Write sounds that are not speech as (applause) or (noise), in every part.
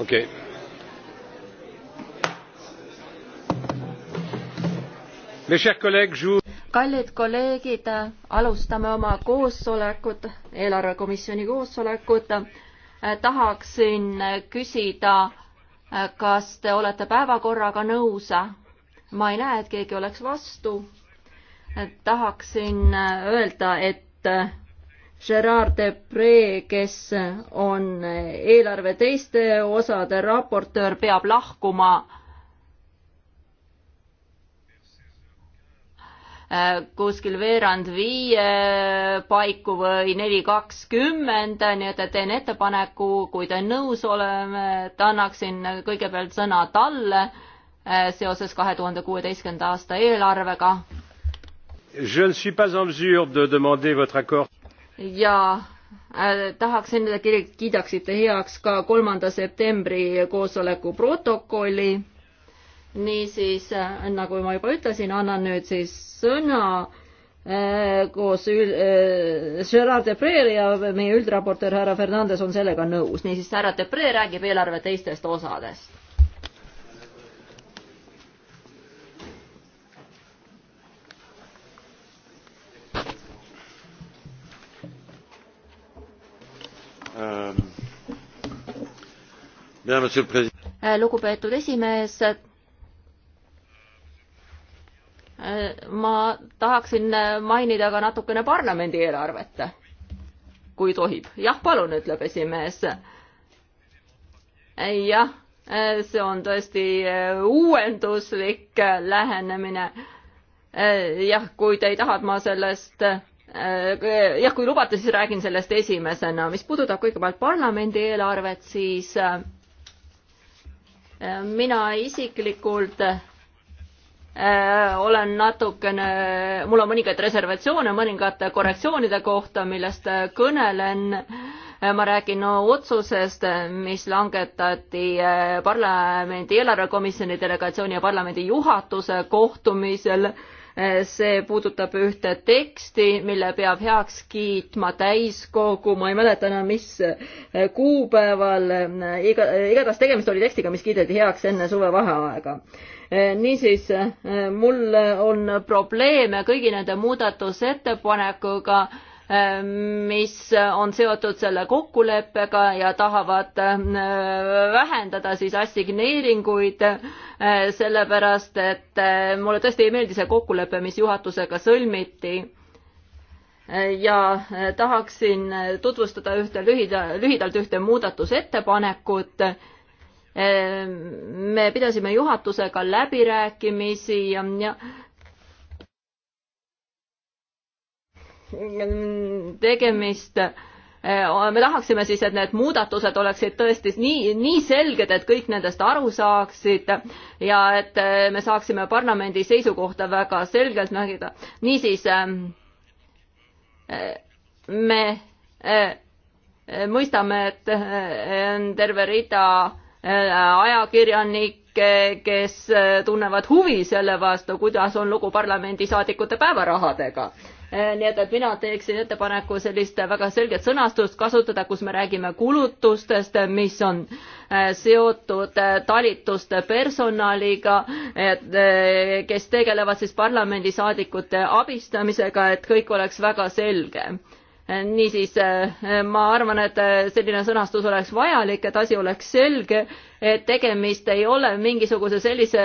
Okay. kallid kolleegid, alustame oma koosolekut, eelarvekomisjoni koosolekut. tahaksin küsida, kas te olete päevakorraga nõus? ma ei näe, et keegi oleks vastu. tahaksin öelda, et Gerard Depree, kes on eelarve teiste osade raportöör, peab lahkuma kuskil veerand viie paiku või neli kakskümmend, nii et teen ettepaneku, kui te nõus oleme, et annaksin kõigepealt sõna talle eh, seoses kahe tuhande kuueteistkümnenda aasta eelarvega. Je ne suis pas en mesure de demander votre accord ja äh, tahaksin, et te kiidaksite heaks ka kolmanda septembri koosoleku protokolli. niisiis, äh, nagu ma juba ütlesin, annan nüüd siis sõna äh, koos üld, äh, Gerard Depree ja meie üldraportöör härra Fernandes on sellega nõus, niisiis härra Depree räägib eelarve teistest osadest Äh, lugupeetud esimees, äh, ma tahaksin äh, mainida ka natukene parlamendi eelarvet, kui tohib. jah, palun, ütleb esimees. jah, see on tõesti uuenduslik lähenemine. jah, kui te ei taha, et ma sellest Äh, jah, kui lubate, siis räägin sellest esimesena. mis puudutab kõigepealt parlamendi eelarvet, siis äh, mina isiklikult äh, olen natukene, mul on mõningaid reservatsioone mõningate korrektsioonide kohta, millest kõnelen. ma räägin otsusest, mis langetati parlamendi eelarvekomisjoni delegatsiooni ja parlamendi juhatuse kohtumisel see puudutab ühte teksti, mille peab heaks kiitma täiskogu, ma ei mäleta enam, mis eh, kuupäeval, eh, iga, eh, igatahes tegemist oli tekstiga, mis kiideti heaks enne suvevaheaega. niisiis, mul on probleeme kõigi nende muudatusettepanekuga Ehm, mis on seotud selle kokkuleppega ja tahavad ehm, vähendada siis assigneeringuid, ehm, sellepärast et mulle tõesti ei meeldi see kokkulepe, mis juhatusega sõlmiti. ja tahaksin tutvustada ühte lühida, lühidalt ühte muudatusettepanekut me pidasime juhatusega läbirääkimisi ja, ja tegemist eh, me tahaksime siis, et need muudatused oleksid tõesti nii, nii selged, et kõik nendest aru saaksid ja et eh, me saaksime parlamendi seisukohta väga selgelt märgida. niisiis eh, me mõistame, et on terve rida ajakirjanikke, kes tunnevad huvi selle vastu, kuidas on lugu parlamendisaadikute päevarahadega Äh, nii et, et mina teeksin ettepaneku sellist väga selget sõnastust kasutada, kus me räägime kulutustest, mis on äh, seotud äh, talituste personaliga, et kes tegelevad siis parlamendisaadikute abistamisega, et kõik oleks väga selge niisiis ma arvan, et selline sõnastus oleks vajalik, et asi oleks selge, et tegemist ei ole mingisuguse sellise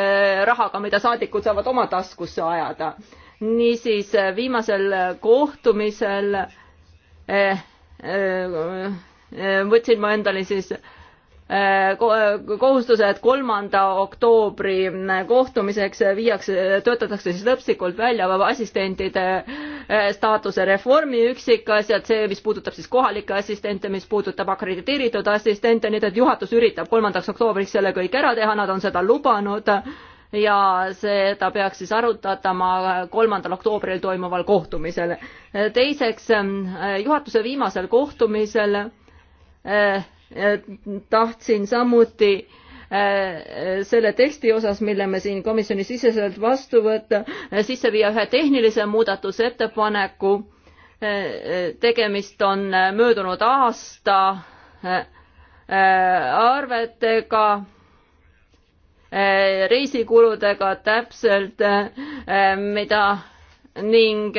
rahaga, mida saadikud saavad oma taskusse ajada niisiis äh, viimasel äh, kohtumisel äh, võtsin ma endale siis kohustuse, et kolmanda oktoobri kohtumiseks viiakse, töötatakse siis lõplikult välja assistentide staatuse reformi üksikasjad, see, mis puudutab siis kohalikke assistente, mis puudutab akrediteeritud assistente, nii et juhatus üritab kolmandaks oktoobriks selle kõik ära teha, nad on seda lubanud ja seda peaks siis arutatama kolmandal oktoobril toimuval kohtumisel. teiseks, eh, juhatuse viimasel kohtumisel eh, tahtsin samuti eh, selle teksti osas, mille me siin komisjoni siseselt vastu võtta, sisse viia ühe tehnilise muudatusettepaneku. tegemist on möödunud aasta arvetega reisikuludega täpselt, eh, mida ning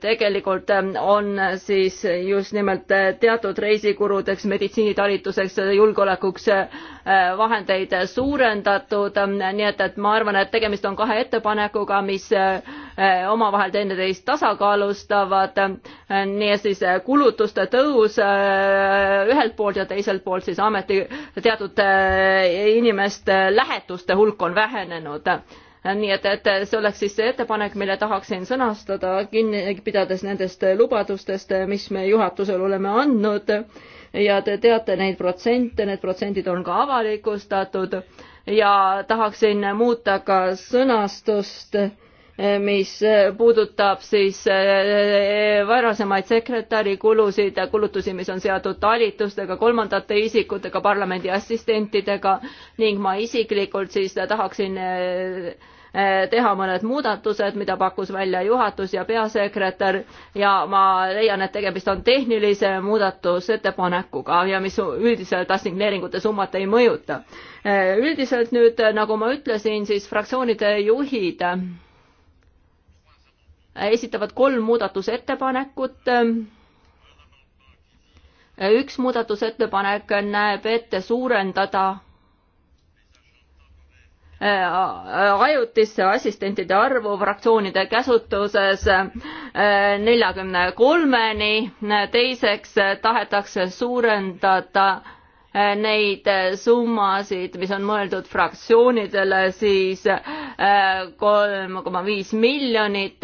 tegelikult ähm, on siis just nimelt äh, teatud reisikuludeks, meditsiinitalituseks, äh, julgeolekuks äh, vahendeid suurendatud, ähm, nii et, et ma arvan, et tegemist on kahe ettepanekuga, mis omavahel teineteist tasakaalustavad, nii et siis kulutuste tõus ühelt poolt ja teiselt poolt siis ameti teatud inimeste lähetuste hulk on vähenenud nii et, et see oleks siis see ettepanek, mille tahaksin sõnastada, kinni pidades nendest lubadustest, mis me juhatusele oleme andnud ja te teate neid protsente, need protsendid on ka avalikustatud ja tahaksin muuta ka sõnastust äh, mis eh, puudutab siis eh, varasemaid sekretäri kulusid, kulutusi, mis on seotud talitustega, kolmandate isikutega, parlamendi assistentidega ning ma isiklikult siis tahaksin eh, teha mõned muudatused, mida pakkus välja juhatus ja peasekretär ja ma leian, et tegemist on tehnilise muudatusettepanekuga ja mis üldiselt assigneeringute summat ei mõjuta. üldiselt nüüd, nagu ma ütlesin, siis fraktsioonide juhid esitavad kolm muudatusettepanekut. üks muudatusettepanek näeb ette suurendada äh, ajutiste assistentide arvu fraktsioonide käsutuses äh, neljakümne kolmeni, teiseks tahetakse suurendada Eh, neid eh, summasid, mis on mõeldud fraktsioonidele, siis eh, kolm koma viis miljonit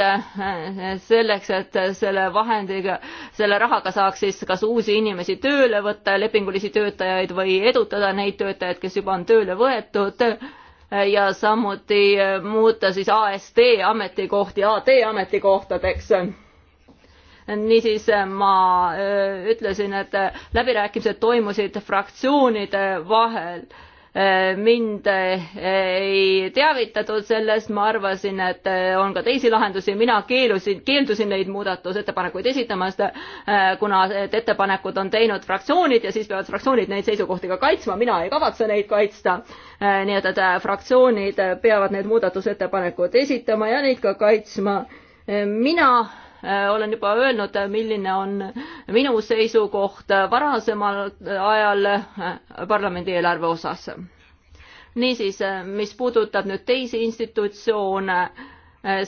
selleks, et selle vahendiga, selle rahaga saaks siis kas uusi inimesi tööle võtta, lepingulisi töötajaid või edutada neid töötajaid, kes juba on tööle võetud ja samuti muuta siis ASD ametikohti AD ametikohtadeks niisiis ma äh, ütlesin, et äh, läbirääkimised toimusid fraktsioonide vahel äh, mind ei teavitatud sellest, ma arvasin, et on ka teisi lahendusi, mina keelusin, keeldusin neid muudatusettepanekuid esitamast, kuna et ettepanekud on teinud fraktsioonid ja siis peavad fraktsioonid neid seisukohti ka kaitsma, mina ei kavatse neid kaitsta. nii et, et fraktsioonid peavad need muudatusettepanekud esitama ja neid ka kaitsma. mina Äh, olen juba öelnud, milline on minu seisukoht varasemal ajal äh, parlamendi eelarve osas. niisiis, äh, mis puudutab nüüd teisi institutsioone,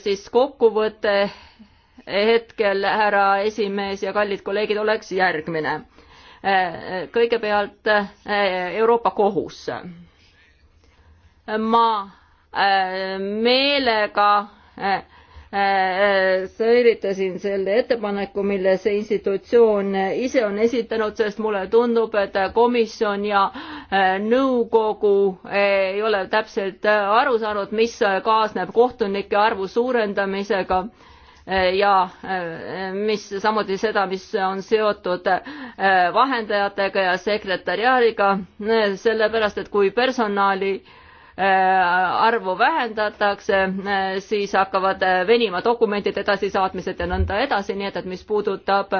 siis kokkuvõte hetkel, härra esimees ja kallid kolleegid, oleks järgmine. kõigepealt Euroopa Kohus. ma meelega Äh, äh, säilitasin selle ettepaneku, mille see institutsioon ise on esitanud, sest mulle tundub, et komisjon ja äh, nõukogu ei ole täpselt aru saanud, mis kaasneb kohtunike arvu suurendamisega ja mis samuti seda, mis on seotud vahendajatega ja sekretäriaadiga, sellepärast et kui personali äh, Äh, arvu vähendatakse, äh, siis hakkavad äh, venima dokumentide edasisaatmised ja nõnda edasi, nii et, et mis puudutab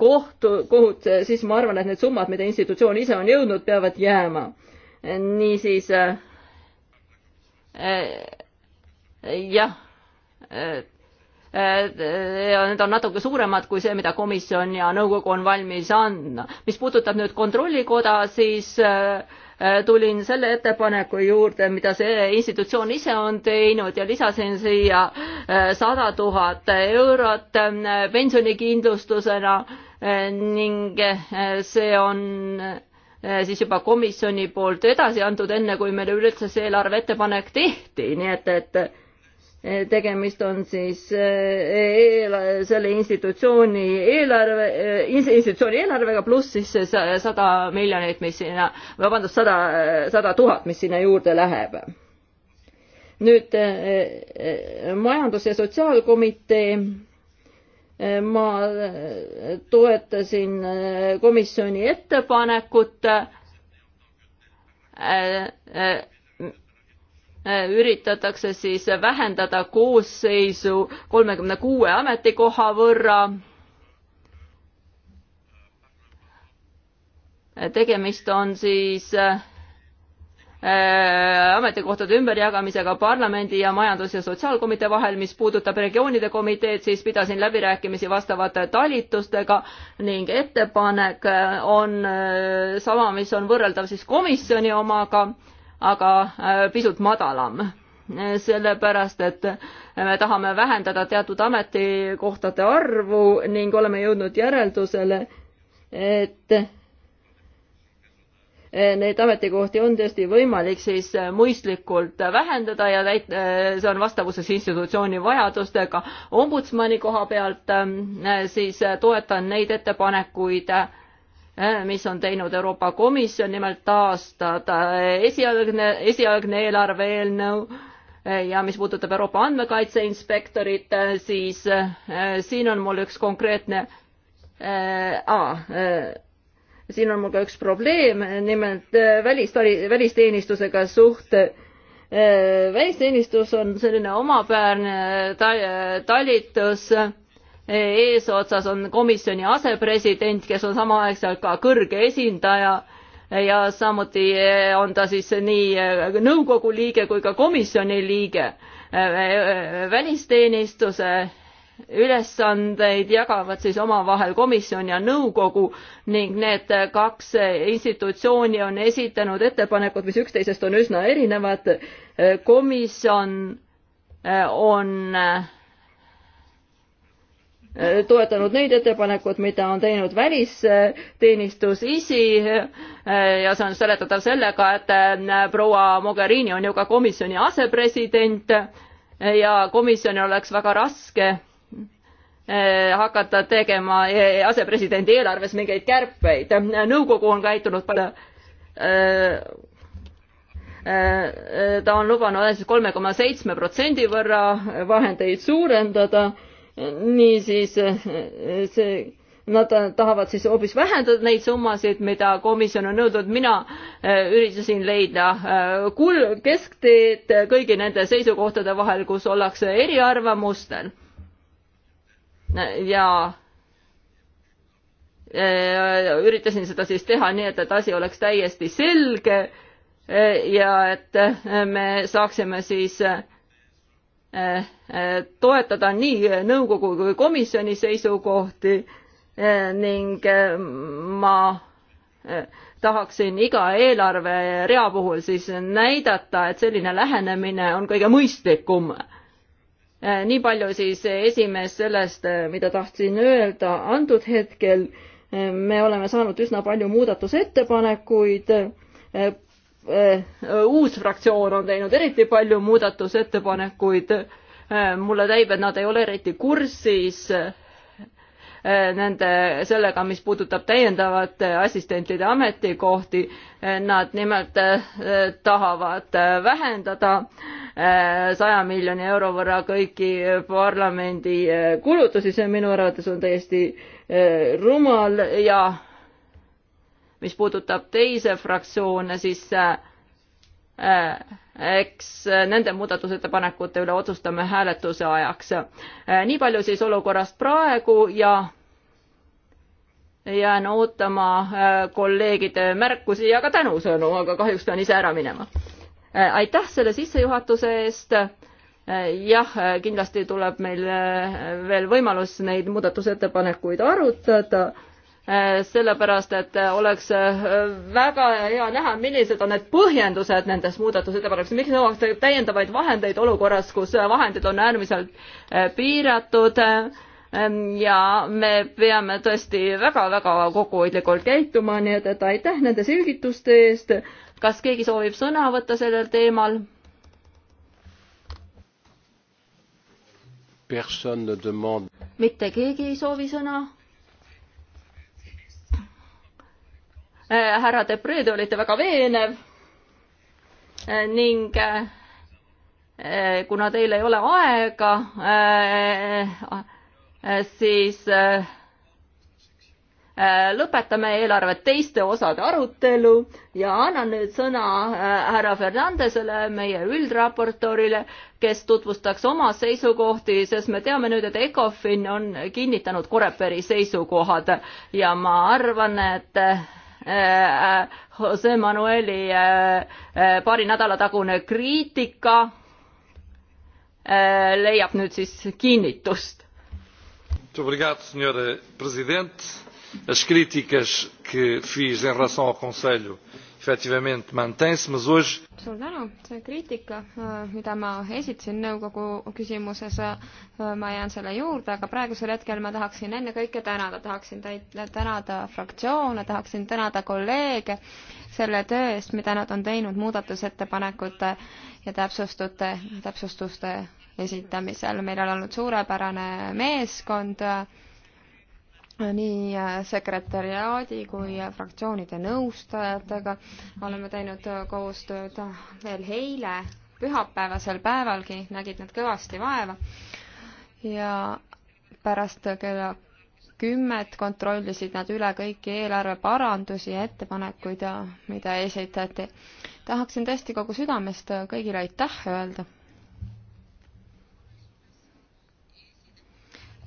kohtu, kohut, siis ma arvan, et need summad, mida institutsioon ise on jõudnud, peavad jääma. niisiis jah, need on natuke suuremad kui see, mida komisjon ja nõukogu on valmis andma. mis puudutab nüüd kontrollikoda, siis äh, Äh, tulin selle ettepaneku juurde, mida see institutsioon ise on teinud ja lisasin siia äh, sada tuhat eurot äh, pensionikindlustusena ning see on siis juba komisjoni poolt edasi antud, enne kui meil üleüldse see eelarve ettepanek tehti, nii et, et tegemist on siis eh, eel, selle institutsiooni eelarve, eh, institutsiooni eelarvega pluss siis see sada miljonit, mis sinna, vabandust, sada, sada tuhat, mis sinna juurde läheb. nüüd eh, majandus- ja sotsiaalkomitee ma toetasin komisjoni ettepanekut üritatakse siis vähendada koosseisu kolmekümne kuue ametikoha võrra. tegemist on siis äh, ametikohtade ümberjagamisega parlamendi ja majandus- ja sotsiaalkomitee vahel, mis puudutab regioonide komiteed, siis pidasin läbirääkimisi vastavate talitustega ning ettepanek on äh, sama, mis on võrreldav siis komisjoni omaga aga äh, pisut madalam, sellepärast et me tahame vähendada teatud ametikohtade arvu ning oleme jõudnud järeldusele, et äh, neid ametikohti on tõesti võimalik siis mõistlikult vähendada ja täit-, äh, see on vastavuses institutsiooni vajadustega. ombudsmani koha pealt siis toetan neid ettepanekuid, Äh, mis on teinud Euroopa Komisjon, nimelt taastada äh, esialgne, esialgne eelarve eelnõu äh, ja mis puudutab Euroopa andmekaitse inspektorit, siis siin on mul üks konkreetne äh,, äh, siin on mul ka üks probleem, nimelt välistali-, välisteenistusega suht äh, välisteenistus on selline omapäärne tal-, talitus äh, eesotsas on komisjoni asepresident, kes on samaaegselt ka kõrge esindaja ja samuti on ta siis nii nõukogu liige kui ka komisjoni liige. välisteenistuse ülesandeid jagavad siis omavahel komisjon ja nõukogu ning need kaks institutsiooni on esitanud ettepanekud, mis üksteisest on üsna erinevad. komisjon on Äh, toetanud neid ettepanekud, mida on teinud välisteenistus isi äh, ja see on seletatav sellega, et äh, proua Mogherini on ju ka komisjoni asepresident ja komisjonil oleks väga raske hakata tegema asepresidendi eelarves mingeid kärpeid. nõukogu on käitunud palju ta on lubanud ainult kolme koma seitsme protsendi võrra vahendeid suurendada niisiis see nad tahavad siis hoopis vähendada neid summasid, mida komisjon on nõudnud, mina äh, üritasin leida äh, kul-, keskteed kõigi nende seisukohtade vahel, kus ollakse eriarvamustel. ja äh, üritasin seda siis teha nii, et, et asi oleks täiesti selge ja et me saaksime siis äh, Äh, äh, toetada nii nõukogu kui komisjoni seisukohti äh, ning ma tahaksin iga eelarverea puhul siis näidata, et selline lähenemine on kõige mõistlikum. nii palju siis esimees sellest, mida tahtsin öelda antud hetkel. me oleme saanud üsna palju muudatusettepanekuid Äh, uus fraktsioon on teinud eriti palju muudatusettepanekuid. Äh, mulle täib, et nad ei ole eriti kursis äh, nende, sellega, mis puudutab täiendavate assistentide ametikohti. Nad nimelt tahavad vähendada saja miljoni euro võrra kõiki parlamendi kulutusi, see minu arvates on täiesti rumal ja mis puudutab teise fraktsioone, siis äh, äh, eks äh, nende muudatusettepanekute üle otsustame hääletuse ajaks. nii palju siis olukorrast praegu ja jään ootama kolleegide märkusi ja ka tänusõnu, aga kahjuks pean ise ära minema. aitäh selle sissejuhatuse eest. jah, kindlasti tuleb meil veel võimalus neid muudatusettepanekuid arutada Äh, sellepärast et äh, oleks äh, väga hea näha, millised on need põhjendused nendes muudatusettepanekutes, miks nõuakse täiendavaid vahendeid olukorras, kus vahendid on äärmiselt piiratud ähm, ja me peame tõesti väga-väga kokkuhoidlikult käituma, nii et, et aitäh nende selgituste eest. kas keegi soovib sõna võtta sellel teemal? mitte keegi ei soovi sõna Eh, härra Debre, te olite väga veenev eh, ning eh, kuna teil ei ole aega, siis lõpetame eelarve teiste osade arutelu ja annan nüüd sõna härra Fernandesele, meie üldraportorile, kes tutvustaks oma seisukohti, sest me teame nüüd, et ECOFIN on kinnitanud Coreperi seisukohad ja ma arvan, et Äh, äh, Jose Manueli äh, paari nädala tagune kriitika leiab nüüd siis kinnitust. As críticas que fiz em relação ao Conselho efectivamente mantém-se, mas hoje. suur tänu, see kriitika, äh, mida ma esitasin nõukogu küsimuses, äh, ma jään selle juurde, aga praegusel hetkel ma tahaksin ennekõike tänada, tahaksin täit-, tänada fraktsioone, tahaksin tänada kolleege selle töö eest, mida nad on teinud muudatusettepanekute ja täpsustute, täpsustuste esitamisel. meil on olnud suurepärane meeskond nii äh, sekretäriaadi kui äh, fraktsioonide nõustajatega oleme teinud äh, koostööd veel eile, pühapäevasel päevalgi nägid nad kõvasti vaeva ja pärast kella kümmet kontrollisid nad üle kõiki eelarve parandusi ja ettepanekuid, mida esitati. tahaksin tõesti kogu südamest kõigile aitäh öelda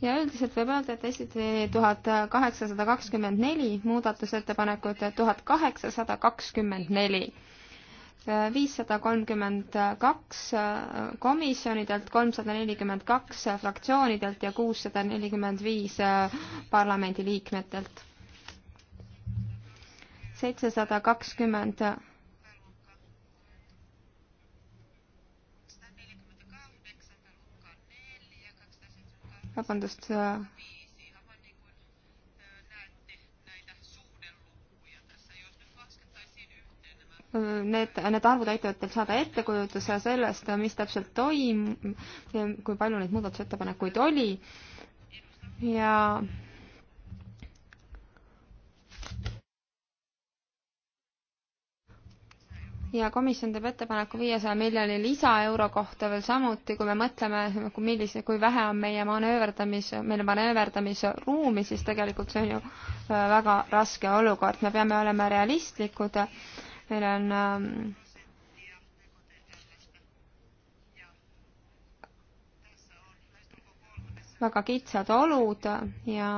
ja üldiselt võib öelda, et esitati tuhat kaheksasada kakskümmend neli muudatusettepanekut, tuhat kaheksasada kakskümmend neli, viissada kolmkümmend kaks komisjonidelt, kolmsada nelikümmend kaks fraktsioonidelt ja kuussada nelikümmend viis parlamendiliikmetelt. seitsesada kakskümmend vabandust, äh, need, need arvud aitavad teil saada ettekujutuse sellest, mis täpselt toim-, kui palju neid muudatusettepanekuid oli ja ja komisjon teeb ettepaneku viiesaja miljoni lisaeuro kohta veel samuti, kui me mõtleme, kui millise, kui vähe on meie manööverdamis, meil manööverdamisruumi, siis tegelikult see on ju äh, väga raske olukord, me peame olema realistlikud, meil on ähm, väga kitsad olud ja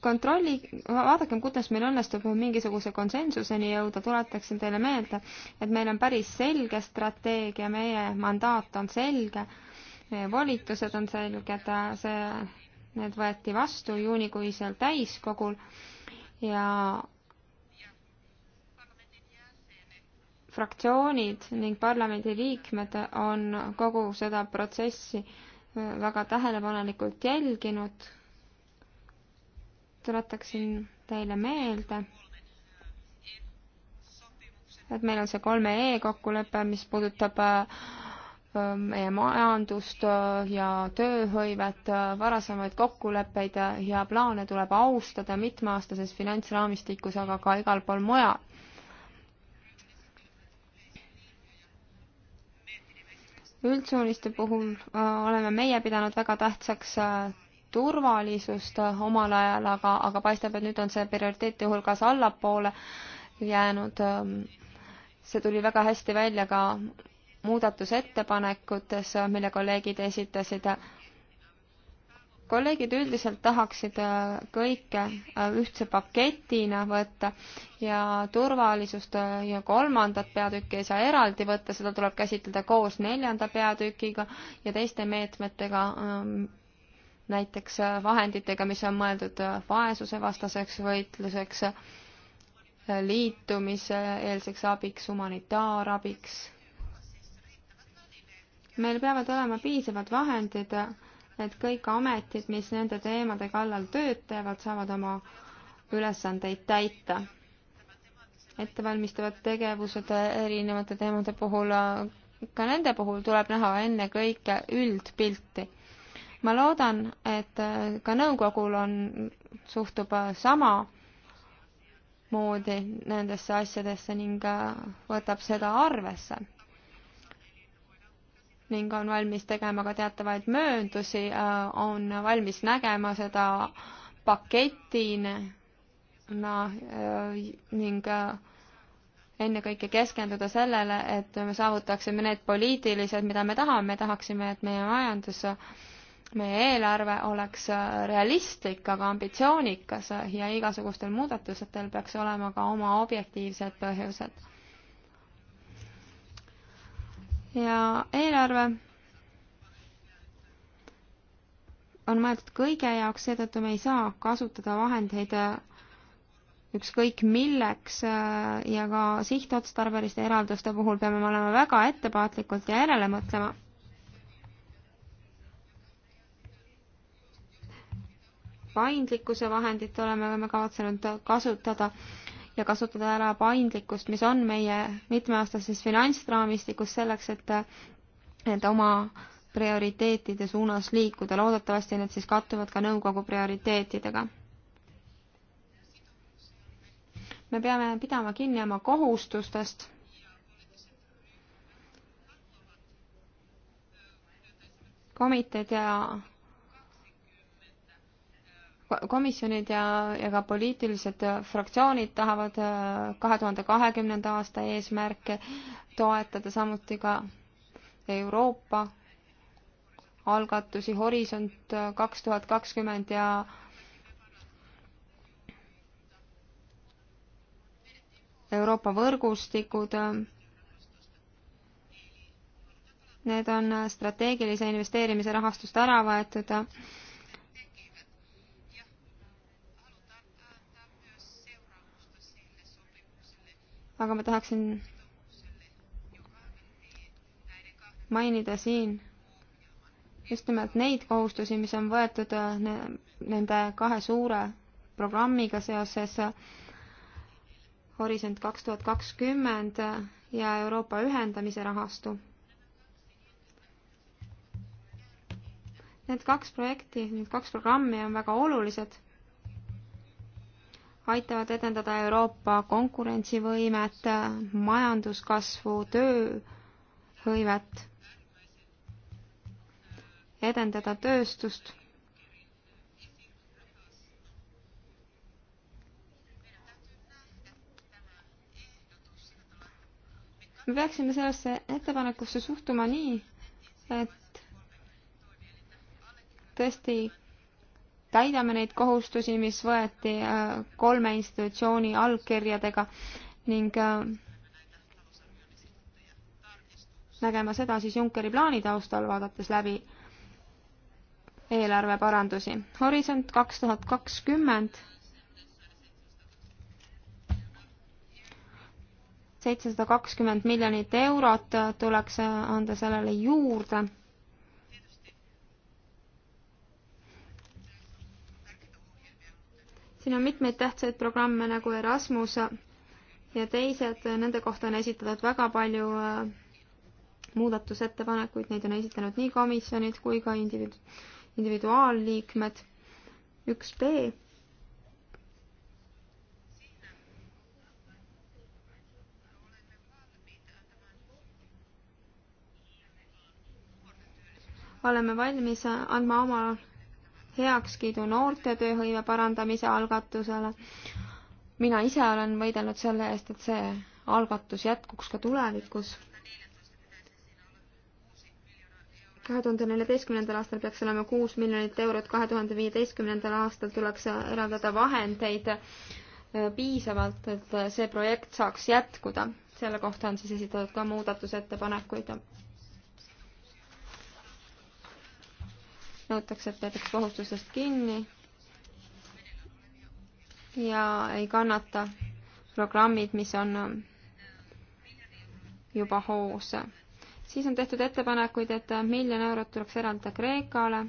kontrolli, vaadakem, kuidas meil õnnestub mingisuguse konsensuseni jõuda, tuletaksin teile meelde, et meil on päris selge strateegia, meie mandaat on selge, meie volitused on selged, see, need võeti vastu juunikuisel täiskogul ja fraktsioonid ning parlamendi liikmed on kogu seda protsessi väga tähelepanelikult jälginud tuletaksin teile meelde, et meil on see kolme E kokkulepe, mis puudutab ähm, meie majandust äh, ja tööhõivet, äh, varasemaid kokkuleppeid äh, ja plaane tuleb austada mitmeaastases finantsraamistikus, aga ka igal pool mujal. üldsuuniste puhul oleme meie pidanud väga tähtsaks turvalisust äh, omal ajal, aga, aga paistab, et nüüd on see prioriteeti hulgas allapoole jäänud. Ähm, see tuli väga hästi välja ka muudatusettepanekutes, äh, mille kolleegid esitasid. kolleegid üldiselt tahaksid äh, kõike ühtse paketina võtta ja turvalisust ja kolmandat peatükki ei saa eraldi võtta, seda tuleb käsitleda koos neljanda peatükiga ja teiste meetmetega ähm, näiteks äh, vahenditega, mis on mõeldud äh, vaesusevastaseks võitluseks, äh, liitumiseelseks abiks, humanitaarabiks. meil peavad olema piisavad vahendid, et kõik ametid, mis nende teemade kallal tööd teevad, saavad oma ülesandeid täita. ettevalmistavad tegevused erinevate teemade puhul, ka nende puhul tuleb näha ennekõike üldpilti ma loodan, et äh, ka nõukogul on, suhtub äh, sama moodi nendesse asjadesse ning äh, võtab seda arvesse. ning on valmis tegema ka teatavaid mööndusi, on valmis nägema seda paketina no, ning ennekõike keskenduda sellele, et me saavutaksime need poliitilised, mida me tahame, tahaksime, et meie majandus meie eelarve oleks äh, realistlik, aga ambitsioonikas äh, ja igasugustel muudatusetel peaks olema ka oma objektiivsed põhjused. ja eelarve on mõeldud kõige jaoks, seetõttu me ei saa kasutada vahendeid äh, ükskõik milleks ja ka sihtotstarbeliste eralduste puhul peame me olema väga ettevaatlikult ja järele mõtlema paindlikkuse vahendit oleme me kavatsenud kasutada ja kasutada ära paindlikkust, mis on meie mitmeaastases finantsraamistikus selleks, et et oma prioriteetide suunas liikuda, loodetavasti need siis kattuvad ka nõukogu prioriteetidega. me peame pidama kinni oma kohustustest komiteed ja komisjonid ja, ja ka poliitilised fraktsioonid tahavad äh, kahe tuhande kahekümnenda aasta eesmärke toetada, samuti ka Euroopa algatusi Horisont äh, kaks tuhat kakskümmend ja Euroopa võrgustikud. Äh, need on strateegilise investeerimise rahastust ära võetud aga ma tahaksin mainida siin just nimelt neid kohustusi, mis on võetud äh, nende kahe suure programmiga seoses Horisont kaks tuhat kakskümmend ja Euroopa ühendamise rahastu. Need kaks projekti, need kaks programmi on väga olulised aitavad edendada Euroopa konkurentsivõimet, majanduskasvu, tööhõivet, edendada tööstust. me peaksime sellesse ettepanekusse suhtuma nii, et tõesti täidame neid kohustusi, mis võeti äh, kolme institutsiooni allkirjadega ning äh, nägema seda siis Junckeri plaani taustal, vaadates läbi eelarve parandusi. Horisont kaks tuhat kakskümmend seitsesada kakskümmend miljonit eurot tuleks äh, anda sellele juurde siin on mitmeid tähtsaid programme nagu Erasmus ja teised, nende kohta on esitatud väga palju äh, muudatusettepanekuid, neid on esitanud nii komisjonid kui ka individu-, individuaalliikmed. üks B oleme valmis andma oma heakskiidu noorte tööhõive parandamise algatusele. mina ise olen võidelnud selle eest, et see algatus jätkuks ka tulevikus. kahe tuhande neljateistkümnendal aastal peaks olema kuus miljonit eurot, kahe tuhande viieteistkümnendal aastal tuleks eraldada vahendeid äh, piisavalt, et äh, see projekt saaks jätkuda. selle kohta on siis esitatud ka muudatusettepanekuid nõutakse, et peetakse kohustusest kinni ja ei kannata programmid, mis on juba hoos. siis on tehtud ettepanekuid, et miljon eurot tuleks eraldada Kreekale.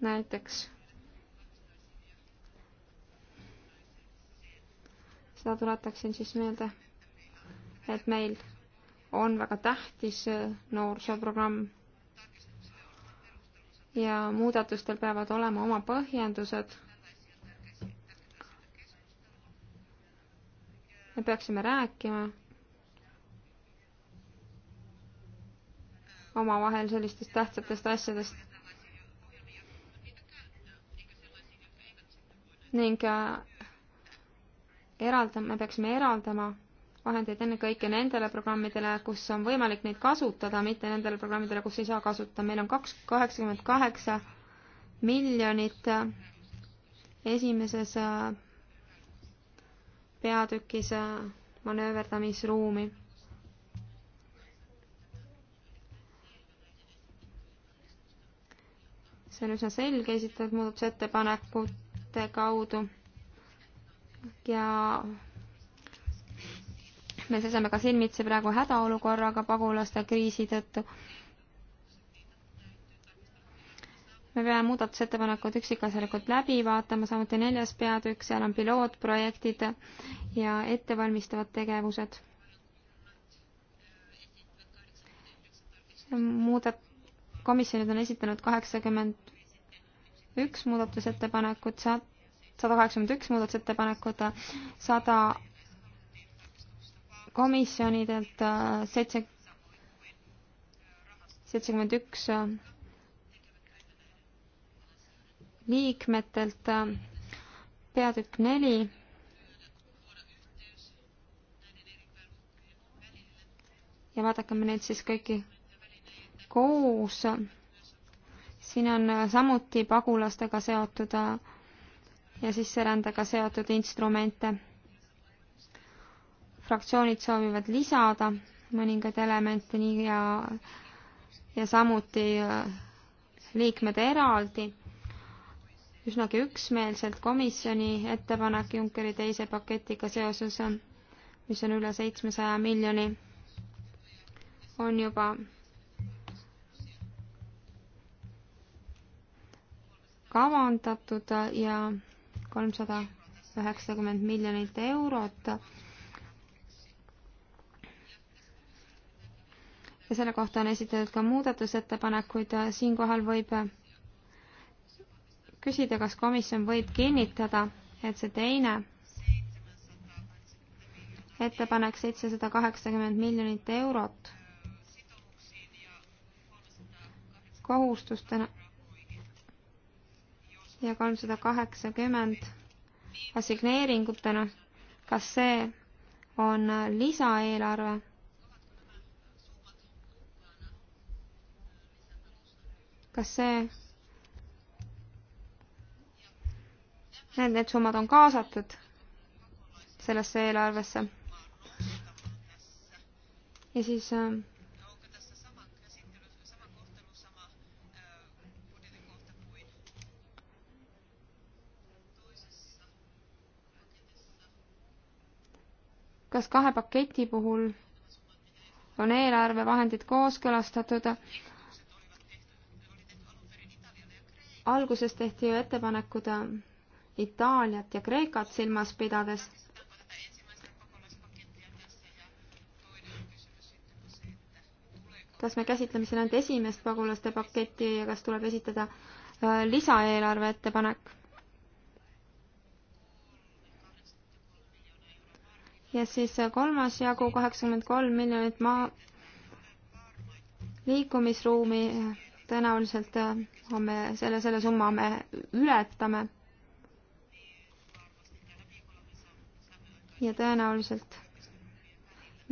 näiteks. seda tuletaksin siis meelde, et meil on väga tähtis noorsooprogramm ja muudatustel peavad olema oma põhjendused. me peaksime rääkima omavahel sellistest tähtsatest asjadest. ning äh, eraldama, me peaksime eraldama vahendeid ennekõike nendele programmidele, kus on võimalik neid kasutada, mitte nendele programmidele, kus ei saa kasutada. meil on kaks, kaheksakümmend kaheksa miljonit esimeses äh, peatükis äh, manööverdamisruumi. see on üsna selge esitatud muudatusettepanekute kaudu ja me seisame ka silmitsi praegu hädaolukorraga pagulaste kriisi tõttu. me peame muudatusettepanekud üksikasjalikult läbi vaatama, samuti neljas peatükk, seal on pilootprojektid ja ettevalmistavad tegevused. muudat-, komisjonid on esitanud kaheksakümmend üks muudatusettepanekut, sada kaheksakümmend üks muudatusettepanekut, sada komisjonidelt äh, seitse, seitsekümmend üks äh, liikmetelt äh, peatükk neli ja vaadakem neid siis kõiki koos. siin on samuti pagulastega seotud ja sisserändega seotud instrumente fraktsioonid soovivad lisada mõningaid elemente nii ja, ja samuti äh, liikmed eraldi üsnagi üksmeelselt komisjoni ettepanek Junckeri teise paketiga seoses, mis on üle seitsmesaja miljoni, on juba kavandatud ja kolmsada üheksakümmend miljonit eurot ja selle kohta on esitatud ka muudatusettepanekuid, siinkohal võib küsida, kas komisjon võib kinnitada, et see teine ettepanek seitsesada kaheksakümmend miljonit eurot kohustustena ja kolmsada kaheksakümmend assigneeringutena, kas see on lisaeelarve kas see need, need summad on kaasatud sellesse eelarvesse. ja siis äh, kas kahe paketi puhul on eelarvevahendid kooskõlastatud alguses tehti ju ettepanekud äh, Itaaliat ja Kreekat silmas pidades. kas me käsitleme siin ainult esimest pagulaste paketti ja kas tuleb esitada äh, lisaeelarve ettepanek? ja siis äh, kolmas jagu kaheksakümmend kolm miljonit maa liikumisruumi tõenäoliselt äh, me selle, selle summa me ületame. ja tõenäoliselt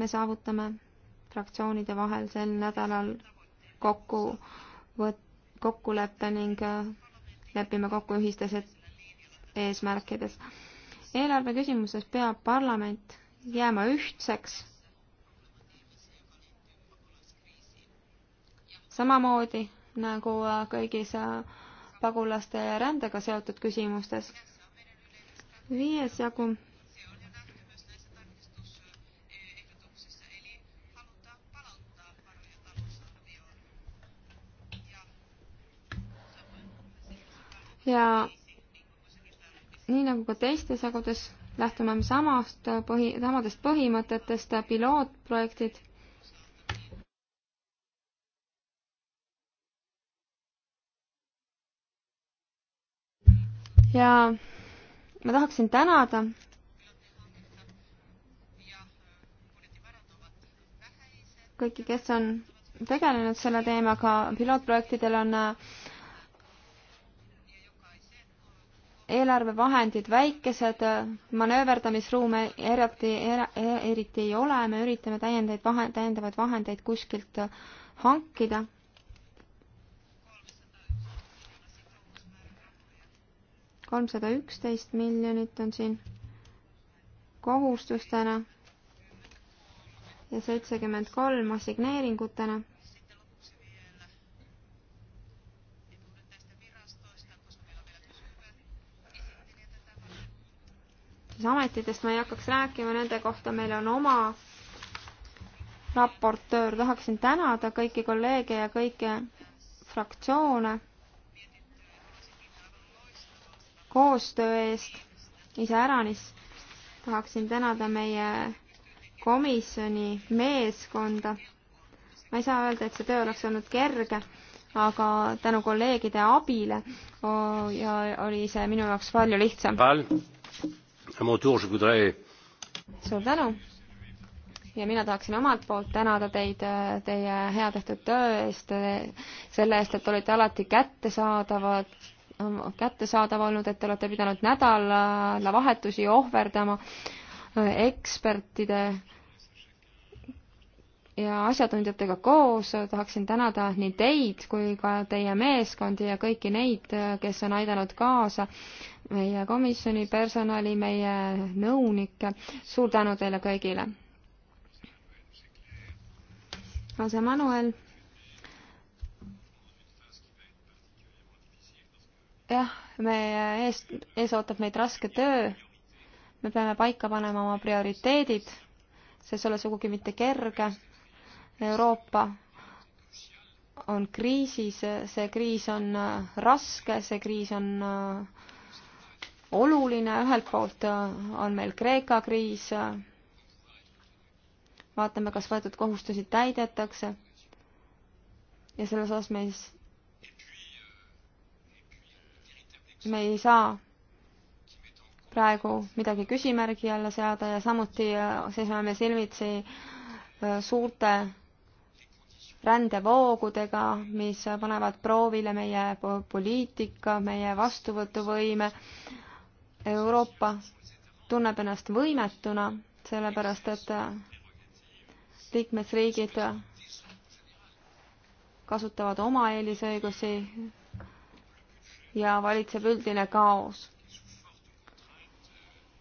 me saavutame fraktsioonide vahel sel nädalal kokku võt-, kokkuleppe ning äh, lepime kokku ühistes eesmärkides. eelarve küsimuses peab parlament jääma ühtseks. samamoodi nagu äh, kõigis äh, pagulaste ja rändega seotud küsimustes. viies jagu. ja nii nagu ka teistes jagudes lähtume me samast põhi, samadest põhimõtetest, pilootprojektid ja ma tahaksin tänada kõiki, kes on tegelenud selle teemaga, pilootprojektidel on äh, eelarvevahendid väikesed, manööverdamisruume eriti, er-, eriti ei ole, me üritame täiendavaid vahendeid, täiendavaid vahendeid kuskilt hankida kolmsada üksteist miljonit on siin kohustustena ja seitsekümmend kolm assigneeringutena. siis ametitest ma ei hakkaks rääkima, nende kohta meil on oma raportöör, tahaksin tänada kõiki kolleege ja kõiki fraktsioone koostöö eest iseäranis. tahaksin tänada meie komisjoni meeskonda. ma ei saa öelda, et see töö oleks olnud kerge, aga tänu kolleegide abile oh, ja oli see minu jaoks palju lihtsam. suur tänu ja mina tahaksin omalt poolt tänada teid teie hea tehtud töö eest, selle eest, et olite alati kättesaadavad kättesaadav olnud, et te olete pidanud nädalavahetusi ohverdama äh, ekspertide ja asjatundjatega koos tahaksin tänada nii teid kui ka teie meeskondi ja kõiki neid, äh, kes on aidanud kaasa meie komisjoni personali, meie nõunikke. suur tänu teile kõigile. Jose Manuel jah, meie ees, ees ootab meid raske töö. me peame paika panema oma prioriteedid, see ei ole sugugi mitte kerge. Euroopa on kriisis, see kriis on äh, raske, see kriis on äh, oluline, ühelt poolt äh, on meil Kreeka kriis, vaatame, kas võetud kohustusi täidetakse ja selles osas me siis me ei saa praegu midagi küsimärgi alla seada ja samuti äh, seisame me silmitsi äh, suurte rändevoogudega, mis panevad proovile meie poliitika, meie vastuvõtuvõime. Euroopa tunneb ennast võimetuna, sellepärast et äh, liikmesriigid kasutavad oma eelisõigusi ja valitseb üldine kaos.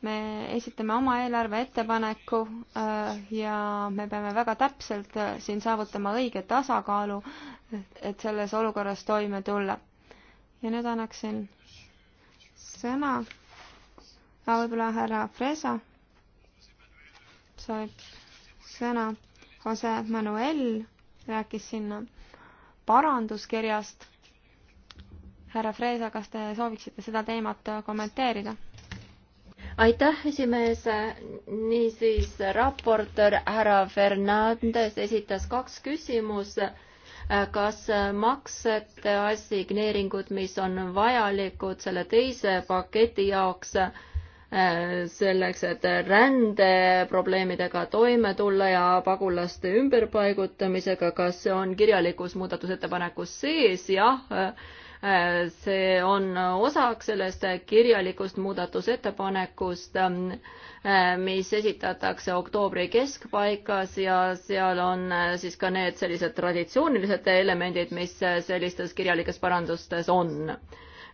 me esitame oma eelarve ettepaneku äh, ja me peame väga täpselt äh, siin saavutama õige tasakaalu, et selles olukorras toime tulla. ja nüüd annaksin sõna aga võib-olla härra Fresa soovib sõna. Jose Manuel rääkis sinna paranduskirjast härra Freesa, kas te sooviksite seda teemat kommenteerida? aitäh, esimees. niisiis, raportöör härra Fernandes esitas kaks küsimust. kas maksete assigneeringud, mis on vajalikud selle teise paketi jaoks, selleks, et rändeprobleemidega toime tulla ja pagulaste ümberpaigutamisega, kas see on kirjalikus muudatusettepanekus sees, jah see on osaks sellest kirjalikust muudatusettepanekust, mis esitatakse oktoobri keskpaigas ja seal on siis ka need sellised traditsioonilised elemendid, mis sellistes kirjalikes parandustes on.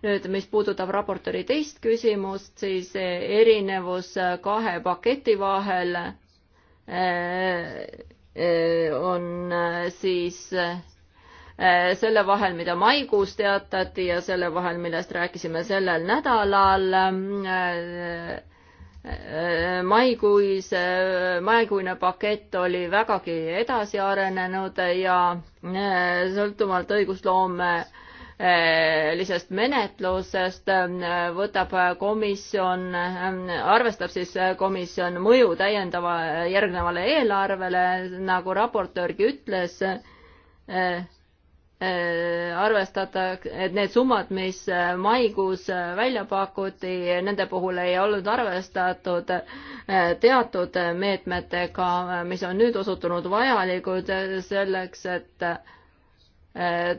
nüüd, mis puudutab raportööri teist küsimust, siis erinevus kahe paketi vahel eh, eh, on siis Äh, selle vahel, mida maikuus teatati ja selle vahel, millest rääkisime sellel nädalal. Ähm, äh, äh, maikuis, maikuine pakett oli vägagi edasi arenenud ja sõltuvalt õigusloome lisast menetlusest võtab komisjon, arvestab siis komisjon mõju täiendava järgnevale eelarvele, nagu raportöörgi ütles Äh, arvestada, et need summad, mis äh, maikuus äh, välja pakuti, nende puhul ei olnud arvestatud teatud meetmetega, mis on nüüd osutunud vajalikud selleks, et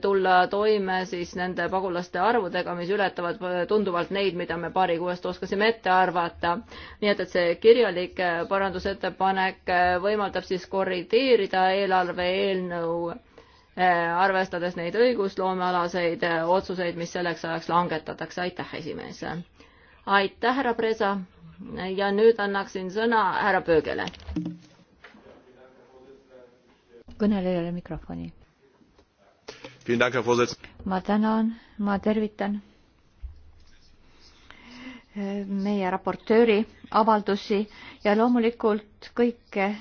tulla toime siis nende pagulaste arvudega, mis ületavad tunduvalt neid, mida me paari kuuest oskasime ette arvata. nii et, et see kirjalik parandusettepanek võimaldab siis korrigeerida eelarve eelnõu Äh, arvestades neid õigusloomealaseid äh, otsuseid, mis selleks ajaks langetatakse. aitäh, esimees. aitäh, härra Presa. ja nüüd annaksin sõna härra Pöögele. kõnelejale mikrofoni. ma tänan, ma tervitan meie raportööri avaldusi ja loomulikult kõike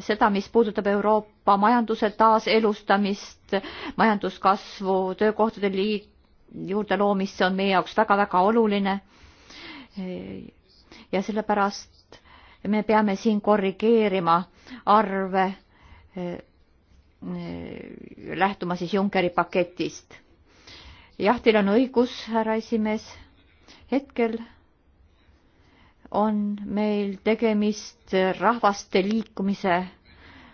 seda, mis puudutab Euroopa majanduse taaselustamist, majanduskasvu, töökohtade liit, juurde loomist, see on meie jaoks väga-väga oluline. ja sellepärast me peame siin korrigeerima arve, lähtuma siis Junckeri paketist. jah, teil on õigus, härra esimees, hetkel on meil tegemist rahvaste liikumise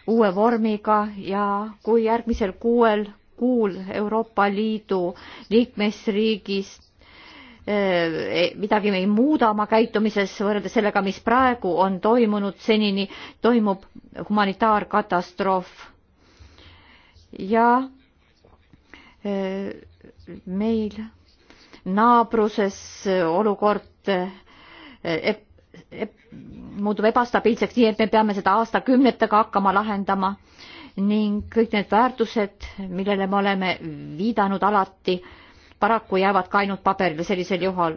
uue vormiga ja kui järgmisel kuuel kuul Euroopa Liidu liikmesriigist eh, midagi me ei muuda oma käitumises võrreldes sellega, mis praegu on toimunud senini, toimub humanitaarkatastroof. ja eh, meil naabruses olukord eh, muutub ebastabiilseks, nii et me peame seda aastakümnetega hakkama lahendama ning kõik need väärtused, millele me oleme viidanud alati, paraku jäävad ka ainult paberile sellisel juhul.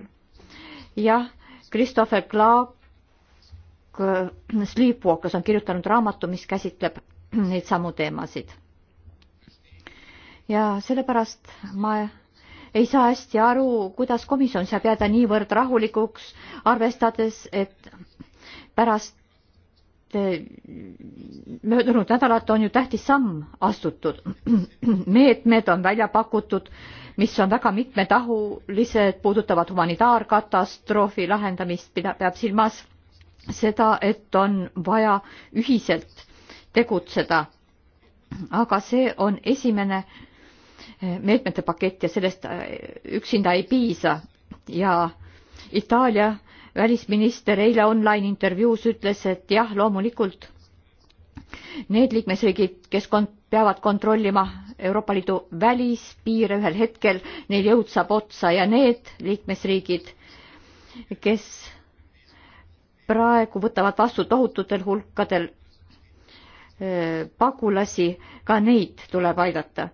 jah, Christopher Clark äh, Sleepwalkers on kirjutanud raamatu, mis käsitleb neid samu teemasid. ja sellepärast ma ei saa hästi aru, kuidas komisjon saab jääda niivõrd rahulikuks, arvestades, et pärast eh, möödunud nädalat on ju tähtis samm astutud. (clears throat) meetmed on välja pakutud, mis on väga mitmetahulised, puudutavad humanitaarkatastroofi lahendamist, mida peab silmas seda, et on vaja ühiselt tegutseda. aga see on esimene äh, meetmete pakett ja sellest äh, üksinda ei piisa ja Itaalia välisminister eile online intervjuus ütles, et jah, loomulikult need liikmesriigid, kes kont-, peavad kontrollima Euroopa Liidu välispiire ühel hetkel, neil jõud saab otsa ja need liikmesriigid, kes praegu võtavad vastu tohututel hulkadel äh, pagulasi, ka neid tuleb aidata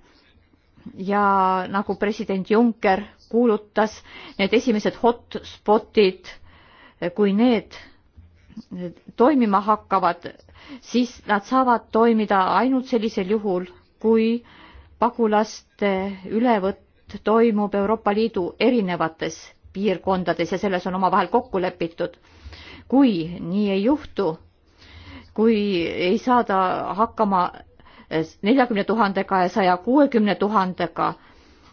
ja nagu president Juncker kuulutas, need esimesed hotspotid, kui need toimima hakkavad, siis nad saavad toimida ainult sellisel juhul, kui pagulaste ülevõtt toimub Euroopa Liidu erinevates piirkondades ja selles on omavahel kokku lepitud. kui nii ei juhtu, kui ei saada hakkama neljakümne tuhandega ja saja kuuekümne tuhandega,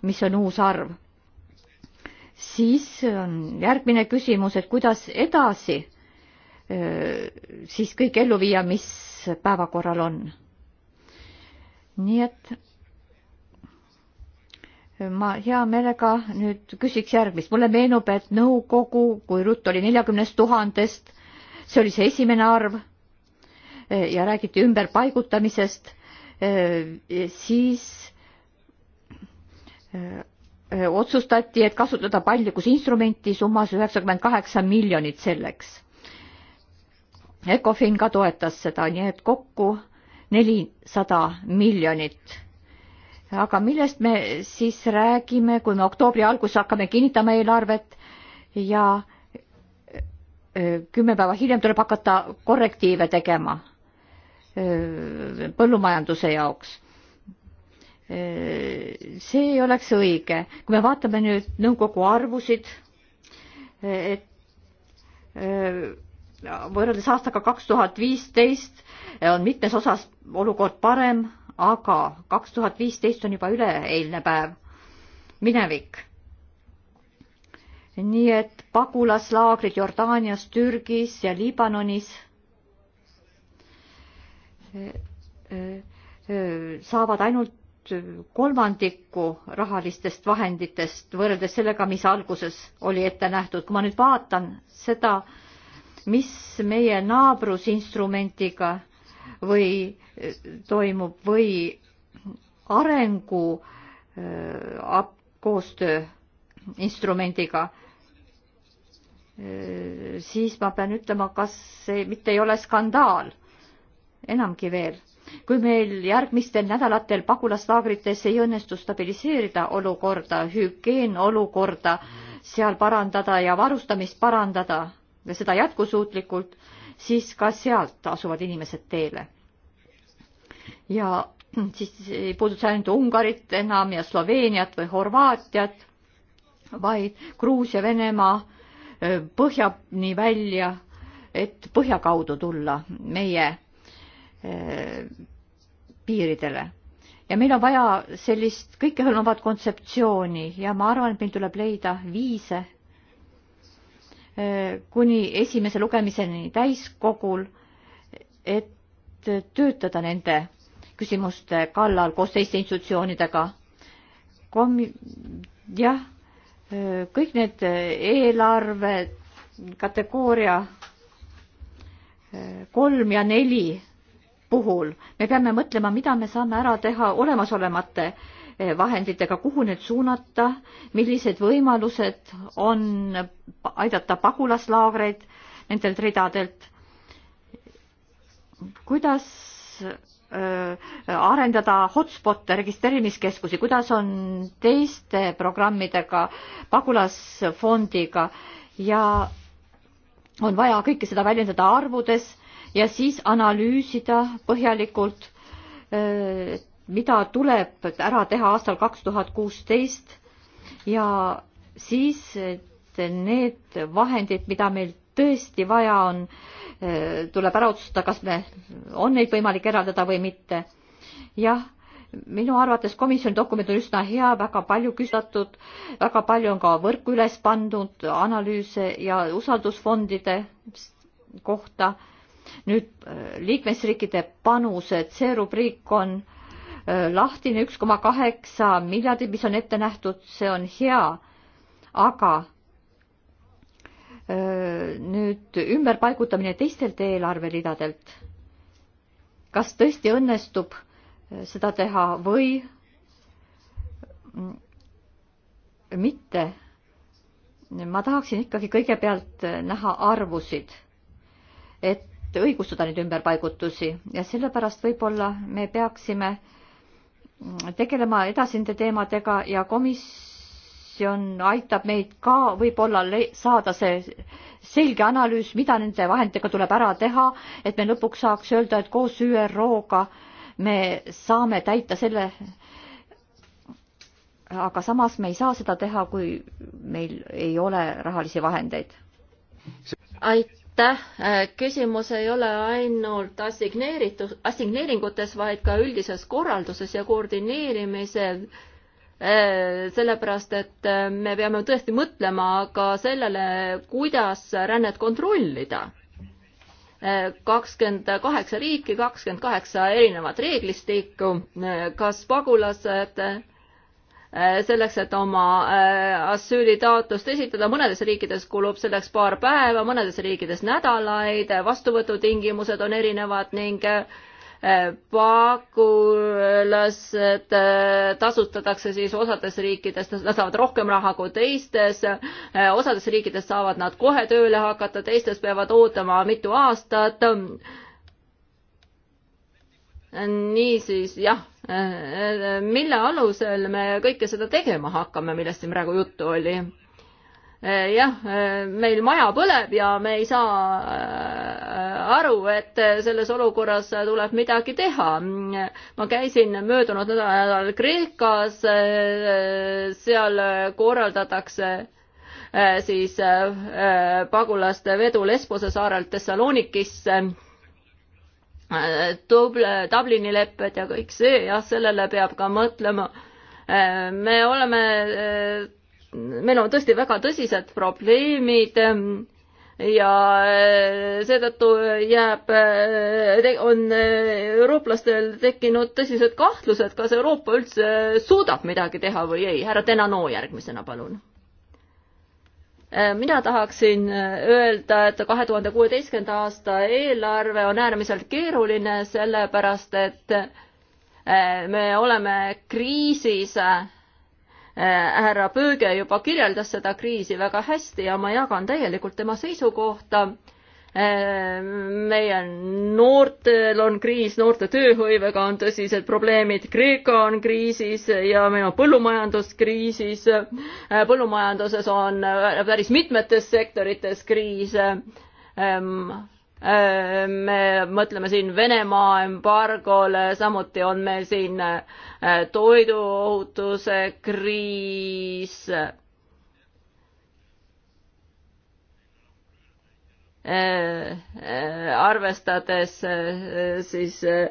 mis on uus arv. siis on järgmine küsimus, et kuidas edasi siis kõik ellu viia, mis päevakorral on. nii et ma hea meelega nüüd küsiks järgmist. mulle meenub, et nõukogu, kui rutt oli neljakümnest tuhandest, see oli see esimene arv ja räägiti ümberpaigutamisest Äh, siis äh, äh, otsustati, et kasutada paindlikkusinstrumenti summas üheksakümmend kaheksa miljonit selleks. Ecofin ka toetas seda, nii et kokku nelisada miljonit. aga millest me siis räägime, kui me oktoobri alguses hakkame kinnitama eelarvet ja kümme päeva hiljem tuleb hakata korrektiive tegema põllumajanduse jaoks. see ei oleks õige. kui me vaatame nüüd nõukogu arvusid, et võrreldes aastaga kaks tuhat viisteist on mitmes osas olukord parem, aga kaks tuhat viisteist on juba üleeilne päev, minevik nii et pagulaslaagrid Jordaanias, Türgis ja Liibanonis saavad ainult kolmandiku rahalistest vahenditest võrreldes sellega, mis alguses oli ette nähtud. kui ma nüüd vaatan seda, mis meie naabrusinstrumendiga või toimub või arengu äh, koostöö instrumendiga äh,, siis ma pean ütlema, kas see mitte ei ole skandaal enamgi veel, kui meil järgmistel nädalatel pagulaslaagrites ei õnnestu stabiliseerida olukorda, hügieenolukorda seal parandada ja varustamist parandada ja seda jätkusuutlikult, siis ka sealt asuvad inimesed teele. ja siis ei puuduta ainult Ungarit enam ja Sloveeniat või Horvaatiat, vaid Gruusia, Venemaa põhjani välja, et põhja kaudu tulla meie piiridele. ja meil on vaja sellist kõikehõlmavat kontseptsiooni ja ma arvan, et meil tuleb leida viise eh, kuni esimese lugemiseni täiskogul, et töötada nende küsimuste kallal koos teiste institutsioonidega. Kom-, jah, eh, kõik need eelarve kategooria eh, kolm ja neli puhul me peame mõtlema, mida me saame ära teha olemasolemate eh, vahenditega, kuhu need suunata, millised võimalused on aidata pagulaslaagreid nendelt ridadelt. kuidas eh, arendada hotspot'e, registreerimiskeskusi, kuidas on teiste programmidega, pagulasfondiga ja on vaja kõike seda väljendada arvudes ja siis analüüsida põhjalikult, eh, mida tuleb ära teha aastal kaks tuhat kuusteist ja siis eh, need vahendid, mida meil tõesti vaja on, eh, tuleb ära otsustada, kas me, on neid võimalik eraldada või mitte. jah, minu arvates komisjoni dokument on üsna hea, väga palju küsitud, väga palju on ka võrku üles pandud analüüse ja usaldusfondide kohta nüüd äh, liikmesriikide panused, see rubriik on äh, lahtine üks koma kaheksa miljardit, mis on ette nähtud, see on hea, aga äh, nüüd ümberpaigutamine teistelt eelarveridadelt, kas tõesti õnnestub seda teha või mm, mitte? ma tahaksin ikkagi kõigepealt näha arvusid, et et õigustada neid ümberpaigutusi ja sellepärast võib-olla me peaksime tegelema edasi nende teemadega ja komisjon aitab meid ka võib-olla saada see selge analüüs, mida nende vahenditega tuleb ära teha, et me lõpuks saaks öelda, et koos ÜRO-ga me saame täita selle, aga samas me ei saa seda teha, kui meil ei ole rahalisi vahendeid. aitäh aitäh, äh, küsimus ei ole ainult assigneeritud, assigneeringutes, vaid ka üldises korralduses ja koordineerimisel. Äh, sellepärast, et äh, me peame tõesti mõtlema ka sellele, kuidas rännet kontrollida. kakskümmend kaheksa riiki, kakskümmend kaheksa erinevat reeglistikku, kas pagulased Eh, selleks, et oma eh, asüülitaotlust esitada, mõnedes riikides kulub selleks paar päeva, mõnedes riikides nädalaid, eh, vastuvõtutingimused on erinevad ning pagulased tasustatakse siis osades riikides, nad saavad rohkem raha kui teistes, osades riikides saavad nad kohe tööle hakata, teistes peavad ootama mitu aastat niisiis jah, mille alusel me kõike seda tegema hakkame, millest siin praegu juttu oli? jah, meil maja põleb ja me ei saa äh, aru, et selles olukorras tuleb midagi teha. ma käisin möödunud nädalal Kreekas, äh, seal korraldatakse äh, siis pagulaste vedu Lesbose saarelt Thessalonikisse Duble, Dublini lepped ja kõik see, jah, sellele peab ka mõtlema. me oleme, meil on tõesti väga tõsised probleemid ja seetõttu jääb, on eurooplastel tekkinud tõsised kahtlused, kas Euroopa üldse suudab midagi teha või ei. härra Denano järgmisena, palun Äh, mina tahaksin äh, öelda, et kahe tuhande kuueteistkümnenda aasta eelarve on äärmiselt keeruline, sellepärast et äh, me oleme kriisis. härra Pööge juba kirjeldas seda kriisi väga hästi ja ma jagan täielikult tema seisukohta Ehm, meie noortel on kriis, noorte tööhõivega on tõsised probleemid, Kreeka on kriisis ja meil on põllumajandus kriisis. Ehm, põllumajanduses on päris mitmetes sektorites kriis. Ehm, me mõtleme siin Venemaa embargole, samuti on meil siin toiduohutuse kriis arvestades eh, siis eh,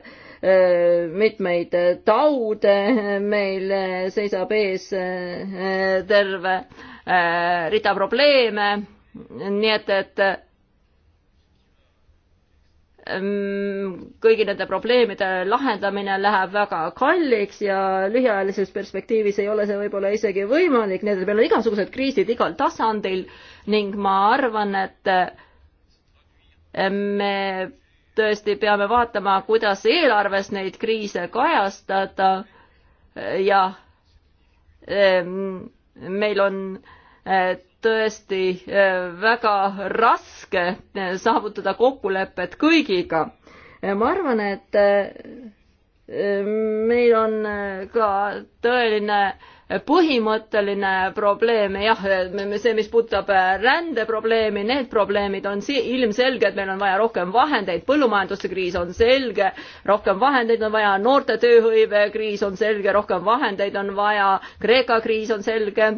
mitmeid taude, meil seisab ees eh, terve rida probleeme, nii et, et mm, kõigi nende probleemide lahendamine läheb väga kalliks ja lühiajalises perspektiivis ei ole see võib-olla isegi võimalik, nii et meil on igasugused kriisid igal tasandil ning ma arvan, et me tõesti peame vaatama, kuidas eelarves neid kriise kajastada ja ehm, meil on eh, tõesti eh, väga raske eh, saavutada kokkulepet kõigiga. ma arvan, et meil on ka tõeline põhimõtteline probleem, jah, see, mis puudutab rändeprobleemi, need probleemid on si-, ilmselged, meil on vaja rohkem vahendeid, põllumajanduskriis on selge, rohkem vahendeid on vaja, noorte tööhõive kriis on selge, rohkem vahendeid on vaja, Kreeka kriis on selge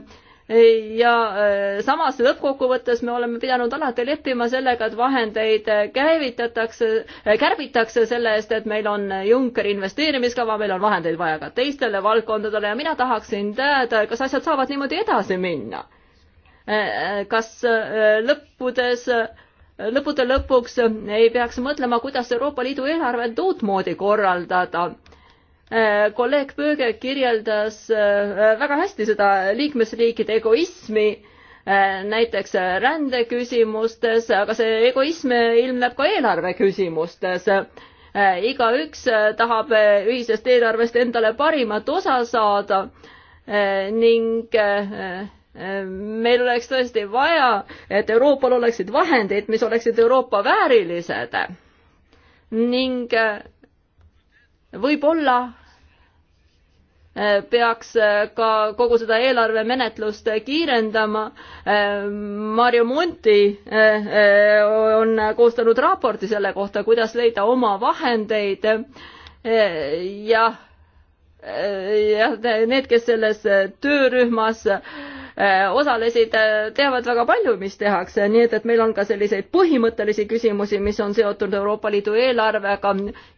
ja äh, samas lõppkokkuvõttes me oleme pidanud alati leppima sellega, et vahendeid äh, käivitatakse, äh, kärbitakse selle eest, et meil on Junckeri investeerimiskava, meil on vahendeid vaja ka teistele valdkondadele ja mina tahaksin teada, kas asjad saavad niimoodi edasi minna. kas lõppudes, lõppude lõpuks ei peaks mõtlema, kuidas Euroopa Liidu eelarvet uutmoodi korraldada Äh, kolleeg Pööge kirjeldas äh, väga hästi seda liikmesriikide egoismi äh, näiteks rändeküsimustes, aga see egoism ilmneb ka eelarve küsimustes. igaüks tahab ühisest eelarvest endale parimat osa saada ning meil oleks tõesti vaja, et Euroopal oleksid vahendid, mis oleksid Euroopa väärilised ning võib-olla äh, peaks äh, ka kogu seda eelarvemenetlust kiirendama. Äh, Marju Munti on koostanud raporti selle kohta, kuidas leida oma vahendeid ja jah, need, kes selles töörühmas Äh, osalesid, äh, teavad väga palju, mis tehakse, nii et, et meil on ka selliseid põhimõttelisi küsimusi, mis on seotud Euroopa Liidu eelarvega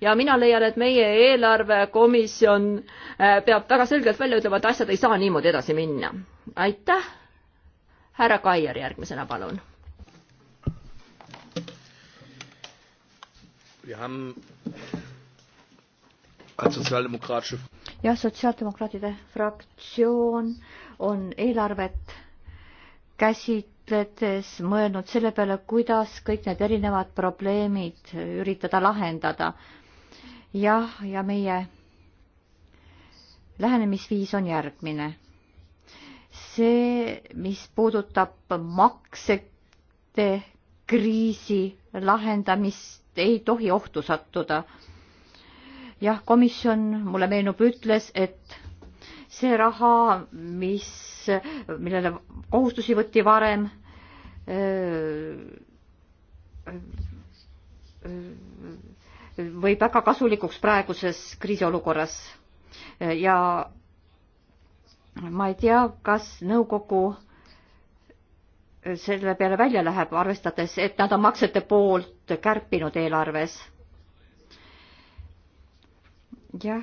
ja mina leian, et meie eelarvekomisjon äh, peab väga selgelt välja ütlema, et asjad ei saa niimoodi edasi minna. aitäh. härra Kaier järgmisena, palun. Wir haben als soziaaldemokraatische jah, sotsiaaldemokraatide fraktsioon äh, on eelarvet käsitledes mõelnud selle peale, kuidas kõik need erinevad probleemid üritada lahendada. jah, ja meie lähenemisviis on järgmine. see, mis puudutab maksete kriisi lahendamist, ei tohi ohtu sattuda. jah, komisjon, mulle meenub, ütles, et see raha, mis, millele kohustusi võtti varem, võib väga kasulikuks praeguses kriisiolukorras ja ma ei tea, kas nõukogu selle peale välja läheb, arvestades, et nad on maksete poolt kärpinud eelarves. jah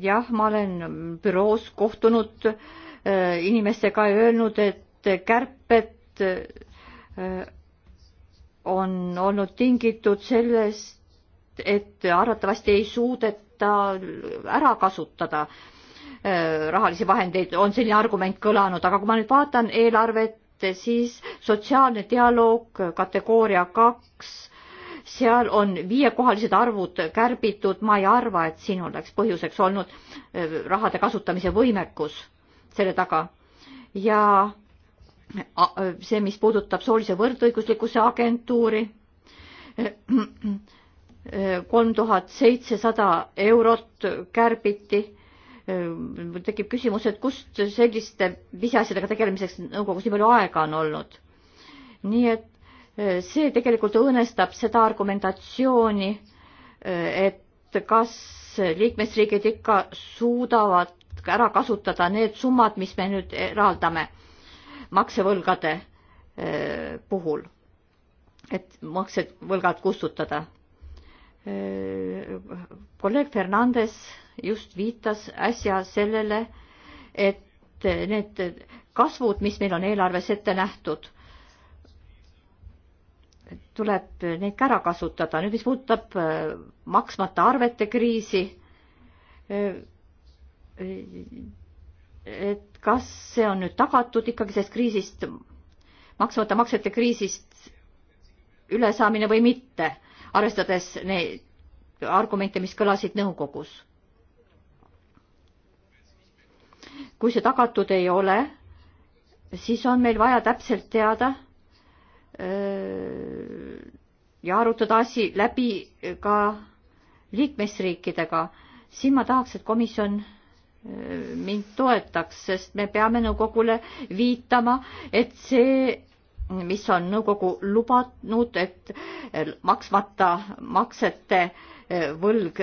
jah, ma olen büroos kohtunud äh, inimestega ja öelnud, et kärped äh, on olnud tingitud sellest, et arvatavasti ei suudeta ära kasutada äh, rahalisi vahendeid, on selline argument kõlanud, aga kui ma nüüd vaatan eelarvet, siis sotsiaalne dialoog kategooria kaks seal on viiekohalised arvud kärbitud, ma ei arva, et siin oleks põhjuseks olnud äh, rahade kasutamise võimekus selle taga. ja äh, see, mis puudutab soolise võrdõiguslikkuse agentuuri, äh, kolm tuhat seitsesada eurot kärbiti. tekib küsimus, et kust selliste pisiasjadega tegelemiseks nõukogus nii palju aega on olnud. nii et see tegelikult õõnestab seda argumentatsiooni, et kas liikmesriigid ikka suudavad ära kasutada need summad, mis me nüüd eraldame maksevõlgade e, puhul, et maksevõlgad kustutada. E, kolleeg Fernandes just viitas äsja sellele, et need kasvud, mis meil on eelarves ette nähtud tuleb neid ka ära kasutada. nüüd, mis puudutab äh, maksmata arvete kriisi, äh, et kas see on nüüd tagatud ikkagi sellest kriisist, maksmata maksete kriisist ülesaamine või mitte, arvestades neid argumente, mis kõlasid nõukogus. kui see tagatud ei ole, siis on meil vaja täpselt teada ja arutada asi läbi ka liikmesriikidega. siin ma tahaks, et komisjon mind toetaks, sest me peame nõukogule viitama, et see, mis on nõukogu lubanud, et maksmata maksete võlg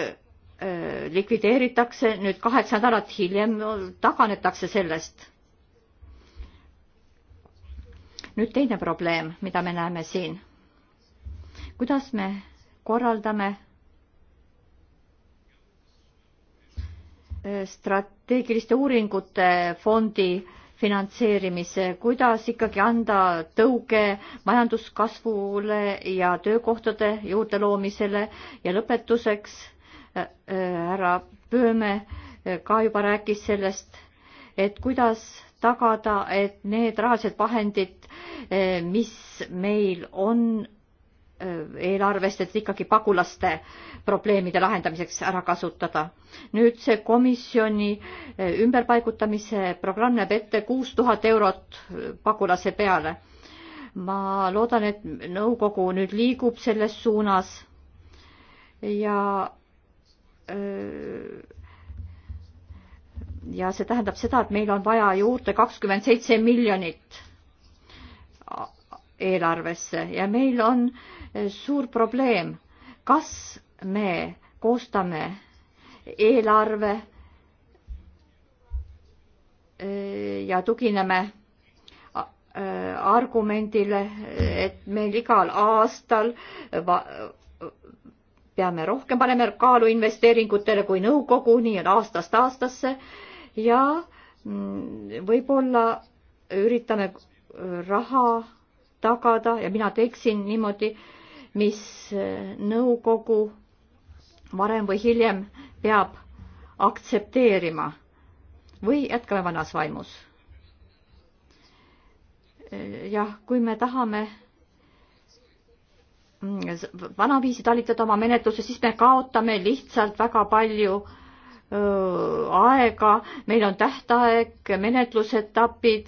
likvideeritakse, nüüd kaheksa nädalat hiljem taganetakse sellest nüüd teine probleem, mida me näeme siin. kuidas me korraldame äh, strateegiliste uuringute fondi finantseerimise, kuidas ikkagi anda tõuge majanduskasvule ja töökohtade juurde loomisele ja lõpetuseks äh, äh, härra Pööme ka juba rääkis sellest, et kuidas tagada, et need rahalised vahendid, eh, mis meil on eh, eelarvest, et ikkagi pagulaste probleemide lahendamiseks ära kasutada. nüüd see komisjoni eh, ümberpaigutamise programm näeb ette kuus tuhat eurot pagulase peale. ma loodan, et nõukogu nüüd liigub selles suunas ja öö, ja see tähendab seda, et meil on vaja juurde kakskümmend seitse miljonit eelarvesse ja meil on eh, suur probleem, kas me koostame eelarve eh, ja tugineme eh, argumendile, et meil igal aastal peame rohkem panema kaalu investeeringutele kui nõukogu, nii on aastast aastasse ja mm, võib-olla üritame raha tagada ja mina teeksin niimoodi, mis äh, nõukogu varem või hiljem peab aktsepteerima või jätkame vanas vaimus. Äh, jah, kui me tahame mm, vanaviisi talitada oma menetluses, siis me kaotame lihtsalt väga palju äh, aega, meil on tähtaeg, menetlusetapid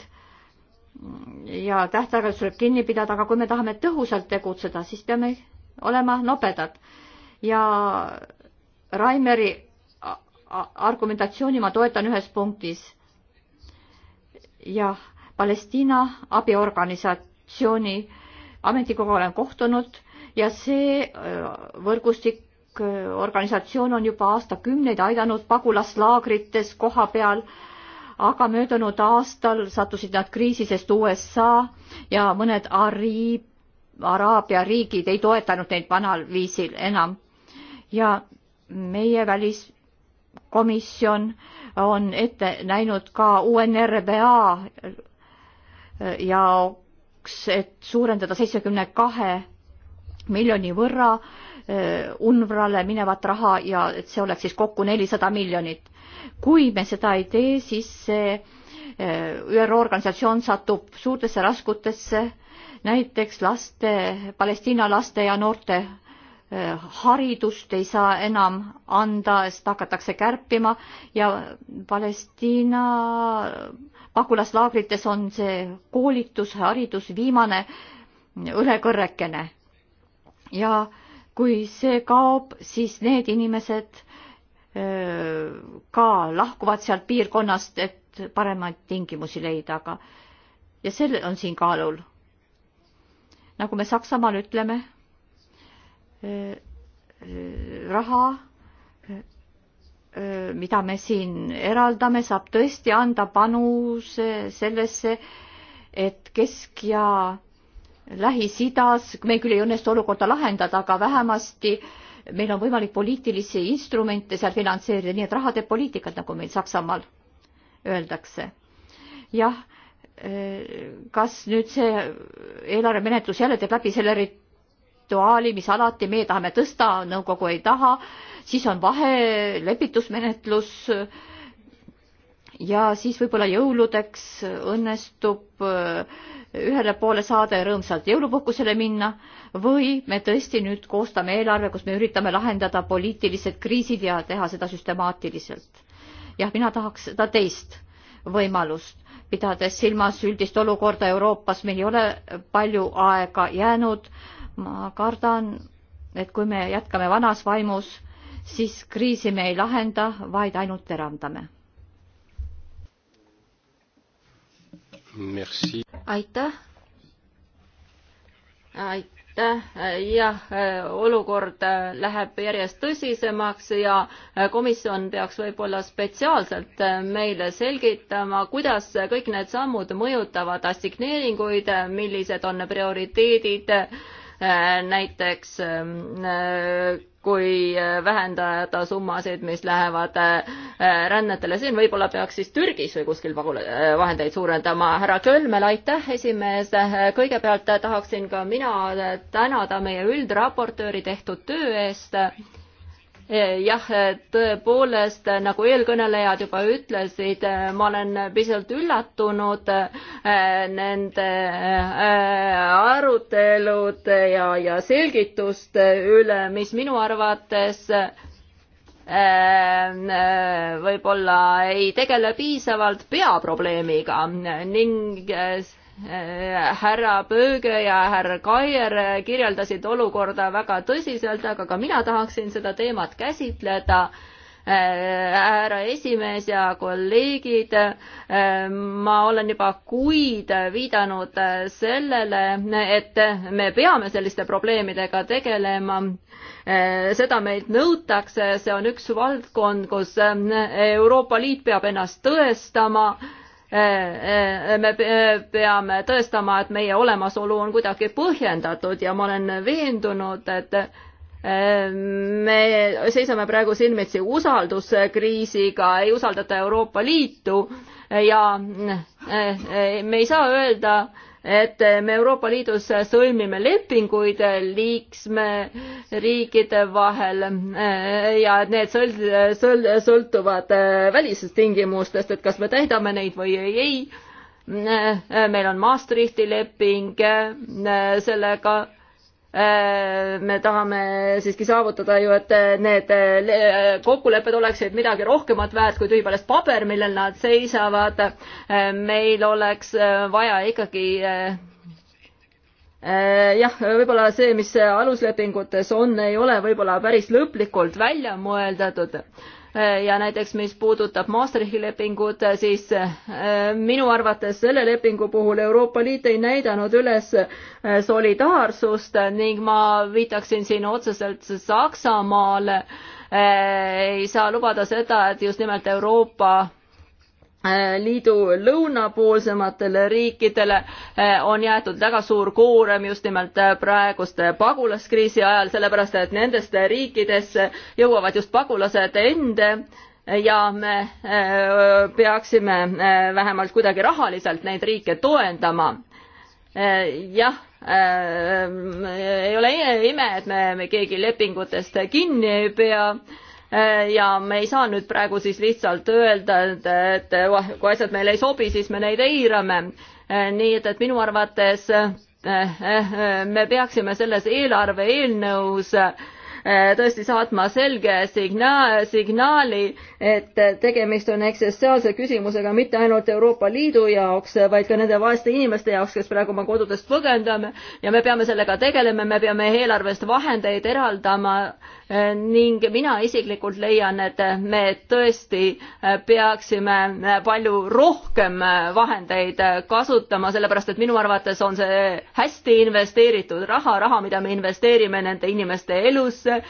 ja tähtaegades tuleb kinni pidada, aga kui me tahame tõhusalt tegutseda, siis peame olema nobedad. ja Raimeri argumentatsiooni ma toetan ühes punktis. jah, Palestiina abiorganisatsiooni ametikogu olen kohtunud ja see võrgustik organisatsioon on juba aastakümneid aidanud pagulaslaagrites koha peal, aga möödunud aastal sattusid nad kriisi, sest USA ja mõned Ariib, Araabia riigid ei toetanud neid vanal viisil enam. ja meie väliskomisjon on ette näinud ka UNRWA jaoks, et suurendada seitsmekümne kahe miljoni võrra Eh, UNRWA-le minevat raha ja et see oleks siis kokku nelisada miljonit. kui me seda ei tee, siis see eh, ÜRO organisatsioon satub suurtesse raskutesse, näiteks laste, Palestiina laste ja noorte eh, haridust ei saa enam anda, sest hakatakse kärpima ja Palestiina pagulaslaagrites on see koolitus, haridus viimane õlekõrrekene. ja äh, kui see kaob, siis need inimesed ka lahkuvad sealt piirkonnast, et paremaid tingimusi leida, aga ja see on siin kaalul. nagu me Saksamaal ütleme, raha, mida me siin eraldame, saab tõesti anda panuse sellesse, et kesk- ja Lähis-Idas, meil küll ei õnnestu olukorda lahendada, aga vähemasti meil on võimalik poliitilisi instrumente seal finantseerida, nii et raha teeb poliitikat, nagu meil Saksamaal öeldakse. jah, eh, kas nüüd see eelarvemenetlus jälle teeb läbi selle rituaali, mis alati meie tahame tõsta, nõukogu ei taha, siis on vahelepitusmenetlus ja siis võib-olla jõuludeks õnnestub äh, ühele poole saada ja rõõmsalt jõulupuhkusele minna või me tõesti nüüd koostame eelarve, kus me üritame lahendada poliitilised kriisid ja teha seda süstemaatiliselt. jah, mina tahaks seda teist võimalust, pidades silmas üldist olukorda Euroopas, meil ei ole palju aega jäänud. ma kardan, et kui me jätkame vanas vaimus, siis kriisi me ei lahenda, vaid ainult teravdame aitäh. aitäh, jah, olukord läheb järjest tõsisemaks ja komisjon peaks võib-olla spetsiaalselt meile selgitama, kuidas kõik need sammud mõjutavad assigneeringuid, millised on prioriteedid Äh, näiteks ähm, äh, kui äh, vähendada summasid, mis lähevad rännetele, siin võib-olla peaks siis Türgis või kuskil vahendeid suurendama. härra Kölmel, aitäh, esimees. kõigepealt tahaksin ka mina tänada meie üldraportööri tehtud töö eest jah, tõepoolest, nagu eelkõnelejad juba ütlesid, ma olen pisut üllatunud eh, nende eh, arutelude ja, ja selgituste üle, mis minu arvates eh, võib-olla ei tegele piisavalt peaprobleemiga ning Äh, härra Pööge ja härra Kaier kirjeldasid olukorda väga tõsiselt, aga ka mina tahaksin seda teemat käsitleda. Äh, härra esimees ja kolleegid, äh, ma olen juba kuid viidanud sellele, et me peame selliste probleemidega tegelema. seda meilt nõutakse, see on üks valdkond, kus Euroopa Liit peab ennast tõestama Äh, äh, me äh, peame tõestama, et meie olemasolu on kuidagi põhjendatud ja ma olen veendunud, et me seisame praegu silmitsi usalduskriisiga, ei usaldata Euroopa Liitu ja me ei saa öelda, et me Euroopa Liidus sõlmime lepinguid liikmeriikide vahel eh, ja need sõlt-, sõlt-, sõltuvad eh, välistest tingimustest, et kas me täidame neid või ei, ei. Eh, meil on Maastrichti leping, sellega Äh, me tahame siiski saavutada ju, et äh, need äh, kokkulepped oleksid midagi rohkemat väärt kui tühipaljas paber, millel nad seisavad. meil oleks vaja ikkagi jah, võib-olla see, mis aluslepingutes on, ei ole võib-olla päris lõplikult välja mõeldatud Äh, ja näiteks mis puudutab Maastrichti lepingut, äh, siis äh, minu arvates selle lepingu puhul Euroopa Liit ei näidanud üles solidaarsust ning ma viitaksin siin otseselt Saksamaale. ei saa lubada seda, et just nimelt Euroopa Äh, liidu lõunapoolsematele riikidele äh, on jäetud väga suur koorem just nimelt äh, praeguste pagulaskriisi ajal, sellepärast et nendesse riikidesse jõuavad just pagulased enda ja me peaksime vähemalt kuidagi rahaliselt neid riike toendama. jah, ei ole ime, et me, me keegi lepingutest kinni ei pea Äh, ja me ei saa nüüd praegu siis lihtsalt öelda, et, et oh, kui asjad meile ei sobi, siis me neid eirame. Äh, nii et, et minu arvates äh, me peaksime selles eelarve eelnõus tõesti saatma selge signaal, signaali, et tegemist on eksistentsiaalse küsimusega mitte ainult Euroopa Liidu jaoks, vaid ka nende vaeste inimeste jaoks, kes praegu oma kodudest põgendame ja me peame sellega tegelema, me peame eelarvest vahendeid eraldama ning mina isiklikult leian, et me tõesti peaksime palju rohkem vahendeid kasutama, sellepärast et minu arvates on see hästi investeeritud raha, raha, mida me investeerime nende inimeste elusse,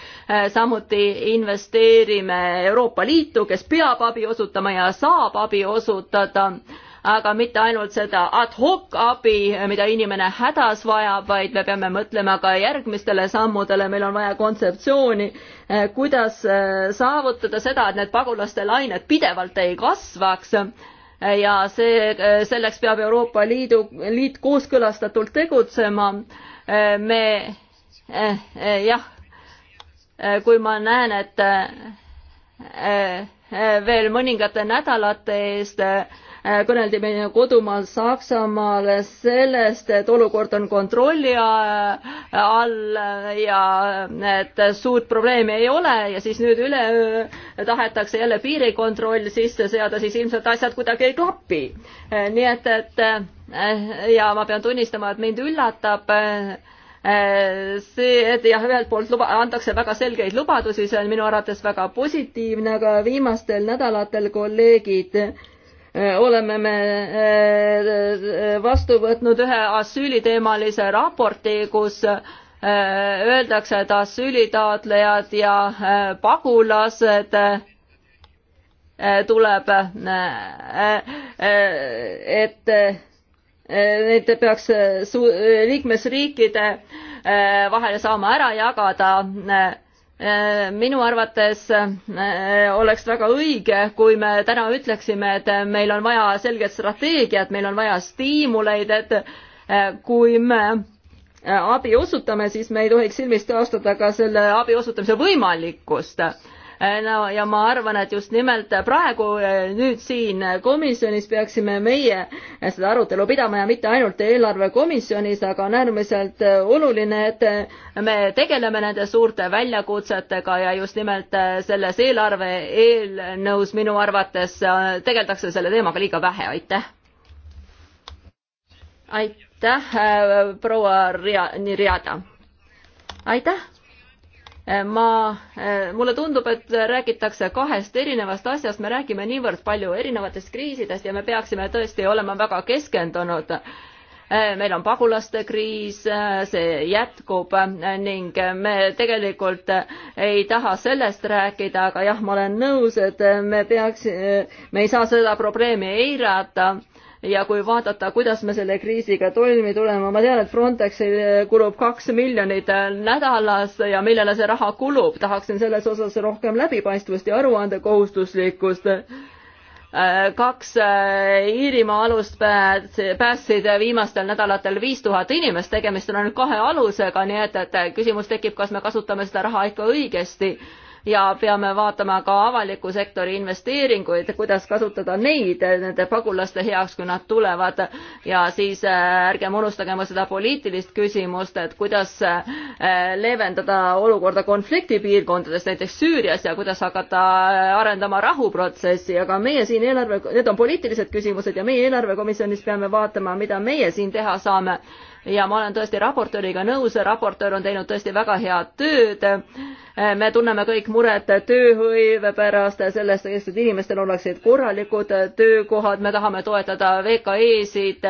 samuti investeerime Euroopa Liitu, kes peab abi osutama ja saab abi osutada aga mitte ainult seda ad hoc abi, mida inimene hädas vajab, vaid me peame mõtlema ka järgmistele sammudele, meil on vaja kontseptsiooni, eh, kuidas eh, saavutada seda, et need pagulaste lained pidevalt ei kasvaks eh, ja see, selleks peab Euroopa Liidu, liit kooskõlastatult tegutsema. me jah, kui ma näen, et veel mõningate nädalate eest äh, Äh, kõneldi meie kodumaal Saksamaal sellest, et olukord on kontrolli äh, all ja et suurt probleemi ei ole ja siis nüüd üleöö tahetakse jälle piirikontroll sisse seada, siis ilmselt asjad kuidagi ei klapi. Äh, nii et, et ja ma pean tunnistama, et mind üllatab see, et jah, ühelt poolt luba, antakse väga selgeid lubadusi, see on minu arvates väga positiivne, aga viimastel nädalatel kolleegid äh, Äh, oleme me äh, äh, vastu võtnud ühe asüüliteemalise raporti, kus öeldakse, et asüülitaotlejad ja pagulased tuleb, et neid peaks liikmesriikide vahel saama ära jagada Äh, minu arvates äh, oleks väga õige, kui me täna ütleksime, et meil on vaja selget strateegiat, meil on vaja stiimuleid, et äh, kui me abi osutame, siis me ei tohiks silmist taastada ka selle abi osutamise võimalikkust Äh, no ja ma arvan, et just nimelt praegu äh, nüüd siin komisjonis peaksime meie äh, seda arutelu pidama ja mitte ainult eelarvekomisjonis, aga on äärmiselt oluline, et me tegeleme nende suurte väljakutsetega ja just nimelt selles eelarve eelnõus minu arvates tegeldakse selle teemaga liiga vähe, aitäh. aitäh, proua Ria-, Nirjada. aitäh Eh, ma, eh, mulle tundub, et räägitakse kahest erinevast asjast, me räägime niivõrd palju erinevatest kriisidest ja me peaksime tõesti olema väga keskendunud. Eh, meil on pagulaste kriis, see jätkub ning me tegelikult ei taha sellest rääkida, aga jah, ma olen nõus, et me peaks, me ei saa seda probleemi eirata ja kui vaadata, kuidas me selle kriisiga toime tuleme, ma tean, et Frontexil eh, kulub kaks miljonit eh, nädalas ja millele see raha kulub, tahaksin selles osas rohkem läbipaistvust ja aruandekohustuslikkust eh, kaks Iirimaa alust päästsid viimastel nädalatel viis tuhat inimest, tegemist on ainult kahe alusega, nii et, et küsimus tekib, kas me kasutame seda raha ikka õigesti ja peame vaatama ka avaliku sektori investeeringuid, kuidas kasutada neid nende pagulaste heaks, kui nad tulevad ja siis äh, ärgem unustagem seda poliitilist küsimust, et kuidas äh, leevendada olukorda konfliktipiirkondades, näiteks Süürias ja kuidas hakata äh, arendama rahuprotsessi, aga meie siin eelarve, need on poliitilised küsimused ja meie eelarvekomisjonis peame vaatama, mida meie siin teha saame ja ma olen tõesti raportööriga nõus, raportöör on teinud tõesti väga head tööd me tunneme kõik muret tööhõive pärast, sellest, et inimestel oleksid korralikud töökohad, me tahame toetada VKE-sid,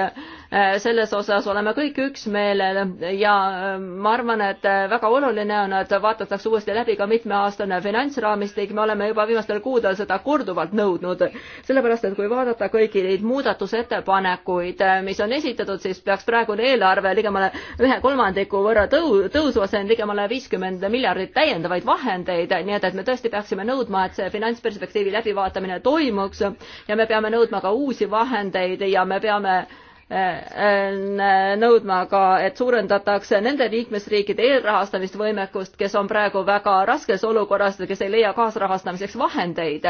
selles osas oleme kõik üksmeelel ja ma arvan, et väga oluline on, et vaadatakse uuesti läbi ka mitmeaastane finantsraamistik, me oleme juba viimastel kuudel seda korduvalt nõudnud, sellepärast et kui vaadata kõiki neid muudatusettepanekuid, mis on esitatud, siis peaks praegune eelarve ligemale ühe kolmandiku võrra tõu-, tõusma, see on ligemale viiskümmend miljardit täiendavat piisavaid vahendeid, nii et, et me tõesti peaksime nõudma, et see finantsperspektiivi läbivaatamine toimuks ja me peame nõudma ka uusi vahendeid ja me peame eh, eh, nõudma ka, et suurendatakse nende liikmesriikide eelrahastamist võimekust, kes on praegu väga raskes olukorras ja kes ei leia kaasrahastamiseks vahendeid.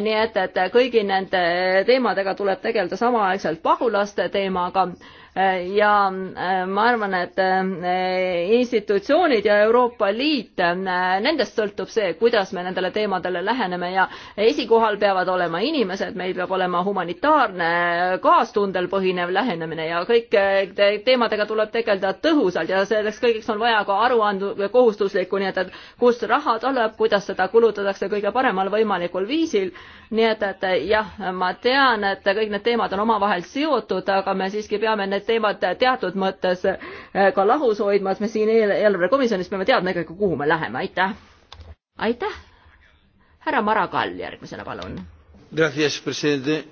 nii et, et kõigi nende teemadega tuleb tegeleda samaaegselt pagulaste teemaga ja äh, ma arvan, et äh, institutsioonid ja Euroopa Liit, äh, nendest sõltub see, kuidas me nendele teemadele läheneme ja esikohal peavad olema inimesed, meil peab olema humanitaarne, kaastundel põhinev lähenemine ja kõik teemadega tuleb tegeleda tõhusalt ja selleks kõigeks on vaja ka aruandu-, kohustuslikku, nii et, et kus raha tuleb, kuidas seda kulutatakse kõige paremal võimalikul viisil nii et, et jah, ma tean, et kõik need teemad on omavahel seotud, aga me siiski peame need teemad teatud mõttes eh, ka lahus hoidma, et me siin eelarvekomisjonis peame teadma ikkagi, kuhu me läheme, aitäh. aitäh. härra Mara Kall järgmisena, palun. Gracias, president.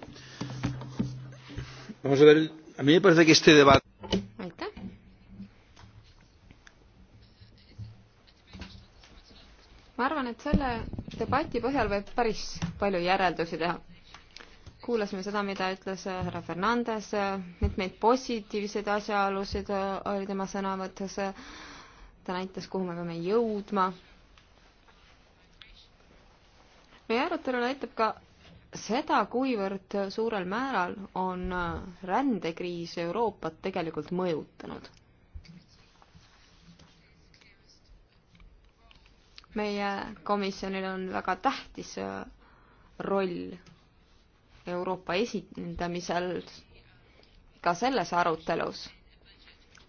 aitäh ma arvan, et selle debati põhjal võib päris palju järeldusi teha. kuulasime seda, mida ütles härra Fernandes, mitmeid positiivseid asjaolusid oli tema sõnavõttes. ta näitas, kuhu me peame jõudma. meie arutelu näitab ka seda, kuivõrd suurel määral on rändekriis Euroopat tegelikult mõjutanud meie komisjonil on väga tähtis äh, roll Euroopa esindamisel ka selles arutelus.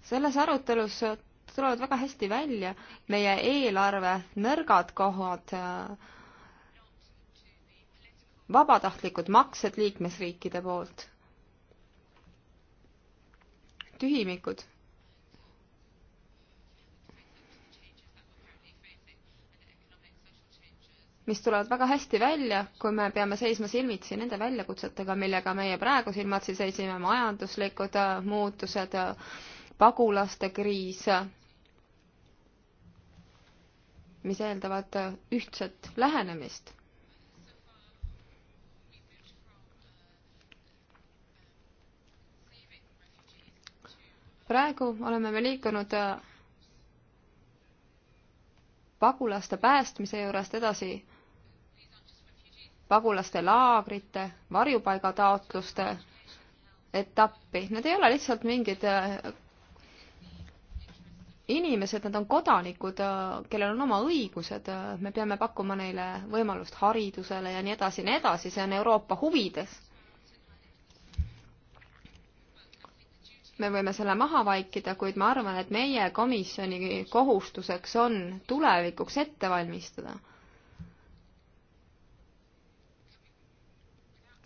selles arutelus äh, tulevad väga hästi välja meie eelarve nõrgad kohad, äh, vabatahtlikud maksed liikmesriikide poolt, tühimikud mis tulevad väga hästi välja, kui me peame seisma silmitsi nende väljakutsetega, millega meie praegu silmatsi seisime, majanduslikud äh, muutused, äh, pagulaste kriis, äh, mis eeldavad ühtset lähenemist. praegu oleme me liikunud pagulaste päästmise juurest edasi pagulaste laagrite, varjupaigataotluste etappi, need ei ole lihtsalt mingid äh, inimesed, nad on kodanikud, äh, kellel on oma õigused, äh, me peame pakkuma neile võimalust haridusele ja nii edasi ja nii edasi, see on Euroopa huvides. me võime selle maha vaikida, kuid ma arvan, et meie komisjoni kohustuseks on tulevikuks ette valmistada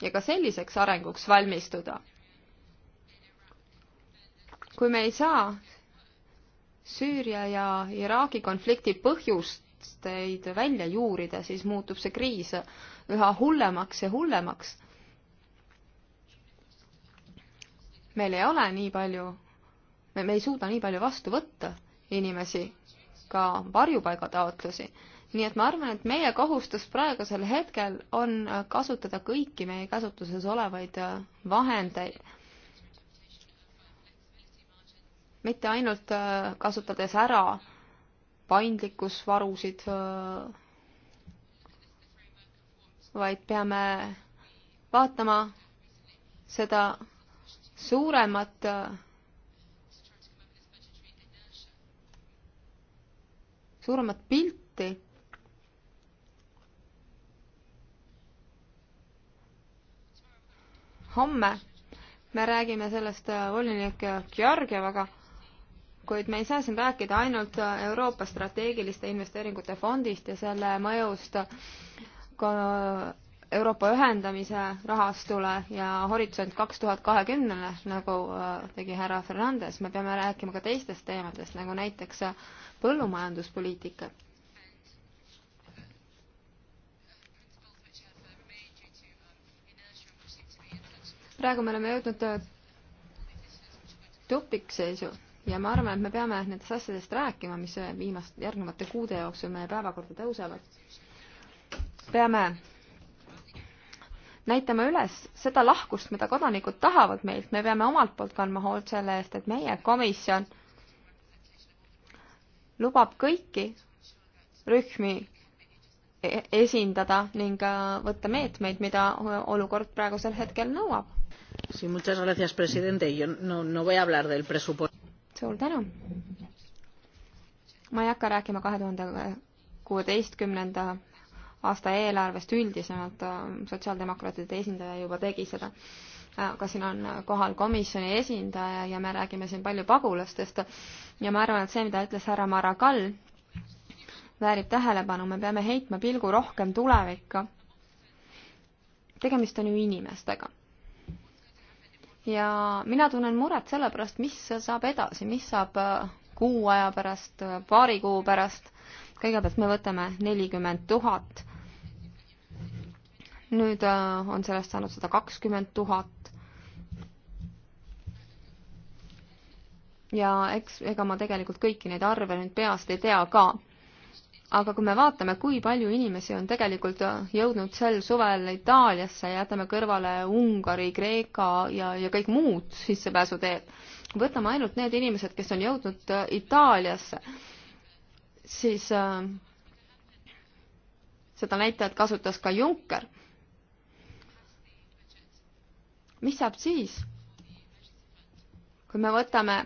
ja ka selliseks arenguks valmistuda. kui me ei saa Süüria ja Iraagi konflikti põhjusteid välja juurida, siis muutub see kriis üha hullemaks ja hullemaks. meil ei ole nii palju, me, me ei suuda nii palju vastu võtta inimesi, ka varjupaigataotlusi nii et ma arvan, et meie kohustus praegusel hetkel on äh, kasutada kõiki meie käsutuses olevaid äh, vahendeid. mitte ainult äh, kasutades ära paindlikkusvarusid, vaid peame vaatama seda suuremat suuremat pilti homme me räägime sellest äh, volinik Georgievaga, kuid me ei saa siin rääkida ainult äh, Euroopa strateegiliste investeeringute fondist ja selle mõjust ka Euroopa ühendamise rahastule ja Horisont kaks tuhat kahekümnele, nagu äh, tegi härra Fernandes, me peame rääkima ka teistest teemadest, nagu näiteks põllumajanduspoliitika praegu me oleme jõudnud äh, tupikseisu ja ma arvan, et me peame nendest asjadest rääkima, mis äh, viimast, järgnevate kuude jooksul meie päevakorda tõusevad. peame näitama üles seda lahkust, mida kodanikud tahavad meilt, me peame omalt poolt kandma hoolt selle eest, et meie komisjon lubab kõiki rühmi e-, esindada ning äh, võtta meetmeid, mida olukord praegusel hetkel nõuab Sí, muchas gracias, presidente. Yo no, no voy a hablar del presupuesto. suur tänu. ma ei hakka rääkima kahe tuhande kuueteistkümnenda aasta eelarvest üldisemalt, sotsiaaldemokraatide esindaja juba tegi seda. aga siin on kohal komisjoni esindaja ja me räägime siin palju pagulastest ja ma arvan, et see, mida ütles härra Maragall, väärib tähelepanu, me peame heitma pilgu rohkem tulevikku. tegemist on ju inimestega ja mina tunnen muret selle pärast, mis saab edasi, mis saab äh, kuu aja pärast, äh, paari kuu pärast. kõigepealt me võtame nelikümmend tuhat. nüüd äh, on sellest saanud sada kakskümmend tuhat. ja eks, ega ma tegelikult kõiki neid arve nüüd peast ei tea ka aga kui me vaatame, kui palju inimesi on tegelikult äh, jõudnud sel suvel Itaaliasse, jätame kõrvale Ungari, Kreeka ja, ja kõik muud sissepääsuteed, võtame ainult need inimesed, kes on jõudnud äh, Itaaliasse, siis äh, seda näitajat kasutas ka Juncker. mis saab siis, kui me võtame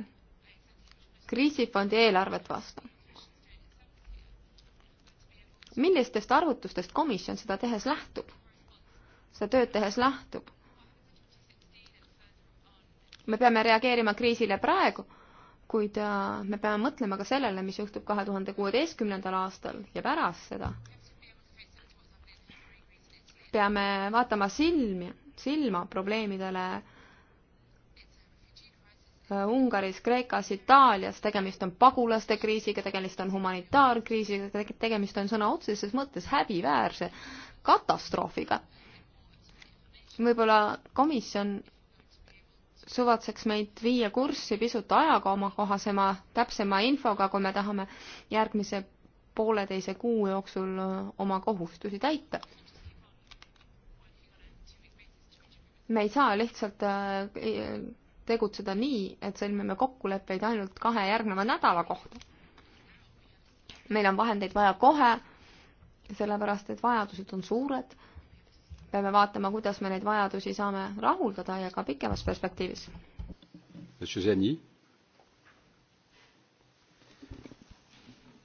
kriisifondi eelarvet vastu? millistest arvutustest komisjon seda tehes lähtub? seda tööd tehes lähtub? me peame reageerima kriisile praegu, kuid äh, me peame mõtlema ka sellele, mis juhtub kahe tuhande kuueteistkümnendal aastal ja pärast seda. peame vaatama silmi, silma probleemidele Äh, Ungaris, Kreekas, Itaalias, tegemist on pagulaste kriisiga, tegemist on humanitaarkriisiga, tegemist on sõna otseses mõttes häbiväärse katastroofiga. võib-olla komisjon suvatseks meid viia kurssi pisut ajaga omakohasema, täpsema infoga, kui me tahame järgmise pooleteise kuu jooksul äh, oma kohustusi täita. me ei saa lihtsalt äh, tegutseda nii, et sõlmime kokkuleppeid ainult kahe järgneva nädala kohta. meil on vahendeid vaja kohe, sellepärast et vajadused on suured. peame vaatama, kuidas me neid vajadusi saame rahuldada ja ka pikemas perspektiivis.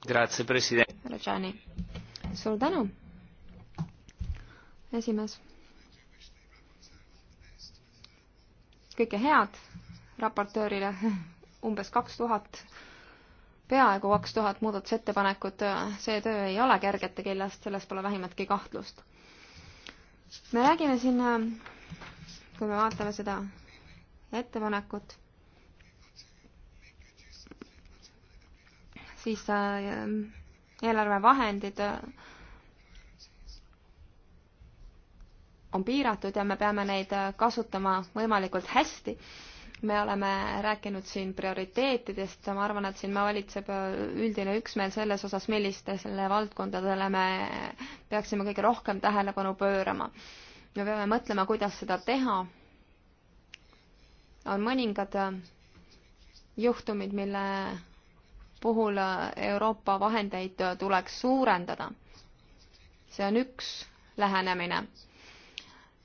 härra Tšani, suur tänu, esimees kõike head raportöörile, (laughs) umbes kaks tuhat, peaaegu kaks tuhat muudatusettepanekut, see töö ei ole kergete keljest, selles pole vähimatki kahtlust. me räägime siin, kui me vaatame seda ettepanekut, siis äh, eelarvevahendid äh, on piiratud ja me peame neid äh, kasutama võimalikult hästi. me oleme rääkinud siin prioriteetidest ja ma arvan, et siin valitseb äh, üldine üksmeel selles osas, millistele valdkondadele me peaksime kõige rohkem tähelepanu pöörama. me peame mõtlema, kuidas seda teha. on mõningad äh, juhtumid, mille puhul Euroopa vahendeid tuleks suurendada. see on üks lähenemine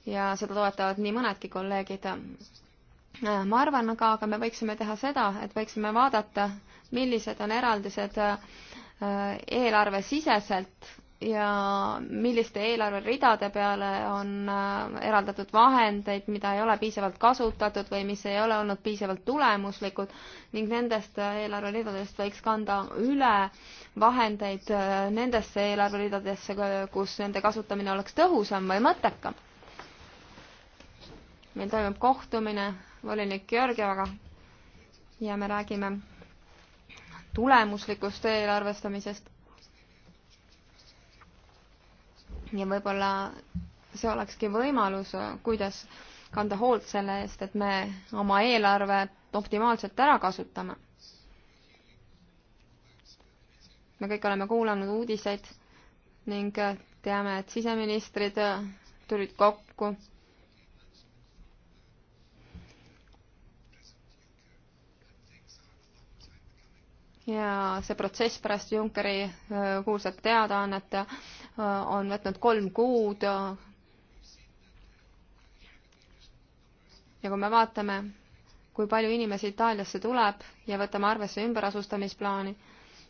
ja seda toetavad nii mõnedki kolleegid. ma arvan aga, aga me võiksime teha seda, et võiksime vaadata, millised on eraldised äh, eelarvesiseselt ja milliste eelarveridade peale on äh, eraldatud vahendeid, mida ei ole piisavalt kasutatud või mis ei ole olnud piisavalt tulemuslikud ning nendest äh, eelarveridadest võiks kanda üle vahendeid nendesse eelarveridadesse, kus nende kasutamine oleks tõhusam või mõttekam meil toimub kohtumine volinik Georgievaga ja me räägime tulemuslikust eelarvestamisest. ja võib-olla see olekski võimalus, kuidas kanda hoolt selle eest, et me oma eelarvet optimaalselt ära kasutame. me kõik oleme kuulanud uudiseid ning teame, et siseministrid tulid kokku ja see protsess pärast Junckeri äh, kuulsat teadaannet äh, on võtnud kolm kuud. ja kui me vaatame, kui palju inimesi Itaaliasse tuleb ja võtame arvesse ümberasustamisplaani,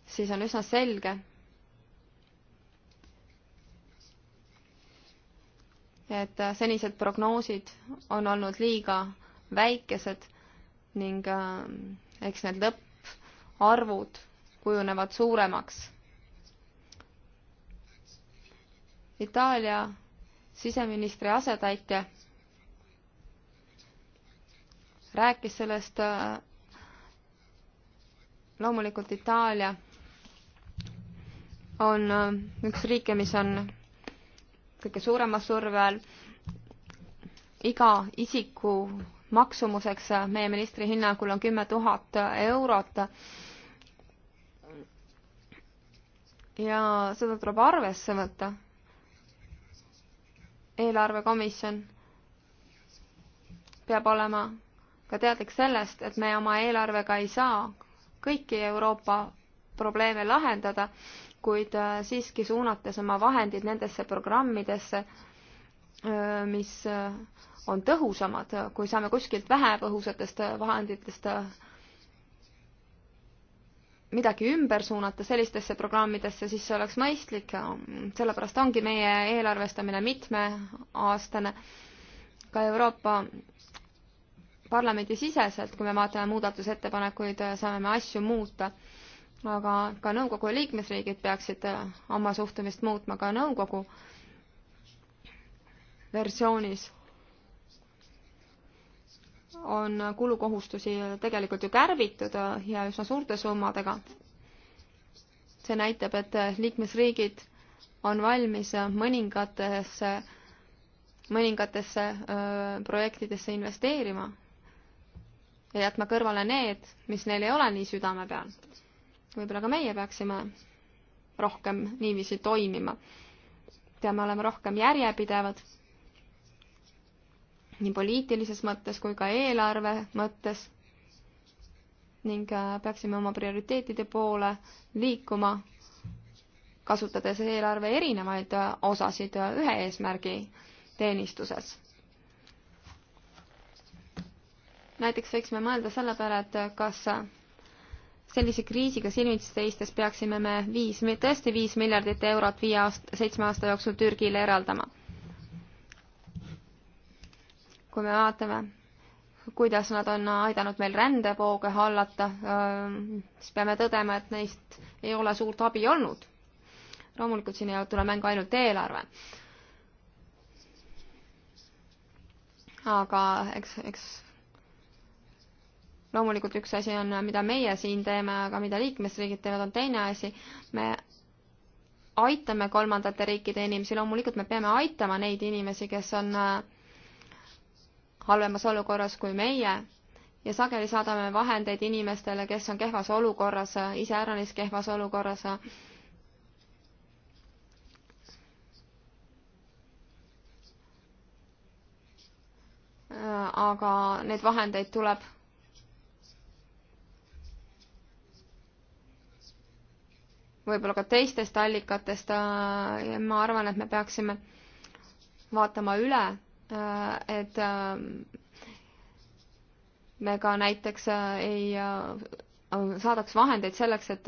siis on üsna selge, et äh, senised prognoosid on olnud liiga väikesed ning eks need lõpp, arvud kujunevad suuremaks. Itaalia siseministri asetäitja rääkis sellest äh, loomulikult Itaalia on äh, üks riike, mis on kõige suurema surve all. iga isiku maksumuseks meie ministri hinnangul on kümme tuhat eurot. ja seda tuleb arvesse võtta. eelarvekomisjon peab olema ka teadlik sellest, et me oma eelarvega ei saa kõiki Euroopa probleeme lahendada, kuid äh, siiski suunates oma vahendid nendesse programmidesse, äh, mis äh, on tõhusamad, kui saame kuskilt vähepõhusatest vahenditest midagi ümber suunata sellistesse programmidesse, siis see oleks mõistlik, sellepärast ongi meie eelarvestamine mitmeaastane. ka Euroopa Parlamendi siseselt, kui me vaatame muudatusettepanekuid, saame me asju muuta. aga ka nõukogu liikmesriigid peaksid oma suhtumist muutma, ka nõukogu versioonis on kulukohustusi tegelikult ju kärbitud ja üsna suurte summadega. see näitab, et liikmesriigid on valmis mõningatesse, mõningatesse projektidesse investeerima ja jätma kõrvale need, mis neil ei ole nii südame peal. võib-olla ka meie peaksime rohkem niiviisi toimima. peame olema rohkem järjepidevad nii poliitilises mõttes kui ka eelarve mõttes ning äh, peaksime oma prioriteetide poole liikuma, kasutades eelarve erinevaid äh, osasid äh, ühe eesmärgi teenistuses. näiteks võiksime mõelda selle peale, et kas sellise kriisiga silmitsi seistes peaksime me viis, tõesti viis miljardit eurot viie aasta, seitsme aasta jooksul Türgile eraldama kui me vaatame, kuidas nad on aidanud meil rändevooge hallata, siis peame tõdema, et neist ei ole suurt abi olnud. loomulikult siin ei tule mängu ainult eelarve. aga eks, eks loomulikult üks asi on, mida meie siin teeme, aga mida liikmesriigid teevad, on teine asi. me aitame kolmandate riikide inimesi, loomulikult me peame aitama neid inimesi, kes on äh, halvemas olukorras kui meie ja sageli saadame vahendeid inimestele, kes on kehvas olukorras, iseäranis kehvas olukorras. aga neid vahendeid tuleb võib-olla ka teistest allikatest ja ma arvan, et me peaksime vaatama üle Äh, et äh, me ka näiteks äh, ei saadaks vahendeid selleks, et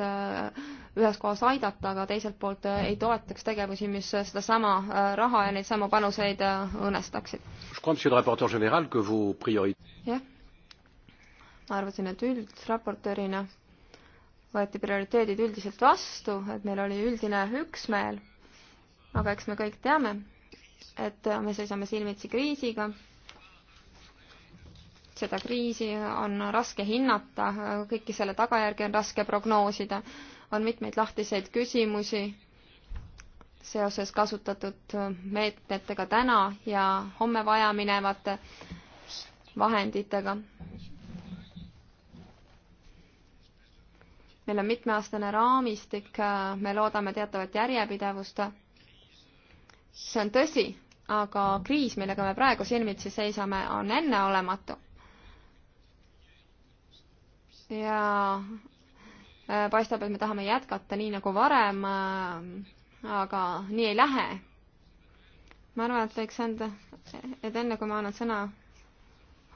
ühes kohas aidata, aga teiselt poolt ei toetaks tegevusi, mis sedasama raha ja neid samu panuseid õõnestaksid. jah, ma arvasin, et üldraportöörina võeti prioriteedid üldiselt vastu, et meil oli üldine üksmeel, aga eks me kõik teame, et me seisame silmitsi kriisiga. seda kriisi on raske hinnata, kõiki selle tagajärgi on raske prognoosida. on mitmeid lahtiseid küsimusi seoses kasutatud meetmetega täna ja homme vajaminevate vahenditega. meil on mitmeaastane raamistik, me loodame teatavat järjepidevust. see on tõsi, aga kriis, millega me praegu silmitsi seisame, on enneolematu. ja äh, paistab, et me tahame jätkata nii nagu varem, äh, aga nii ei lähe. ma arvan, et võiks anda, et enne kui ma annan sõna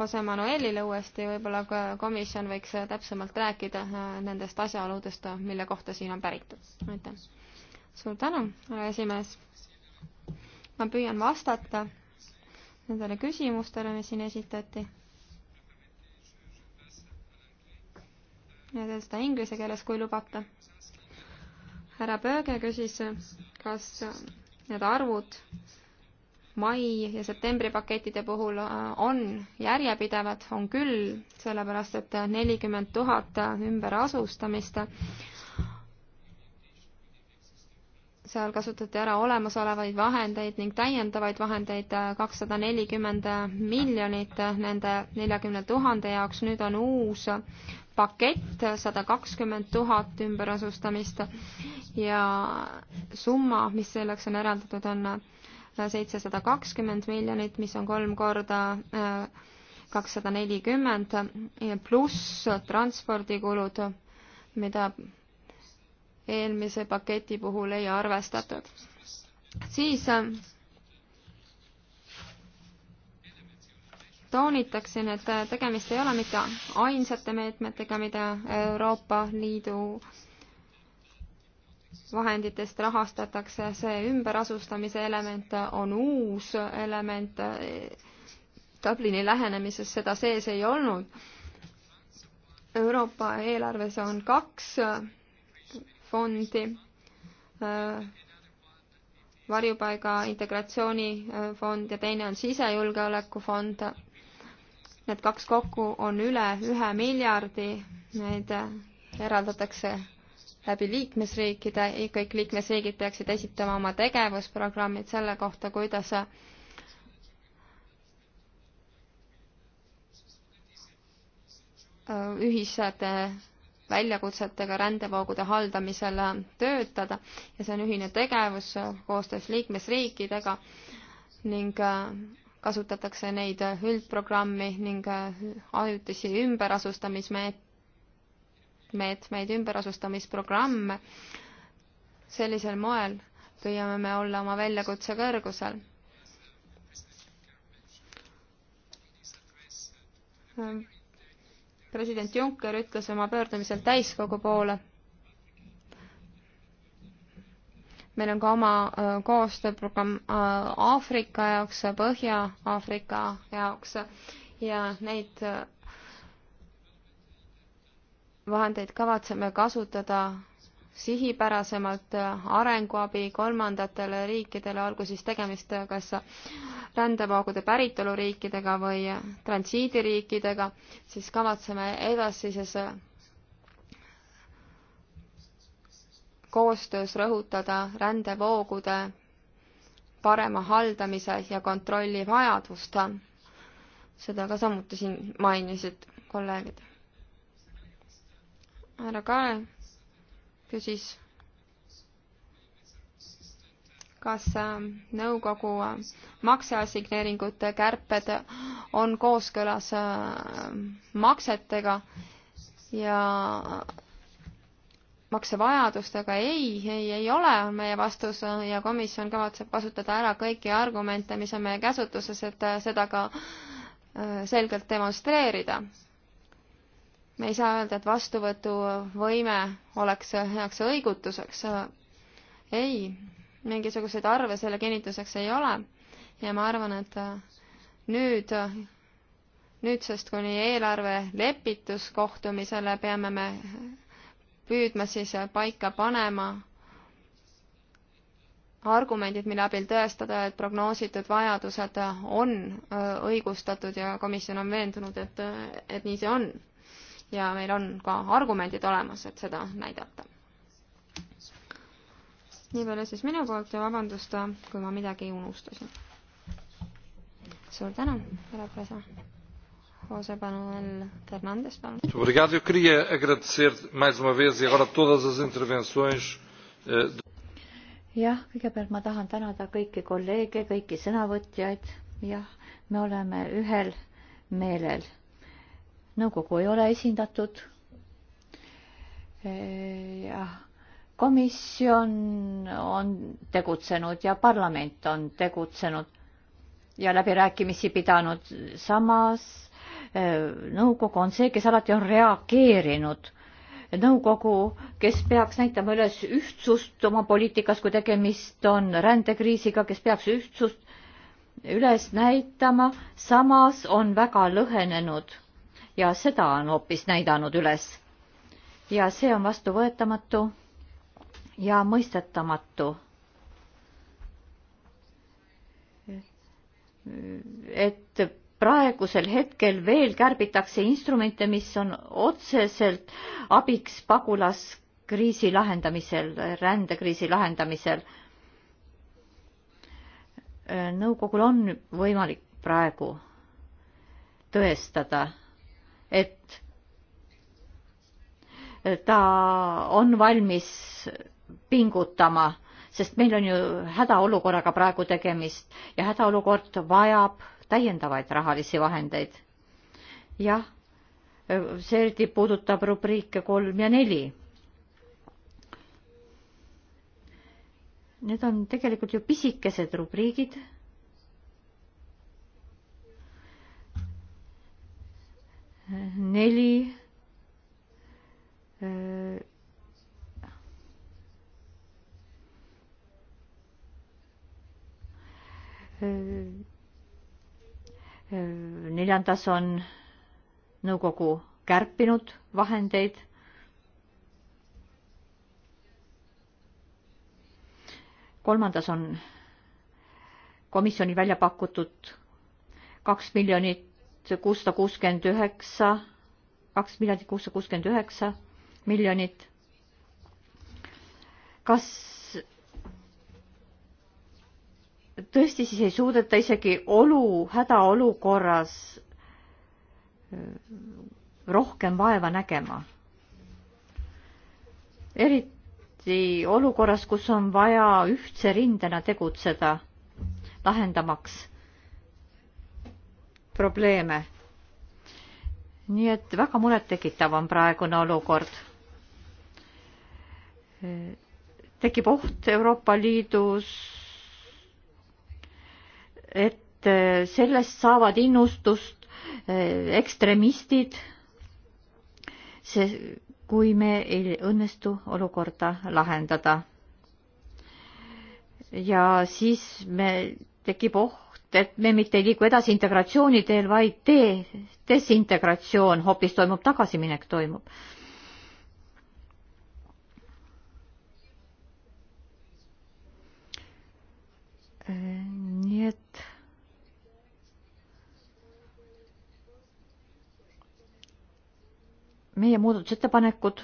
Jose Manuelile uuesti, võib-olla komisjon võiks täpsemalt rääkida äh, nendest asjaoludest, mille kohta siin on päritud. aitäh. suur tänu, härra esimees ma püüan vastata nendele küsimustele, mis siin esitati. ja teen seda inglise keeles, kui lubate. härra Pööge küsis, kas need arvud mai ja septembri pakettide puhul äh, on järjepidevad, on küll, sellepärast et nelikümmend tuhat ümberasustamist äh, seal kasutati ära olemasolevaid vahendeid ning täiendavaid vahendeid äh, kakssada nelikümmend äh, miljonit äh, nende neljakümne tuhande jaoks, nüüd on uus pakett sada kakskümmend tuhat ümberasustamist ja summa, mis selleks on eraldatud, on seitsesada kakskümmend miljonit, mis on kolm korda kakssada nelikümmend pluss transpordikulud, mida eelmise paketi puhul ei arvestatud. siis äh, toonitaksin, et äh, tegemist ei ole mitte ainsate meetmetega, mida Euroopa Liidu vahenditest rahastatakse, see ümberasustamise element on uus element äh, Dublini lähenemises, seda sees ei olnud. Euroopa eelarves on kaks fondi, äh, varjupaiga integratsioonifond äh, ja teine on sisejulgeolekufond. Need kaks kokku on üle ühe miljardi, neid äh, eraldatakse läbi liikmesriikide, kõik liikmesriigid peaksid esitama oma tegevusprogrammid selle kohta, kuidas ühised väljakutsetega rändevoogude haldamisel töötada ja see on ühine tegevus koostöös liikmesriikidega ning äh, kasutatakse neid üldprogrammi ning äh, ajutisi ümberasustamismeetmeid, ümberasustamisprogramme. sellisel moel püüame me olla oma väljakutse kõrgusel president Juncker ütles oma pöördumisel täiskogu poole. meil on ka oma äh, koostööprogramm äh, Aafrika jaoks, Põhja-Aafrika jaoks ja neid äh, vahendeid kavatseme kasutada sihipärasemalt arenguabi kolmandatele riikidele, olgu siis tegemist kas rändevoogude päritoluriikidega või transiidiriikidega, siis kavatseme edasises koostöös rõhutada rändevoogude parema haldamise ja kontrolli vajadust. seda ka samuti siin mainisid kolleegid. härra Kae küsis, kas ähm, nõukogu äh, makseassigneeringute kärped on kooskõlas äh, maksetega ja maksevajadustega ei, ei, ei ole, on meie vastus ja komisjon kavatseb kasutada ära kõiki argumente, mis on meie käsutuses, et äh, seda ka selgelt demonstreerida me ei saa öelda, et vastuvõtuvõime oleks heaks õigutuseks. ei, mingisuguseid arve selle kinnituseks ei ole ja ma arvan, et nüüd, nüüdsest kuni eelarve lepituskohtumisele peame me püüdma siis paika panema argumendid, mille abil tõestada, et prognoositud vajadused on õigustatud ja komisjon on veendunud, et, et nii see on ja meil on ka argumendid olemas, et seda näidata. nii palju siis minu poolt ja vabandust, kui ma midagi unustasin. suur tänu, härra Presa. José Manuel Fernandes, palun. Obrigado, eu queria agradecer mais uma vez e agora todas as intervenções eh, jah, kõigepealt ma tahan tänada kõiki kolleege, kõiki sõnavõtjaid, jah, me oleme ühel meelel nõukogu ei ole esindatud. jah, komisjon on tegutsenud ja parlament on tegutsenud ja läbirääkimisi pidanud. samas eh, nõukogu on see, kes alati on reageerinud. nõukogu, kes peaks näitama üles ühtsust oma poliitikas, kui tegemist on rändekriisiga, kes peaks ühtsust üles näitama, samas on väga lõhenenud ja seda on hoopis näidanud üles. ja see on vastuvõetamatu ja mõistetamatu. et praegusel hetkel veel kärbitakse instrumente, mis on otseselt abiks pagulaskriisi lahendamisel, rändekriisi lahendamisel. nõukogul on võimalik praegu tõestada et ta on valmis pingutama, sest meil on ju hädaolukorraga praegu tegemist ja hädaolukord vajab täiendavaid rahalisi vahendeid. jah, see eriti puudutab rubriike kolm ja neli. Need on tegelikult ju pisikesed rubriigid neli neljandas on nõukogu kärpinud vahendeid. kolmandas on komisjoni välja pakutud kaks miljonit kuussada kuuskümmend üheksa, kaks miljardit kuussada kuuskümmend üheksa miljonit. kas tõesti siis ei suudeta isegi olu, hädaolukorras äh, rohkem vaeva nägema? eriti olukorras, kus on vaja ühtse rindena tegutseda, lahendamaks probleeme. nii et väga murettekitav on praegune olukord. tekib oht Euroopa Liidus, et sellest saavad innustust ekstremistid, see, kui me ei õnnestu olukorda lahendada. ja siis me tekib oht, et me mitte ei liigu edasi integratsiooni teel, vaid tee, desintegratsioon hoopis toimub, tagasiminek toimub. nii et meie muudatusettepanekud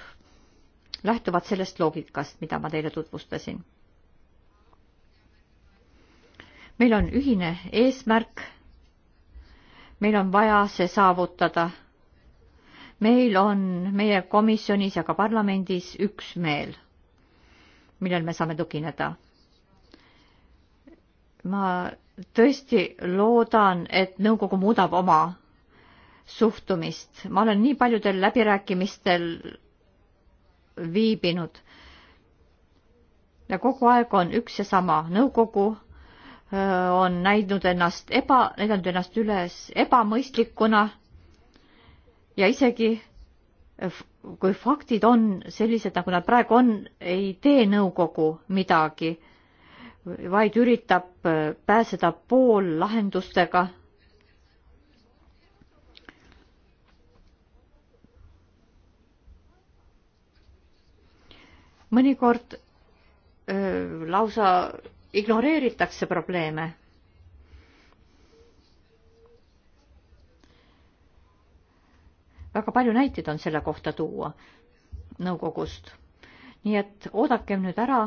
lähtuvad sellest loogikast, mida ma teile tutvustasin meil on ühine eesmärk. meil on vaja see saavutada. meil on meie komisjonis ja ka parlamendis üksmeel, millel me saame tugineda. ma tõesti loodan, et nõukogu muudab oma suhtumist. ma olen nii paljudel läbirääkimistel viibinud ja kogu aeg on üks ja sama nõukogu Äh, on näidnud ennast eba, näidanud ennast üles ebamõistlikuna ja isegi äh, kui faktid on sellised, nagu nad praegu on, ei tee nõukogu midagi, vaid üritab äh, pääseda poollahendustega. mõnikord öö, lausa ignoreeritakse probleeme. väga palju näiteid on selle kohta tuua nõukogust. nii et oodakem nüüd ära.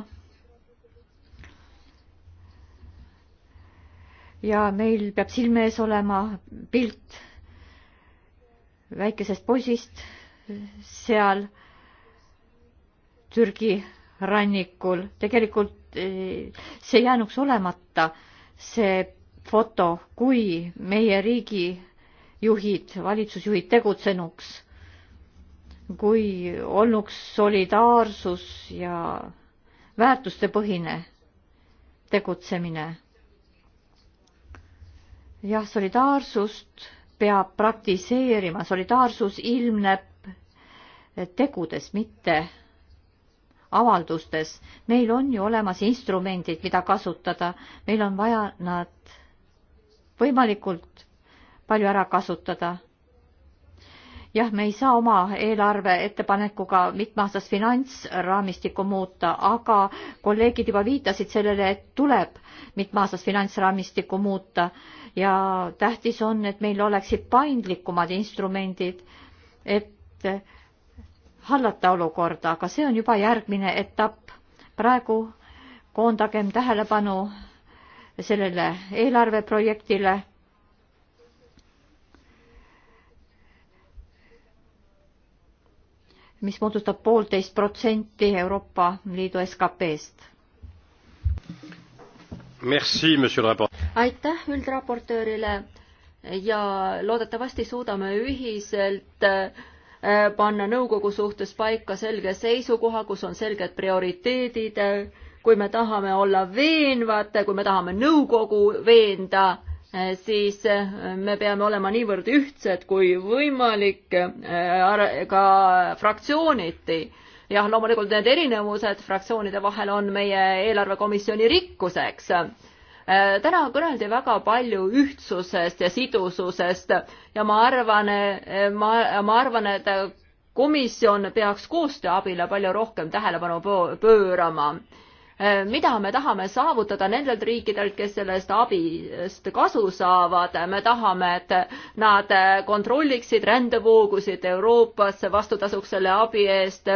ja meil peab silme ees olema pilt väikesest poisist seal Türgi rannikul. tegelikult see jäänuks olemata, see foto, kui meie riigijuhid, valitsusjuhid tegutsenuks, kui olnuks solidaarsus ja väärtustepõhine tegutsemine. jah, solidaarsust peab praktiseerima, solidaarsus ilmneb tegudes, mitte avaldustes. meil on ju olemas instrumendid, mida kasutada, meil on vaja nad võimalikult palju ära kasutada. jah, me ei saa oma eelarve ettepanekuga mitmeaastast finantsraamistikku muuta, aga kolleegid juba viitasid sellele, et tuleb mitmeaastast finantsraamistikku muuta ja tähtis on, et meil oleksid paindlikumad instrumendid, et hallata olukorda, aga see on juba järgmine etapp. praegu koondagem tähelepanu sellele eelarveprojektile. mis moodustab poolteist protsenti Euroopa Liidu SKP-st. aitäh üldraportöörile ja loodetavasti suudame ühiselt äh, Äh, panna nõukogu suhtes paika selge seisukoha, kus on selged prioriteedid, kui me tahame olla veenvad, kui me tahame nõukogu veenda, äh, siis äh, me peame olema niivõrd ühtsed kui võimalik ka fraktsiooniti. jah, loomulikult need erinevused fraktsioonide vahel on meie eelarvekomisjoni rikkuseks Äh, täna kõneldi väga palju ühtsusest ja sidususest ja ma arvan, äh, ma, ma arvan, et komisjon peaks koostöö abile palju rohkem tähelepanu pöörama. Äh, mida me tahame saavutada nendelt riikidelt, kes sellest abist kasu saavad, me tahame, et nad kontrolliksid rändevoogusid Euroopasse vastutasuks selle abi eest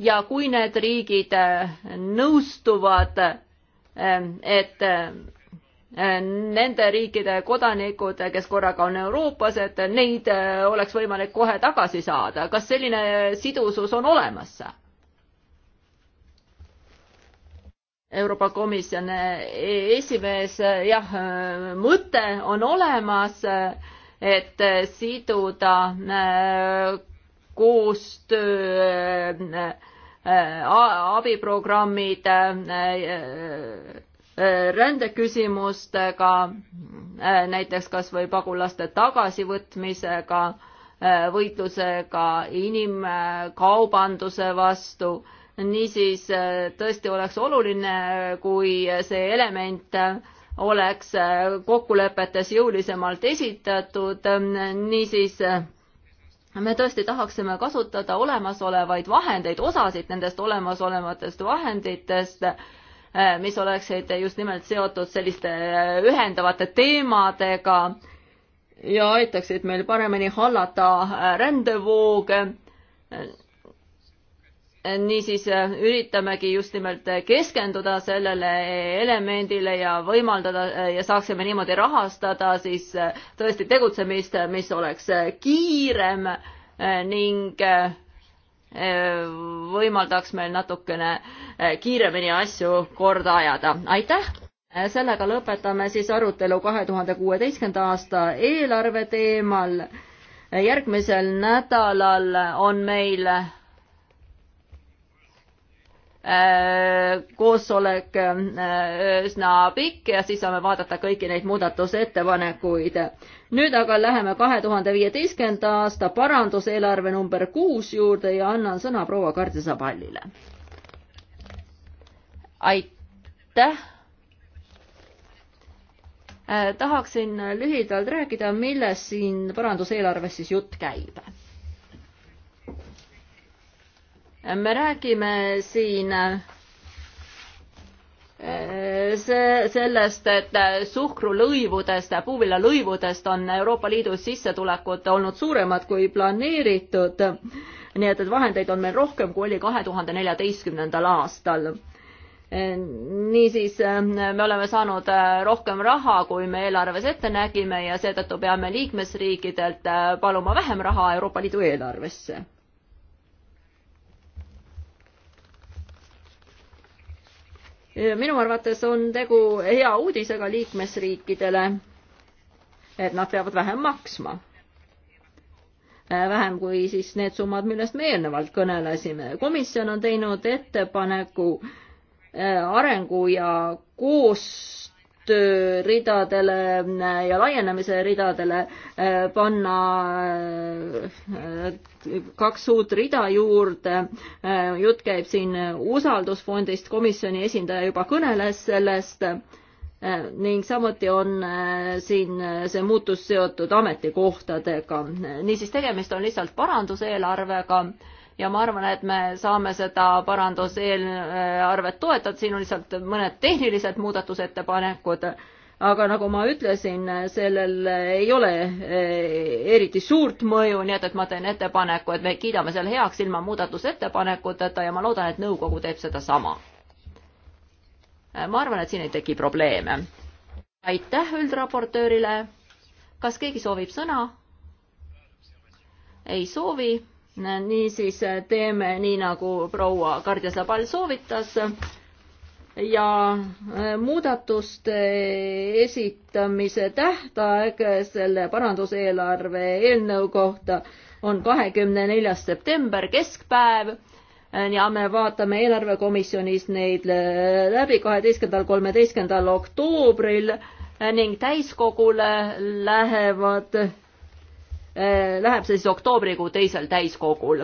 ja kui need riigid nõustuvad, et nende riikide kodanikud, kes korraga on Euroopas, et neid äh, oleks võimalik kohe tagasi saada. kas selline sidusus on olemas? Euroopa Komisjoni äh, esimees, äh, jah, mõte on olemas, et siduda koostöö abiprogrammid Äh, rändeküsimustega, äh, näiteks kas või pagulaste tagasivõtmisega, äh, võitlusega inimkaubanduse vastu, niisiis tõesti oleks oluline, kui see element oleks kokkulepetes jõulisemalt esitatud, niisiis me tõesti tahaksime kasutada olemasolevaid vahendeid, osasid nendest olemasolevatest vahenditest Äh, mis oleksid just nimelt seotud selliste äh, ühendavate teemadega ja aitaksid meil paremini hallata äh, rändevooge. niisiis üritamegi just nimelt keskenduda sellele elemendile ja võimaldada ja saaksime niimoodi rahastada siis tõesti tegutsemist, mis oleks kiirem ning Äh, võimaldaks meil natukene äh, kiiremini asju korda ajada. aitäh! Äh, sellega lõpetame siis arutelu kahe tuhande kuueteistkümnenda aasta eelarve teemal. järgmisel nädalal on meil koosolek üsna pikk ja siis saame vaadata kõiki neid muudatusettepanekuid nüüd aga läheme kahe tuhande viieteistkümnenda aasta paranduseelarve number kuus juurde ja annan sõna proua Kardisaballile. aitäh eh,. tahaksin lühidalt rääkida, millest siin paranduseelarves siis jutt käib äh, me räägime siin äh, Äh, see, sellest, et äh, suhkrulõivudest, puuviljalõivudest on Euroopa Liidus sissetulekud olnud suuremad kui planeeritud. nii et, et vahendeid on meil rohkem, kui oli kahe tuhande neljateistkümnendal aastal. Äh, niisiis, me oleme saanud rohkem raha, kui me eelarves ette nägime ja seetõttu peame liikmesriikidelt paluma vähem raha Euroopa Liidu eelarvesse minu arvates on tegu hea uudisega liikmesriikidele, et nad peavad vähem maksma. Äh, vähem kui siis need summad, millest me eelnevalt kõnelesime. komisjon on teinud ettepaneku äh, arengu ja koos tööridadele äh, ja laienemise ridadele äh, panna äh, kaks uut rida juurde. jutt käib siin usaldusfondist, komisjoni esindaja juba kõneles sellest ning samuti on siin see muutus seotud ametikohtadega. niisiis, tegemist on lihtsalt paranduseelarvega ja ma arvan, et me saame seda paranduseelarvet toetada, siin on lihtsalt mõned tehnilised muudatusettepanekud, aga nagu ma ütlesin, sellel ei ole eh, eriti suurt mõju, nii et, et ma teen ettepaneku, et me kiidame selle heaks ilma muudatusettepanekuteta ja ma loodan, et nõukogu teeb sedasama. ma arvan, et siin ei teki probleeme. aitäh üldraportöörile. kas keegi soovib sõna? ei soovi niisiis äh, teeme nii, nagu proua Kardjasabal soovitas ja äh, muudatuste esitamise tähtaeg selle paranduseelarve eelnõu kohta on kahekümne neljas september, keskpäev äh, ja me vaatame eelarvekomisjonis neid läbi kaheteistkümnendal, kolmeteistkümnendal oktoobril ning täiskogule lähevad Eh, läheb see siis oktoobrikuu teisel täiskogul.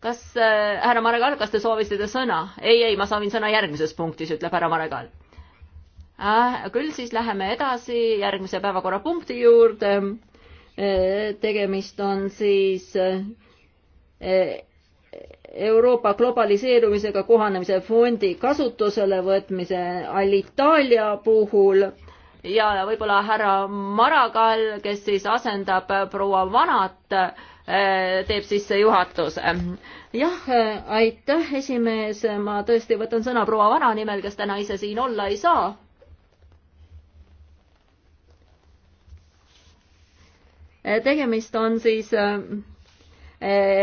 kas äh,, härra Maregal, kas te soovisite sõna? ei, ei, ma soovin sõna järgmises punktis, ütleb härra Maregal äh,. küll siis läheme edasi järgmise päevakorrapunkti juurde äh,. tegemist on siis äh, Euroopa globaliseerumisega kohanemise fondi kasutusele võtmise Alitalia puhul äh, ja võib-olla härra Maragall, kes siis asendab proua Vanat, eh, teeb sissejuhatuse. jah, eh, aitäh, esimees, ma tõesti võtan sõna proua Vana nimel, kes täna ise siin olla ei saa. Eh, tegemist on siis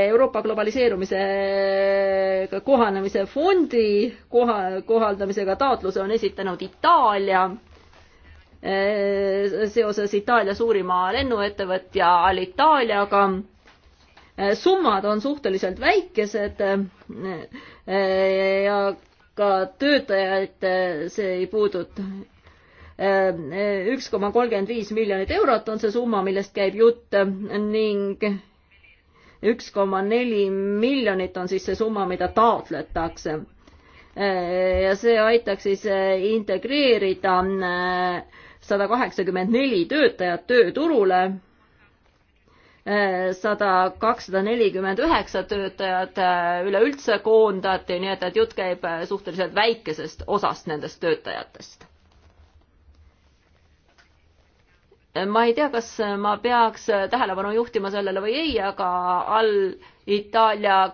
Euroopa globaliseerumisega kohanemise fondi koha, kohaldamisega taotluse on esitanud Itaalia Äh, seoses Itaalia suurima lennuettevõtja Alitaaliaga. Äh, summad on suhteliselt väikesed äh, ja ka töötajaid see ei puuduta. üks koma kolmkümmend viis miljonit eurot on see summa, millest käib jutt ning üks koma neli miljonit on siis see summa, mida taotletakse. ja see aitaks siis integreerida äh, sada kaheksakümmend neli töötajat tööturule, eh, sada, kakssada nelikümmend üheksa töötajat eh, üleüldse koondati, nii et, et jutt käib eh, suhteliselt väikesest osast nendest töötajatest ma ei tea, kas ma peaks tähelepanu juhtima sellele või ei, aga all Itaalia äh,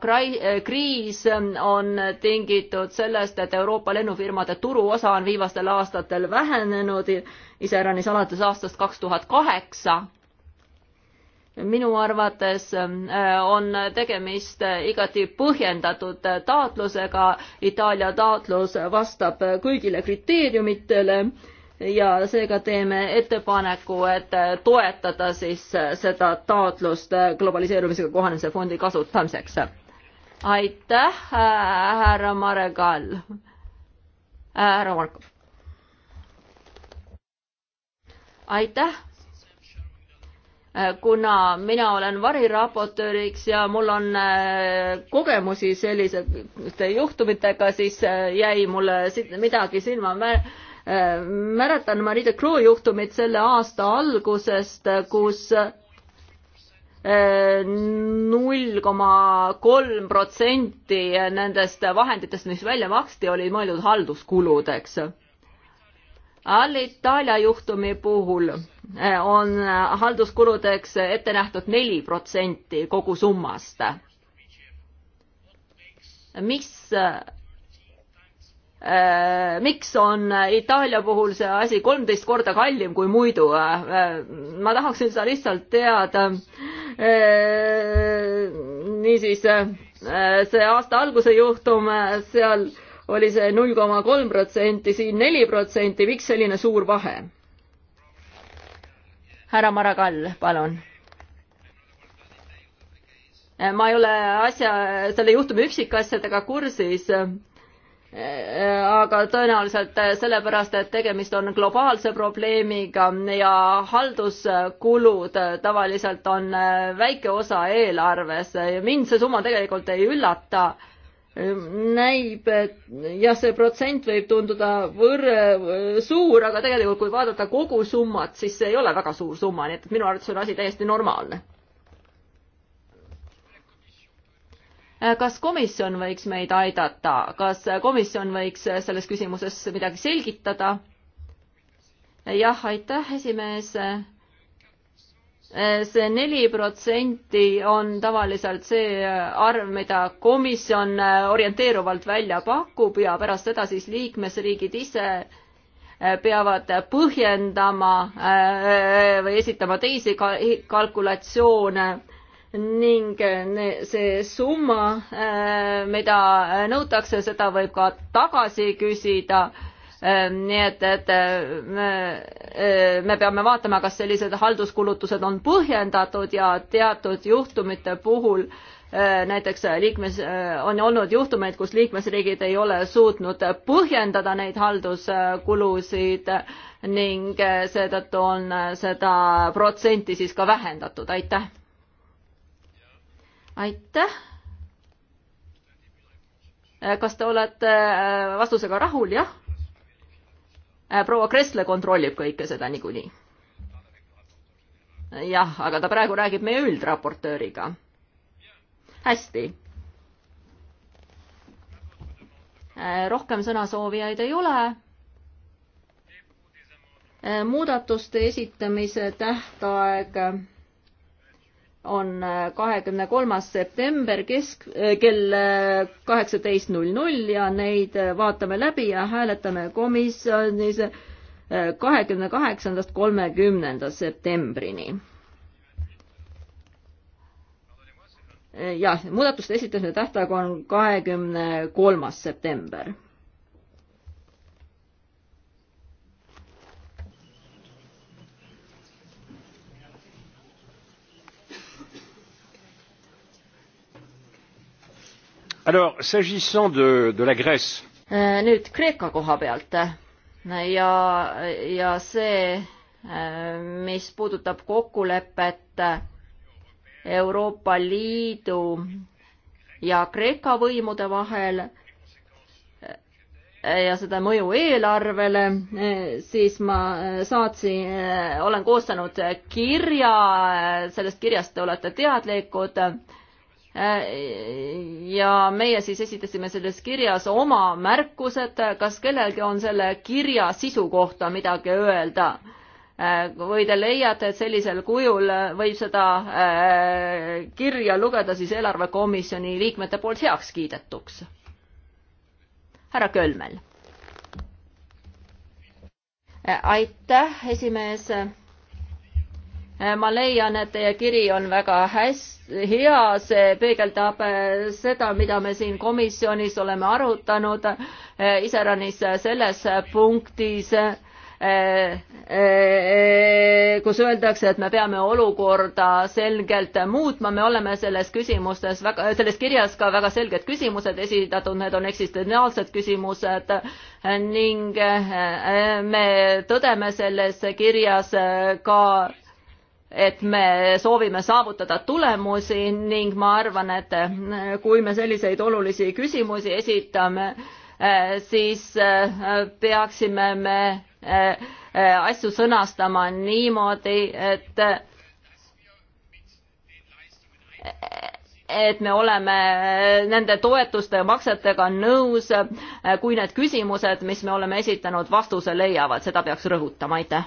kriis ähm, on tingitud sellest, et Euroopa lennufirmade turuosa on viimastel aastatel vähenenud, iseäranis alates aastast kaks tuhat kaheksa. minu arvates ähm, äh, on tegemist äh, igati põhjendatud taotlusega, Itaalia taotlus vastab kõigile kriteeriumitele ja seega teeme ettepaneku, et toetada siis seda taotlust globaliseerumisega kohanemise fondi kasutamiseks. aitäh, härra Mare Kall. härra Markov. aitäh kuna mina olen variraportööriks ja mul on äh, kogemusi selliste juhtumitega, siis äh, jäi mulle midagi silma Äh, mäletan Marie de Croo juhtumit selle aasta algusest, kus äh, null koma kolm protsenti nendest vahenditest, mis välja maksti, oli mõeldud halduskuludeks. Alitalia juhtumi puhul äh, on halduskuludeks ette nähtud neli protsenti kogusummast. Kogu mis Äh, miks on Itaalia puhul see asi kolmteist korda kallim kui muidu? Äh, ma tahaksin seda lihtsalt teada. Äh, niisiis, see aasta alguse juhtum, seal oli see null koma kolm protsenti, siin neli protsenti, miks selline suur vahe? härra Maragall, palun ma ei ole asja, selle juhtumi üksikasjadega kursis aga tõenäoliselt sellepärast, et tegemist on globaalse probleemiga ja halduskulud tavaliselt on väike osa eelarves. mind see summa tegelikult ei üllata. näib, et jah, see protsent võib tunduda võr-, suur, aga tegelikult kui vaadata kogu summat, siis see ei ole väga suur summa, nii et minu arvates on asi täiesti normaalne Äh, kas komisjon võiks meid aidata, kas komisjon võiks selles küsimuses midagi selgitada? Äh, jah, aitäh, esimees äh, see neli protsenti on tavaliselt see arv, mida komisjon orienteeruvalt välja pakub ja pärast seda siis liikmesriigid ise peavad põhjendama või esitama teisi kalkulatsioone ning äh, see summa, äh, mida nõutakse, seda võib ka tagasi küsida. Ähm, nii et, et äh, me, me peame vaatama, kas sellised halduskulutused on põhjendatud ja teatud juhtumite puhul näiteks liikmes, on olnud juhtumeid, kus liikmesriigid ei ole suutnud põhjendada neid halduskulusid ning seetõttu on seda protsenti siis ka vähendatud, aitäh aitäh. Äh, kas te olete äh, vastusega rahul, jah? Äh, proua Kressle kontrollib kõike seda niikuinii. jah, aga ta praegu räägib meie üldraportööriga. hästi. rohkem sõnasoovijaid ei ole muudatuste esitamise tähtaeg on äh, kahekümne kolmas september kesk, äh, kell äh, kaheksateist null null ja neid vaatame läbi ja hääletame komisjonis kahekümne kaheksandast kolmekümnenda septembrini. jah, muudatuste esitamise tähtaeg on kahekümne kolmas september Alors, s'agissant de, de la Grèce. Euh, nüüd Kreeka koha pealt ja, ja see, äh, mis puudutab kokkulepet Euroopa Liidu ja Kreeka võimude vahel äh, ja seda mõju eelarvele, äh, siis ma saatsin, olen koostanud kirja, sellest kirjast te olete teadlikud Äh, ja meie siis esitasime selles kirjas oma märkused, kas kellelgi on selle kirja sisu kohta midagi öelda? Äh, või te leiate, et sellisel kujul võib seda äh, kirja lugeda siis eelarvekomisjoni liikmete poolt heaks kiidetuks? härra Kölmel. aitäh, esimees Äh, ma leian, et teie kiri on väga hästi, hea, see peegeldab äh, seda, mida me siin komisjonis oleme arutanud, äh, iseäranis selles punktis, kus öeldakse, et me peame olukorda selgelt muutma, me oleme selles küsimustes väga, selles kirjas ka väga selged küsimused esitatud, need on eksistentsiaalsed küsimused ning me tõdeme selles kirjas ka et me soovime saavutada tulemusi ning ma arvan, et äh, kui me selliseid olulisi küsimusi esitame, äh, siis äh, peaksime me asju sõnastama niimoodi, et et me oleme nende toetuste ja maksetega nõus, kui need küsimused, mis me oleme esitanud, vastuse leiavad, seda peaks rõhutama, aitäh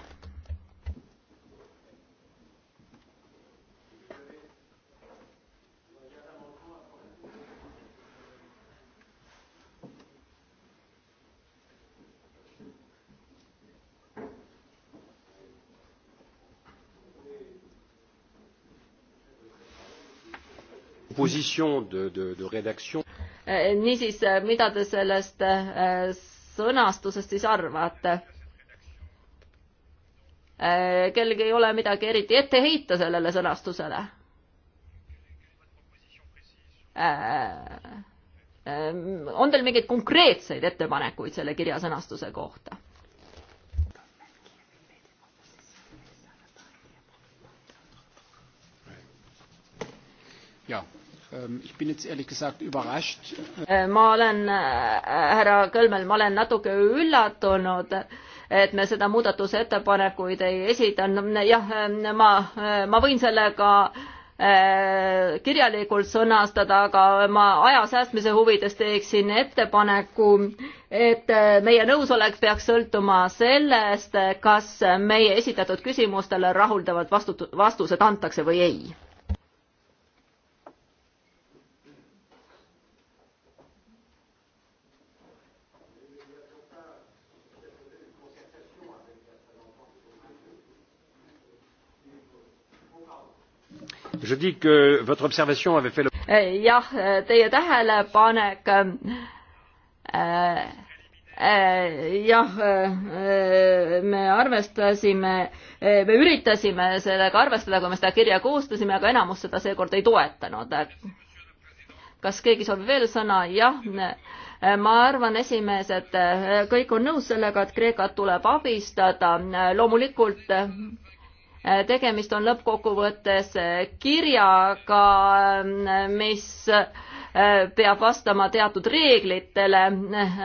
Eh, niisiis, eh, mida te sellest eh, sõnastusest siis arvate? kellelgi ei ole midagi eriti ette heita sellele sõnastusele? on teil mingeid konkreetseid ettepanekuid selle kirja sõnastuse kohta? jaa Ähm, äh, ma olen, äh, äh, härra Kõlmel, ma olen natuke üllatunud, et me seda muudatusettepanekuid ei esitanud. jah, ähm, ma, ma võin sellega kirjalikult sõnastada, aga ma aja säästmise huvides teeksin ettepaneku, et meie nõusolek peaks sõltuma sellest, kas meie esitatud küsimustele rahuldavad vastu-, vastused antakse või ei Eh, jah, teie tähelepanek eh, eh, jah, me arvestasime, me üritasime sellega arvestada, kui me seda kirja koostasime, aga enamus seda seekord ei toetanud. kas keegi soovib veel sõna? jah, ma arvan, esimees, et kõik on nõus sellega, et Kreekat tuleb abistada. loomulikult tegemist on lõppkokkuvõttes kirjaga, mis äh, peab vastama teatud reeglitele äh,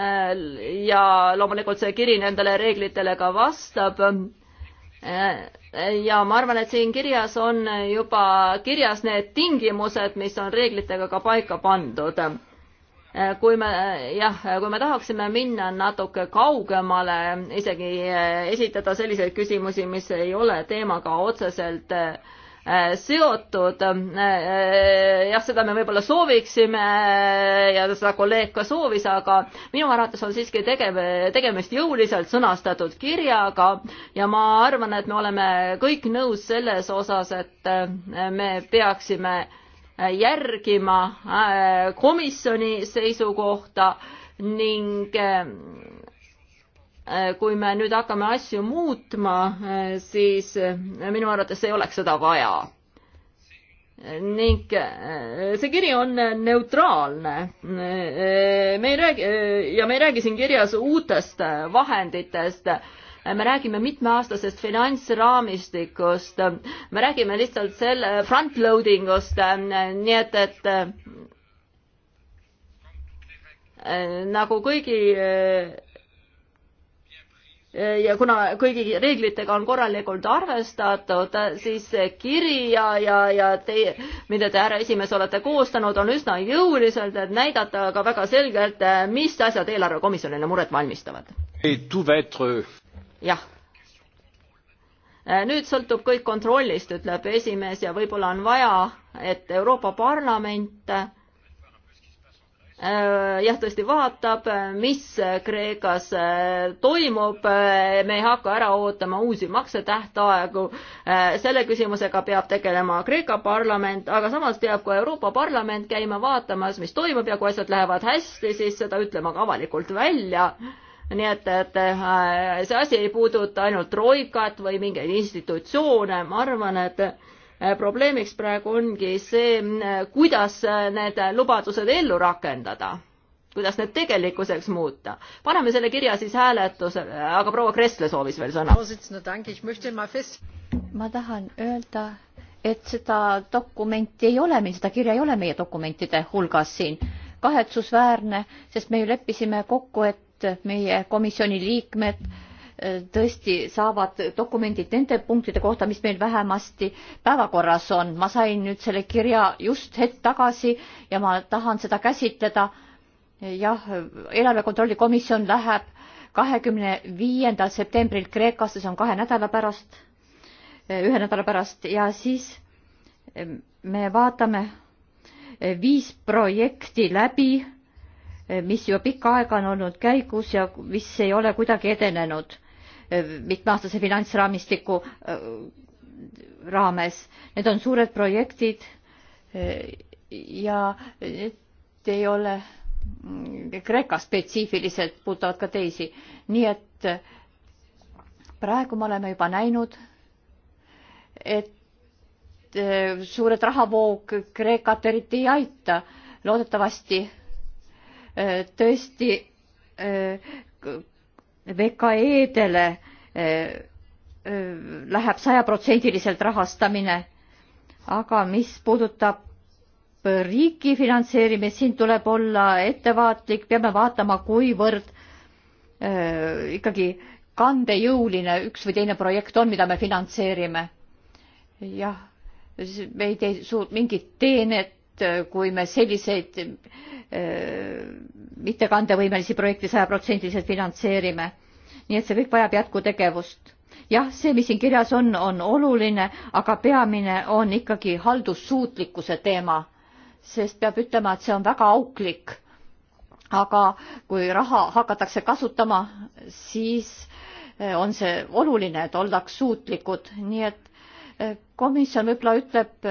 ja loomulikult see kiri nendele reeglitele ka vastab äh, ja ma arvan, et siin kirjas on juba kirjas need tingimused, mis on reeglitega ka paika pandud Äh, kui me äh, jah, kui me tahaksime minna natuke kaugemale, isegi äh, esitada selliseid küsimusi, mis ei ole teemaga otseselt seotud, jah, seda me võib-olla sooviksime ja seda kolleeg ka soovis, aga minu arvates on siiski tege-, tegemist jõuliselt sõnastatud kirjaga ja ma arvan, et me oleme kõik nõus selles osas, et me peaksime Äh, järgima äh, komisjoni seisukohta ning äh, kui me nüüd hakkame asju muutma, siis minu arvates ei oleks seda vaja. ning see kiri on neutraalne. me ei räägi ja me ei räägi siin kirjas uutest vahenditest me räägime mitmeaastasest finantsraamistikust, me räägime lihtsalt selle front-loading ust, nii et, et äh, nagu kõigi äh, ja kuna kõigi reeglitega on korralikult arvestatud, siis see kiri ja, ja, ja teie, mida te, härra esimees, olete koostanud, on üsna jõuliselt, et näidata ka väga selgelt, mis asjad eelarvekomisjonile muret valmistavad jah. Äh, nüüd sõltub kõik kontrollist, ütleb esimees ja võib-olla on vaja, et Euroopa Parlament äh, jah, tõesti vaatab, mis Kreekas äh, toimub, me ei hakka ära ootama uusi maksetähtaegu, selle küsimusega peab tegelema Kreeka parlament, aga samas peab ka Euroopa Parlament käima vaatamas, mis toimub ja kui asjad lähevad hästi, siis seda ütlema ka avalikult välja nii et, et äh, see asi ei puuduta ainult troikat või mingeid institutsioone, ma arvan, et äh, probleemiks praegu ongi see, äh, kuidas need lubadused ellu rakendada, kuidas need tegelikkuseks muuta. paneme selle kirja siis hääletusele, aga proua Kressle soovis veel sõna. ma tahan öelda, et seda dokumenti ei ole meil, seda kirja ei ole meie dokumentide hulgas siin. kahetsusväärne, sest me ju leppisime kokku, et et meie komisjoni liikmed eh, tõesti saavad dokumendid nende punktide kohta, mis meil vähemasti päevakorras on. ma sain nüüd selle kirja just hetk tagasi ja ma tahan seda käsitleda. jah, eelarve kontrolli komisjon läheb kahekümne viiendal septembril Kreekasse, see on kahe nädala pärast, eh, ühe nädala pärast ja siis eh, me vaatame viis projekti läbi mis juba pikka aega on olnud käigus ja mis ei ole kuidagi edenenud e, mitmeaastase finantsraamistiku e, raames. Need on suured projektid e, ja need ei ole mm, Kreeka spetsiifilised, puudutavad ka teisi. nii et praegu me oleme juba näinud, et suured rahavoog Kreekat eriti ei aita. loodetavasti Äh, tõesti äh, VKE-dele äh, läheb sajaprotsendiliselt rahastamine. aga mis puudutab riiki finantseerimist, siin tuleb olla ettevaatlik, peame vaatama, kuivõrd ikkagi kandejõuline üks või teine projekt on, mida me finantseerime. jah, me ei tee suurt mingit teenet Äh, kui me selliseid äh, mittekandevõimelisi projekte sajaprotsendiliselt finantseerime. nii et see kõik vajab jätkutegevust. jah, see, mis siin kirjas on, on oluline, aga peamine on ikkagi haldussuutlikkuse teema, sest peab ütlema, et see on väga auklik. aga kui raha hakatakse kasutama, siis äh, on see oluline, et oldaks suutlikud, nii et komisjon võib-olla ütleb,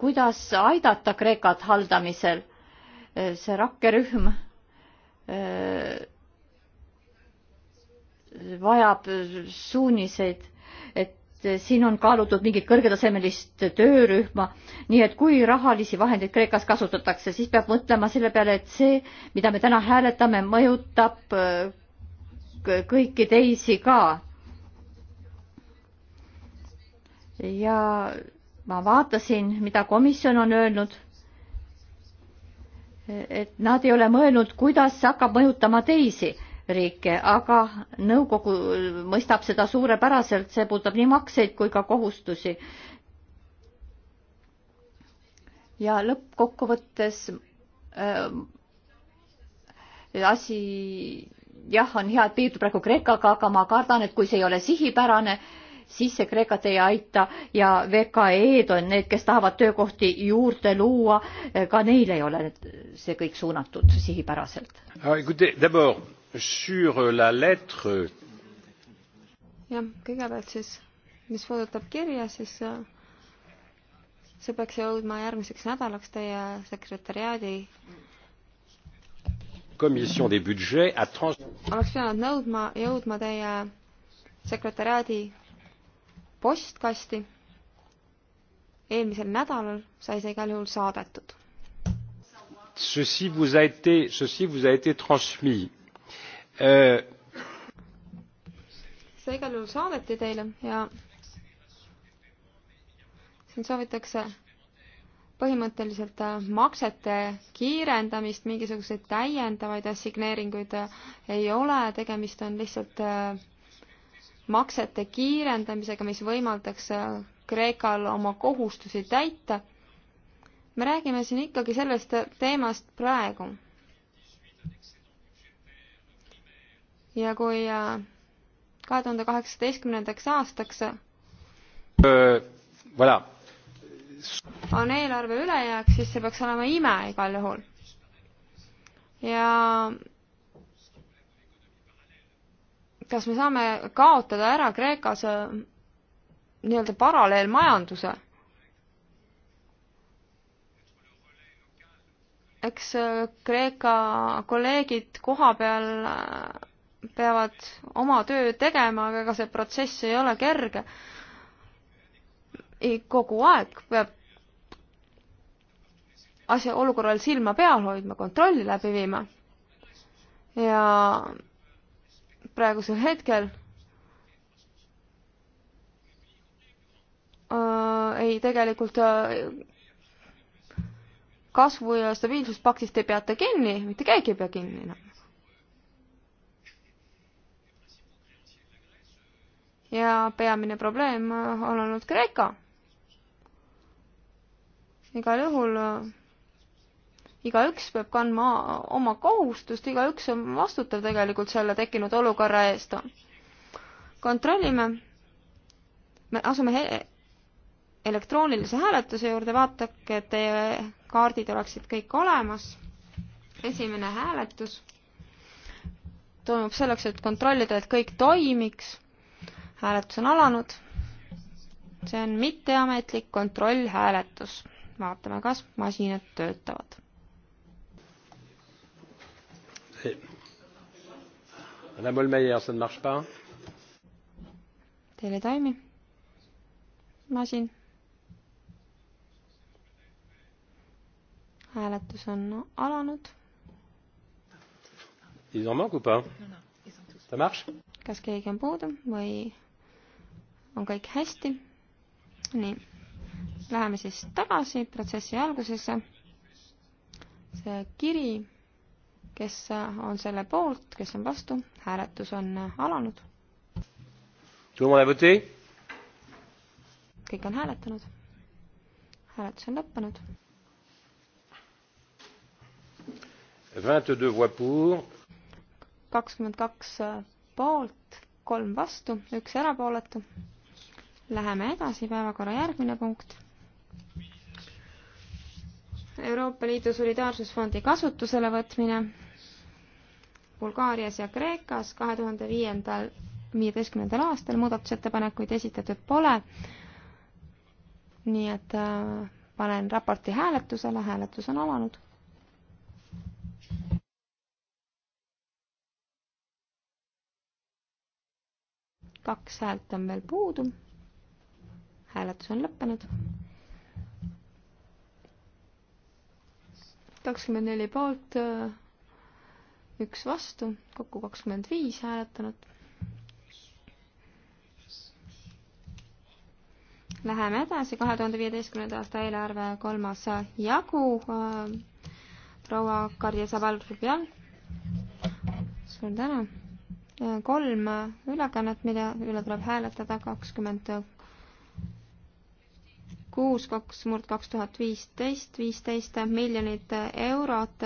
kuidas aidata Kreekat haldamisel. see rakkerühm eh, vajab suuniseid, et siin on kaalutud mingit kõrgetasemelist töörühma, nii et kui rahalisi vahendeid Kreekas kasutatakse, siis peab mõtlema selle peale, et see, mida me täna hääletame, mõjutab eh, kõiki teisi ka ja ma vaatasin, mida komisjon on öelnud. et nad ei ole mõelnud, kuidas see hakkab mõjutama teisi riike, aga nõukogu mõistab seda suurepäraselt, see puudutab nii makseid kui ka kohustusi. ja lõppkokkuvõttes äh, asi jah, on hea, et piirdub praegu Kreekaga, aga ma kardan, et kui see ei ole sihipärane äh,, siis see Kreekat ei aita ja VKE-d on need, kes tahavad töökohti juurde luua, ka neile ei ole see kõik suunatud sihipäraselt. Ah, jah, kõigepealt siis, mis puudutab kirja, siis äh, see peaks jõudma järgmiseks nädalaks teie sekretäriaadi commission des budgets a trans- oleks pidanud nõudma, jõudma teie sekretäriaadi postkasti. eelmisel nädalal sai see igal juhul saadetud. Ceci vous a été, ceci vous a été transmis euh.... see igal juhul saadeti teile ja siin soovitakse põhimõtteliselt äh, maksete kiirendamist, mingisuguseid täiendavaid assigneeringuid äh, ei ole, tegemist on lihtsalt äh, maksete kiirendamisega, mis võimaldaks äh, Kreekal oma kohustusi täita. me räägime siin ikkagi sellest teemast praegu. ja kui äh, kahe tuhande kaheksateistkümnendaks aastaks äh, voilà. on eelarve ülejääk, siis see peaks olema ime igal juhul. ja kas me saame kaotada ära Kreekas äh, nii-öelda paralleelmajanduse? eks äh, Kreeka kolleegid koha peal äh, peavad oma töö tegema, aga ega see protsess ei ole kerge. kogu aeg peab asja olukorral silma peal hoidma, kontrolli läbi viima. ja praegusel hetkel äh, ei, tegelikult äh, kasvu- ja stabiilsuspaktist ei peata kinni, mitte keegi ei pea kinni enam no.. ja peamine probleem äh, on olnud Kreeka. igal juhul äh, igaüks peab kandma oma kohustust, igaüks on vastutav tegelikult selle tekkinud olukorra eest. kontrollime, me asume elektroonilise hääletuse juurde, vaadake, et teie kaardid oleksid kõik olemas. esimene hääletus toimub selleks, et kontrollida, et kõik toimiks. hääletus on alanud. see on mitteametlik kontrollhääletus. vaatame, kas masinad töötavad Madame Holmeyer, ça ne marche pas. Teil ei toimi masin. hääletus on alanud. kas keegi on puudu või on kõik hästi? nii, läheme siis tagasi protsessi algusesse. see kiri kes on selle poolt, kes on vastu, hääletus on alanud. kõik on hääletanud. hääletus on lõppenud. kakskümmend kaks poolt, kolm vastu, üks erapooletu. Läheme edasi, päevakorra järgmine punkt Euroopa Liidu solidaarsusfondi kasutusele võtmine Bulgaarias ja Kreekas kahe tuhande viiendal, viieteistkümnendal aastal, muudatusettepanekuid esitatud pole. nii et äh, panen raporti hääletusele, hääletus on alanud. kaks häält on veel puudu. hääletus on lõppenud. kakskümmend neli poolt, äh, üks vastu, kokku kakskümmend viis hääletanud. Läheme edasi, kahe tuhande viieteistkümnenda aasta eelarve kolmas jagu. Äh, proua Karje Sabal-Rubjal, suur tänu. kolm ülekannet, mille üle tuleb hääletada, kakskümmend kuus, kaks murd kaks tuhat viisteist, viisteist miljonit eurot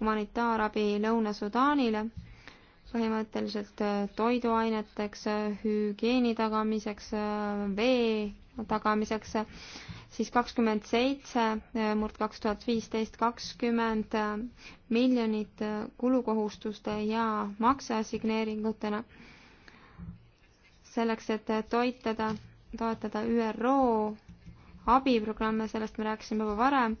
humanitaarabi Lõuna-Sudaanile, põhimõtteliselt toiduaineteks, hügieeni tagamiseks, vee tagamiseks, siis kakskümmend seitse murd kaks tuhat viisteist, kakskümmend miljonit kulukohustuste ja makseassigneeringutena selleks, et toitada, toetada ÜRO abiprogramme, sellest me rääkisime juba varem,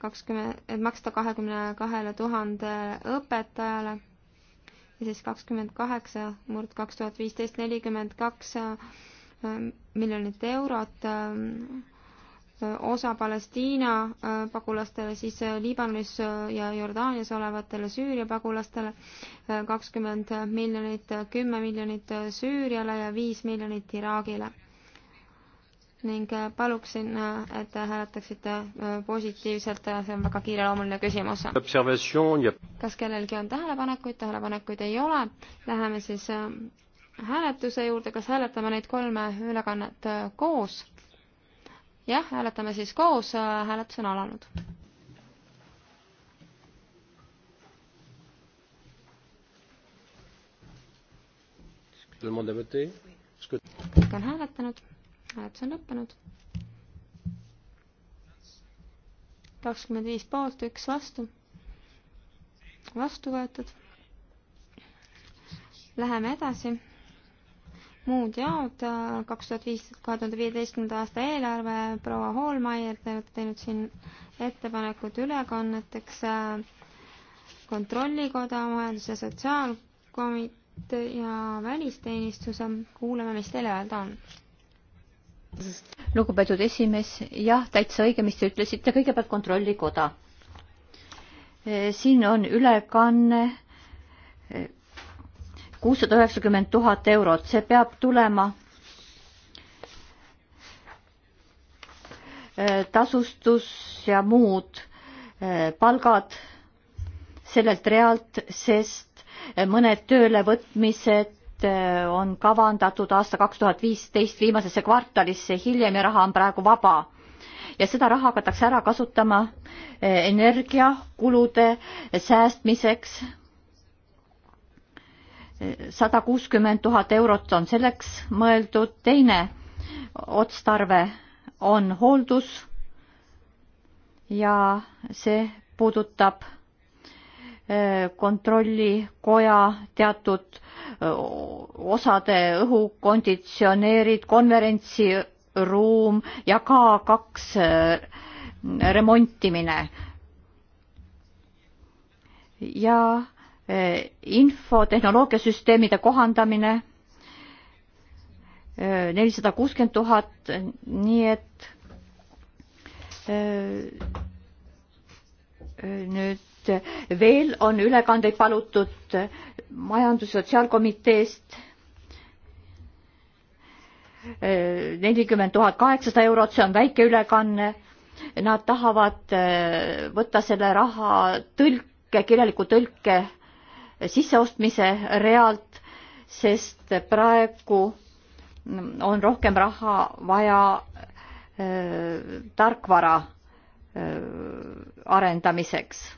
kakskümmend, et maksta kahekümne kahele tuhande õpetajale ja siis kakskümmend kaheksa murd kaks tuhat viisteist nelikümmend kaks äh, miljonit eurot äh, osa Palestiina äh, pagulastele, siis Liibanonis ja Jordaanias olevatele Süüria pagulastele kakskümmend miljonit, kümme miljonit Süüriale ja viis miljonit Iraagile ning äh, paluksin, äh, et te hääletaksite äh, positiivselt, see on väga kiireloomuline küsimus. kas kellelgi on tähelepanekuid, tähelepanekuid ei ole, läheme siis hääletuse juurde, kas hääletame neid kolme ülekannet koos? jah, hääletame siis koos, hääletus on alanud. kõik on hääletanud hääletus on lõppenud. kakskümmend viis poolt, üks vastu. vastu võetud. Läheme edasi. muud jaod, kaks tuhat viis, kahe tuhande viieteistkümnenda aasta eelarve, proua Hoolmeier, te olete teinud siin ettepanekud ülekanneteks Kontrollikoda, Majandus- ja Sotsiaalkomitee ja Välisteenistuse. kuulame, mis teil öelda on lugupeetud esimees, jah, täitsa õige, mis te ütlesite, kõigepealt Kontrollikoda. E, siin on ülekanne e, kuussada üheksakümmend tuhat eurot, see peab tulema e, tasustus ja muud palgad sellelt realt, sest mõned töölevõtmised Äh, on kavandatud aasta kaks tuhat viisteist viimasesse kvartalisse hiljem ja raha on praegu vaba. ja seda raha hakatakse ära kasutama äh, energiakulude säästmiseks. Äh, sada kuuskümmend tuhat eurot on selleks mõeldud, teine otstarve on hooldus ja see puudutab kontrollikoja teatud osade õhukonditsioneerid, konverentsiruum ja ka kaks remontimine. ja infotehnoloogiasüsteemide kohandamine nelisada kuuskümmend tuhat, nii et nüüd veel on ülekandeid palutud majandus- ja sotsiaalkomiteest nelikümmend tuhat kaheksasada eurot, see on väike ülekanne. Nad tahavad äh, võtta selle raha tõlke, kirjaliku tõlke sisseostmise realt, sest praegu on rohkem raha vaja äh, tarkvara äh, arendamiseks.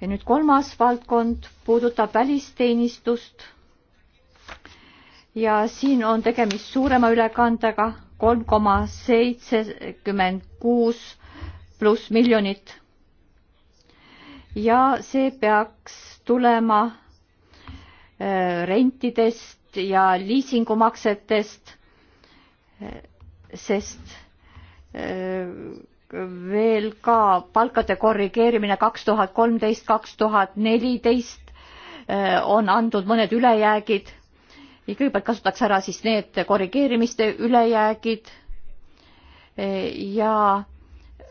ja nüüd kolmas valdkond puudutab välisteenistust. ja siin on tegemist suurema ülekandega kolm koma seitsekümmend kuus pluss miljonit. ja see peaks tulema äh, rentidest ja liisingumaksetest, äh, sest veel ka palkade korrigeerimine kaks tuhat kolmteist, kaks tuhat neliteist eh, on andnud mõned ülejäägid. kõigepealt kasutatakse ära siis need korrigeerimiste ülejäägid eh, ja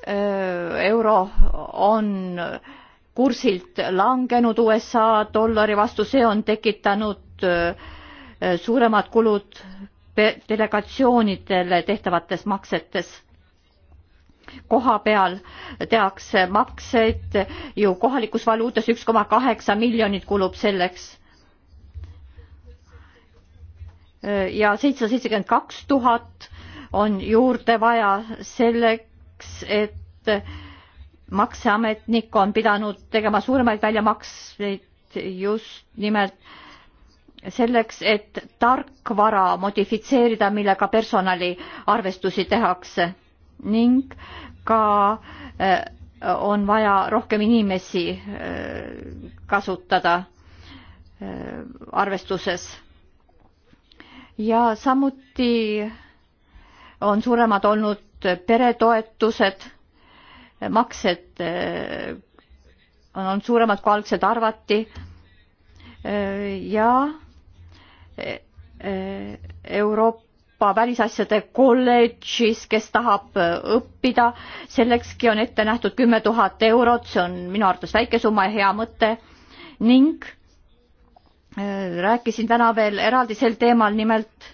eh, euro on kursilt langenud USA dollari vastu, see on tekitanud suuremad kulud delegatsioonidele tehtavates maksetes koha peal tehakse makseid ju kohalikus valuutas üks koma kaheksa miljonit kulub selleks. ja seitsesada seitsekümmend kaks tuhat on juurde vaja selleks, et makseametnik on pidanud tegema suuremaid väljamakseid just nimelt selleks, et tarkvara modifitseerida, millega personaliarvestusi tehakse ning ka eh, on vaja rohkem inimesi eh, kasutada eh, arvestuses. ja samuti on suuremad olnud peretoetused, maksed on olnud suuremad, kui algselt arvati ja Euroopa Euroopa välisasjade kolledžis, kes tahab äh, õppida, sellekski on ette nähtud kümme tuhat eurot, see on minu arvates väike summa ja hea mõte ning äh, rääkisin täna veel eraldi sel teemal, nimelt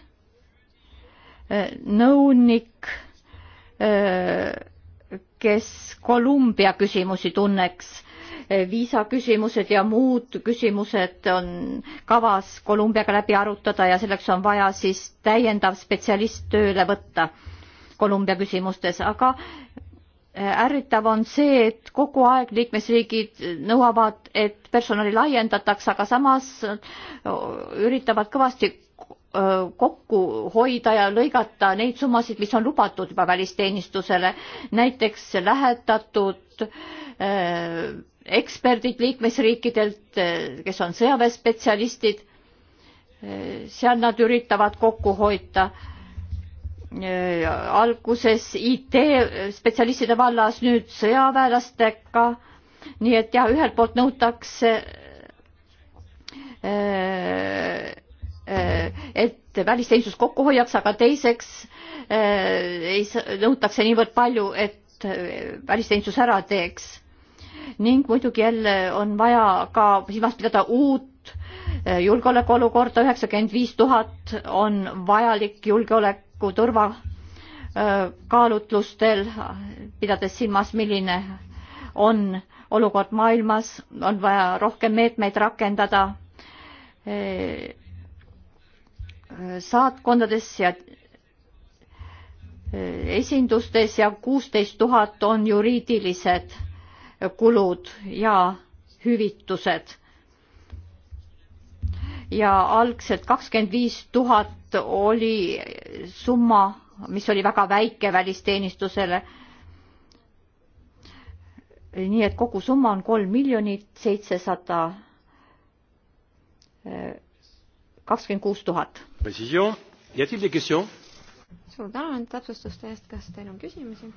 äh, nõunik, kes Kolumbia küsimusi tunneks viisaküsimused ja muud küsimused on kavas Kolumbiaga läbi arutada ja selleks on vaja siis täiendav spetsialist tööle võtta Kolumbia küsimustes, aga äh, ärritav on see, et kogu aeg liikmesriigid nõuavad, et personali laiendatakse, aga samas äh, üritavad kõvasti äh, kokku hoida ja lõigata neid summasid, mis on lubatud juba välisteenistusele, näiteks lähetatud eksperdid liikmesriikidelt, kes on sõjaväespetsialistid, seal nad üritavad kokku hoida. Eh, alguses IT-spetsialistide vallas, nüüd sõjaväelastega, nii et jah, ühelt poolt nõutakse, eh, eh, et välisteenistus kokku hoiaks, aga teiseks ei nõutakse niivõrd palju, et välisteenistus ära teeks ning muidugi jälle on vaja ka silmas pidada uut eh, julgeolekuolukorda, üheksakümmend viis tuhat on vajalik julgeoleku turva kaalutlustel, pidades silmas, milline on olukord maailmas, on vaja rohkem meetmeid rakendada eh, saatkondades ja eh, esindustes ja kuusteist tuhat on juriidilised kulud ja hüvitused. ja algselt kakskümmend viis tuhat oli summa, mis oli väga väike välisteenistusele. nii et kogusumma on kolm miljonit seitsesada eh, kakskümmend kuus tuhat. suur tänu nende täpsustuste eest, kas teil on küsimusi?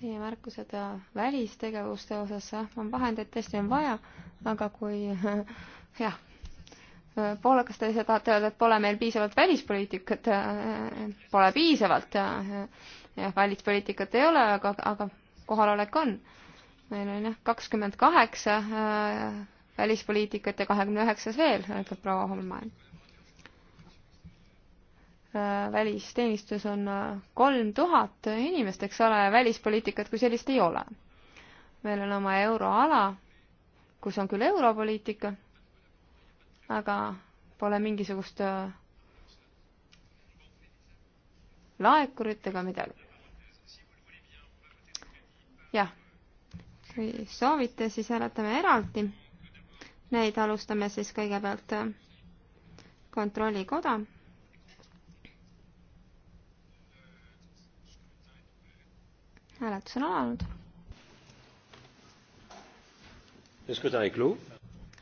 teie märkused välistegevuste osas, on vahendeid tõesti on vaja, aga kui (laughs) jah, poole, kas te ise tahate öelda, et pole meil piisavalt välispoliitikat, pole piisavalt, jah, välispoliitikat ei ole, aga, aga kohalolek on. meil on jah, kakskümmend kaheksa äh, välispoliitikat ja kahekümne üheksas veel, ütleb proua Holmain Äh, välisteenistus on äh, kolm tuhat inimest, eks ole, välispoliitikat kui sellist ei ole. meil on oma euroala, kus on küll europoliitika, aga pole mingisugust äh, laekurit ega midagi. jah, kui soovite, siis hääletame eraldi. Neid alustame siis kõigepealt kontrollikoda hääletus on alanud.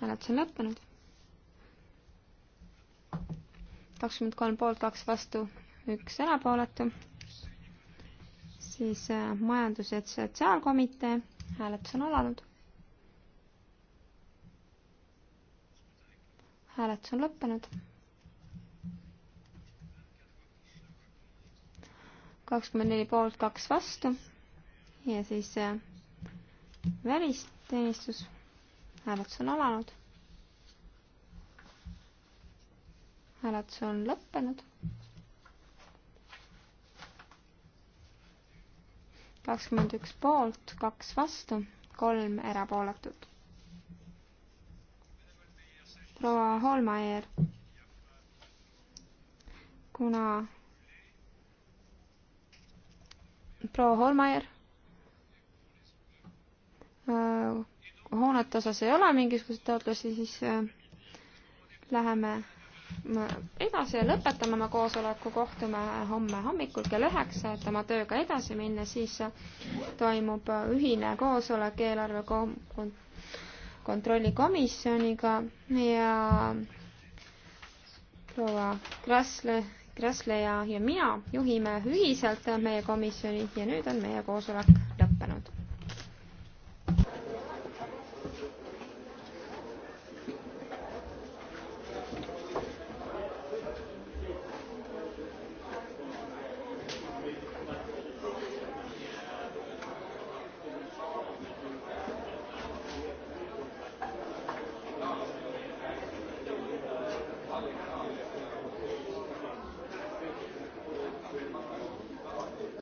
hääletus on lõppenud. kakskümmend kolm poolt, kaks vastu, üks erapooletu. siis äh, majandus- ja sotsiaalkomitee hääletus on alanud hääletus on lõppenud. kakskümmend neli poolt, kaks vastu, ja siis äh, välisteenistus. hääletus on alanud. hääletus on lõppenud. kakskümmend üks poolt, kaks vastu, kolm erapooletut. proua Holmaier, kuna proua Holmaier Äh, hoonete osas ei ole mingisuguseid taotlusi, siis äh, läheme äh, edasi ja lõpetame oma koosoleku, kohtume homme hommikul kell üheksa, et oma tööga edasi minna, siis toimub ühine koosolek eelarve kom-, kontrollikomisjoniga ja proua Krasle, Krasle ja, ja mina juhime ühiselt meie komisjoni ja nüüd on meie koosolek lõppenud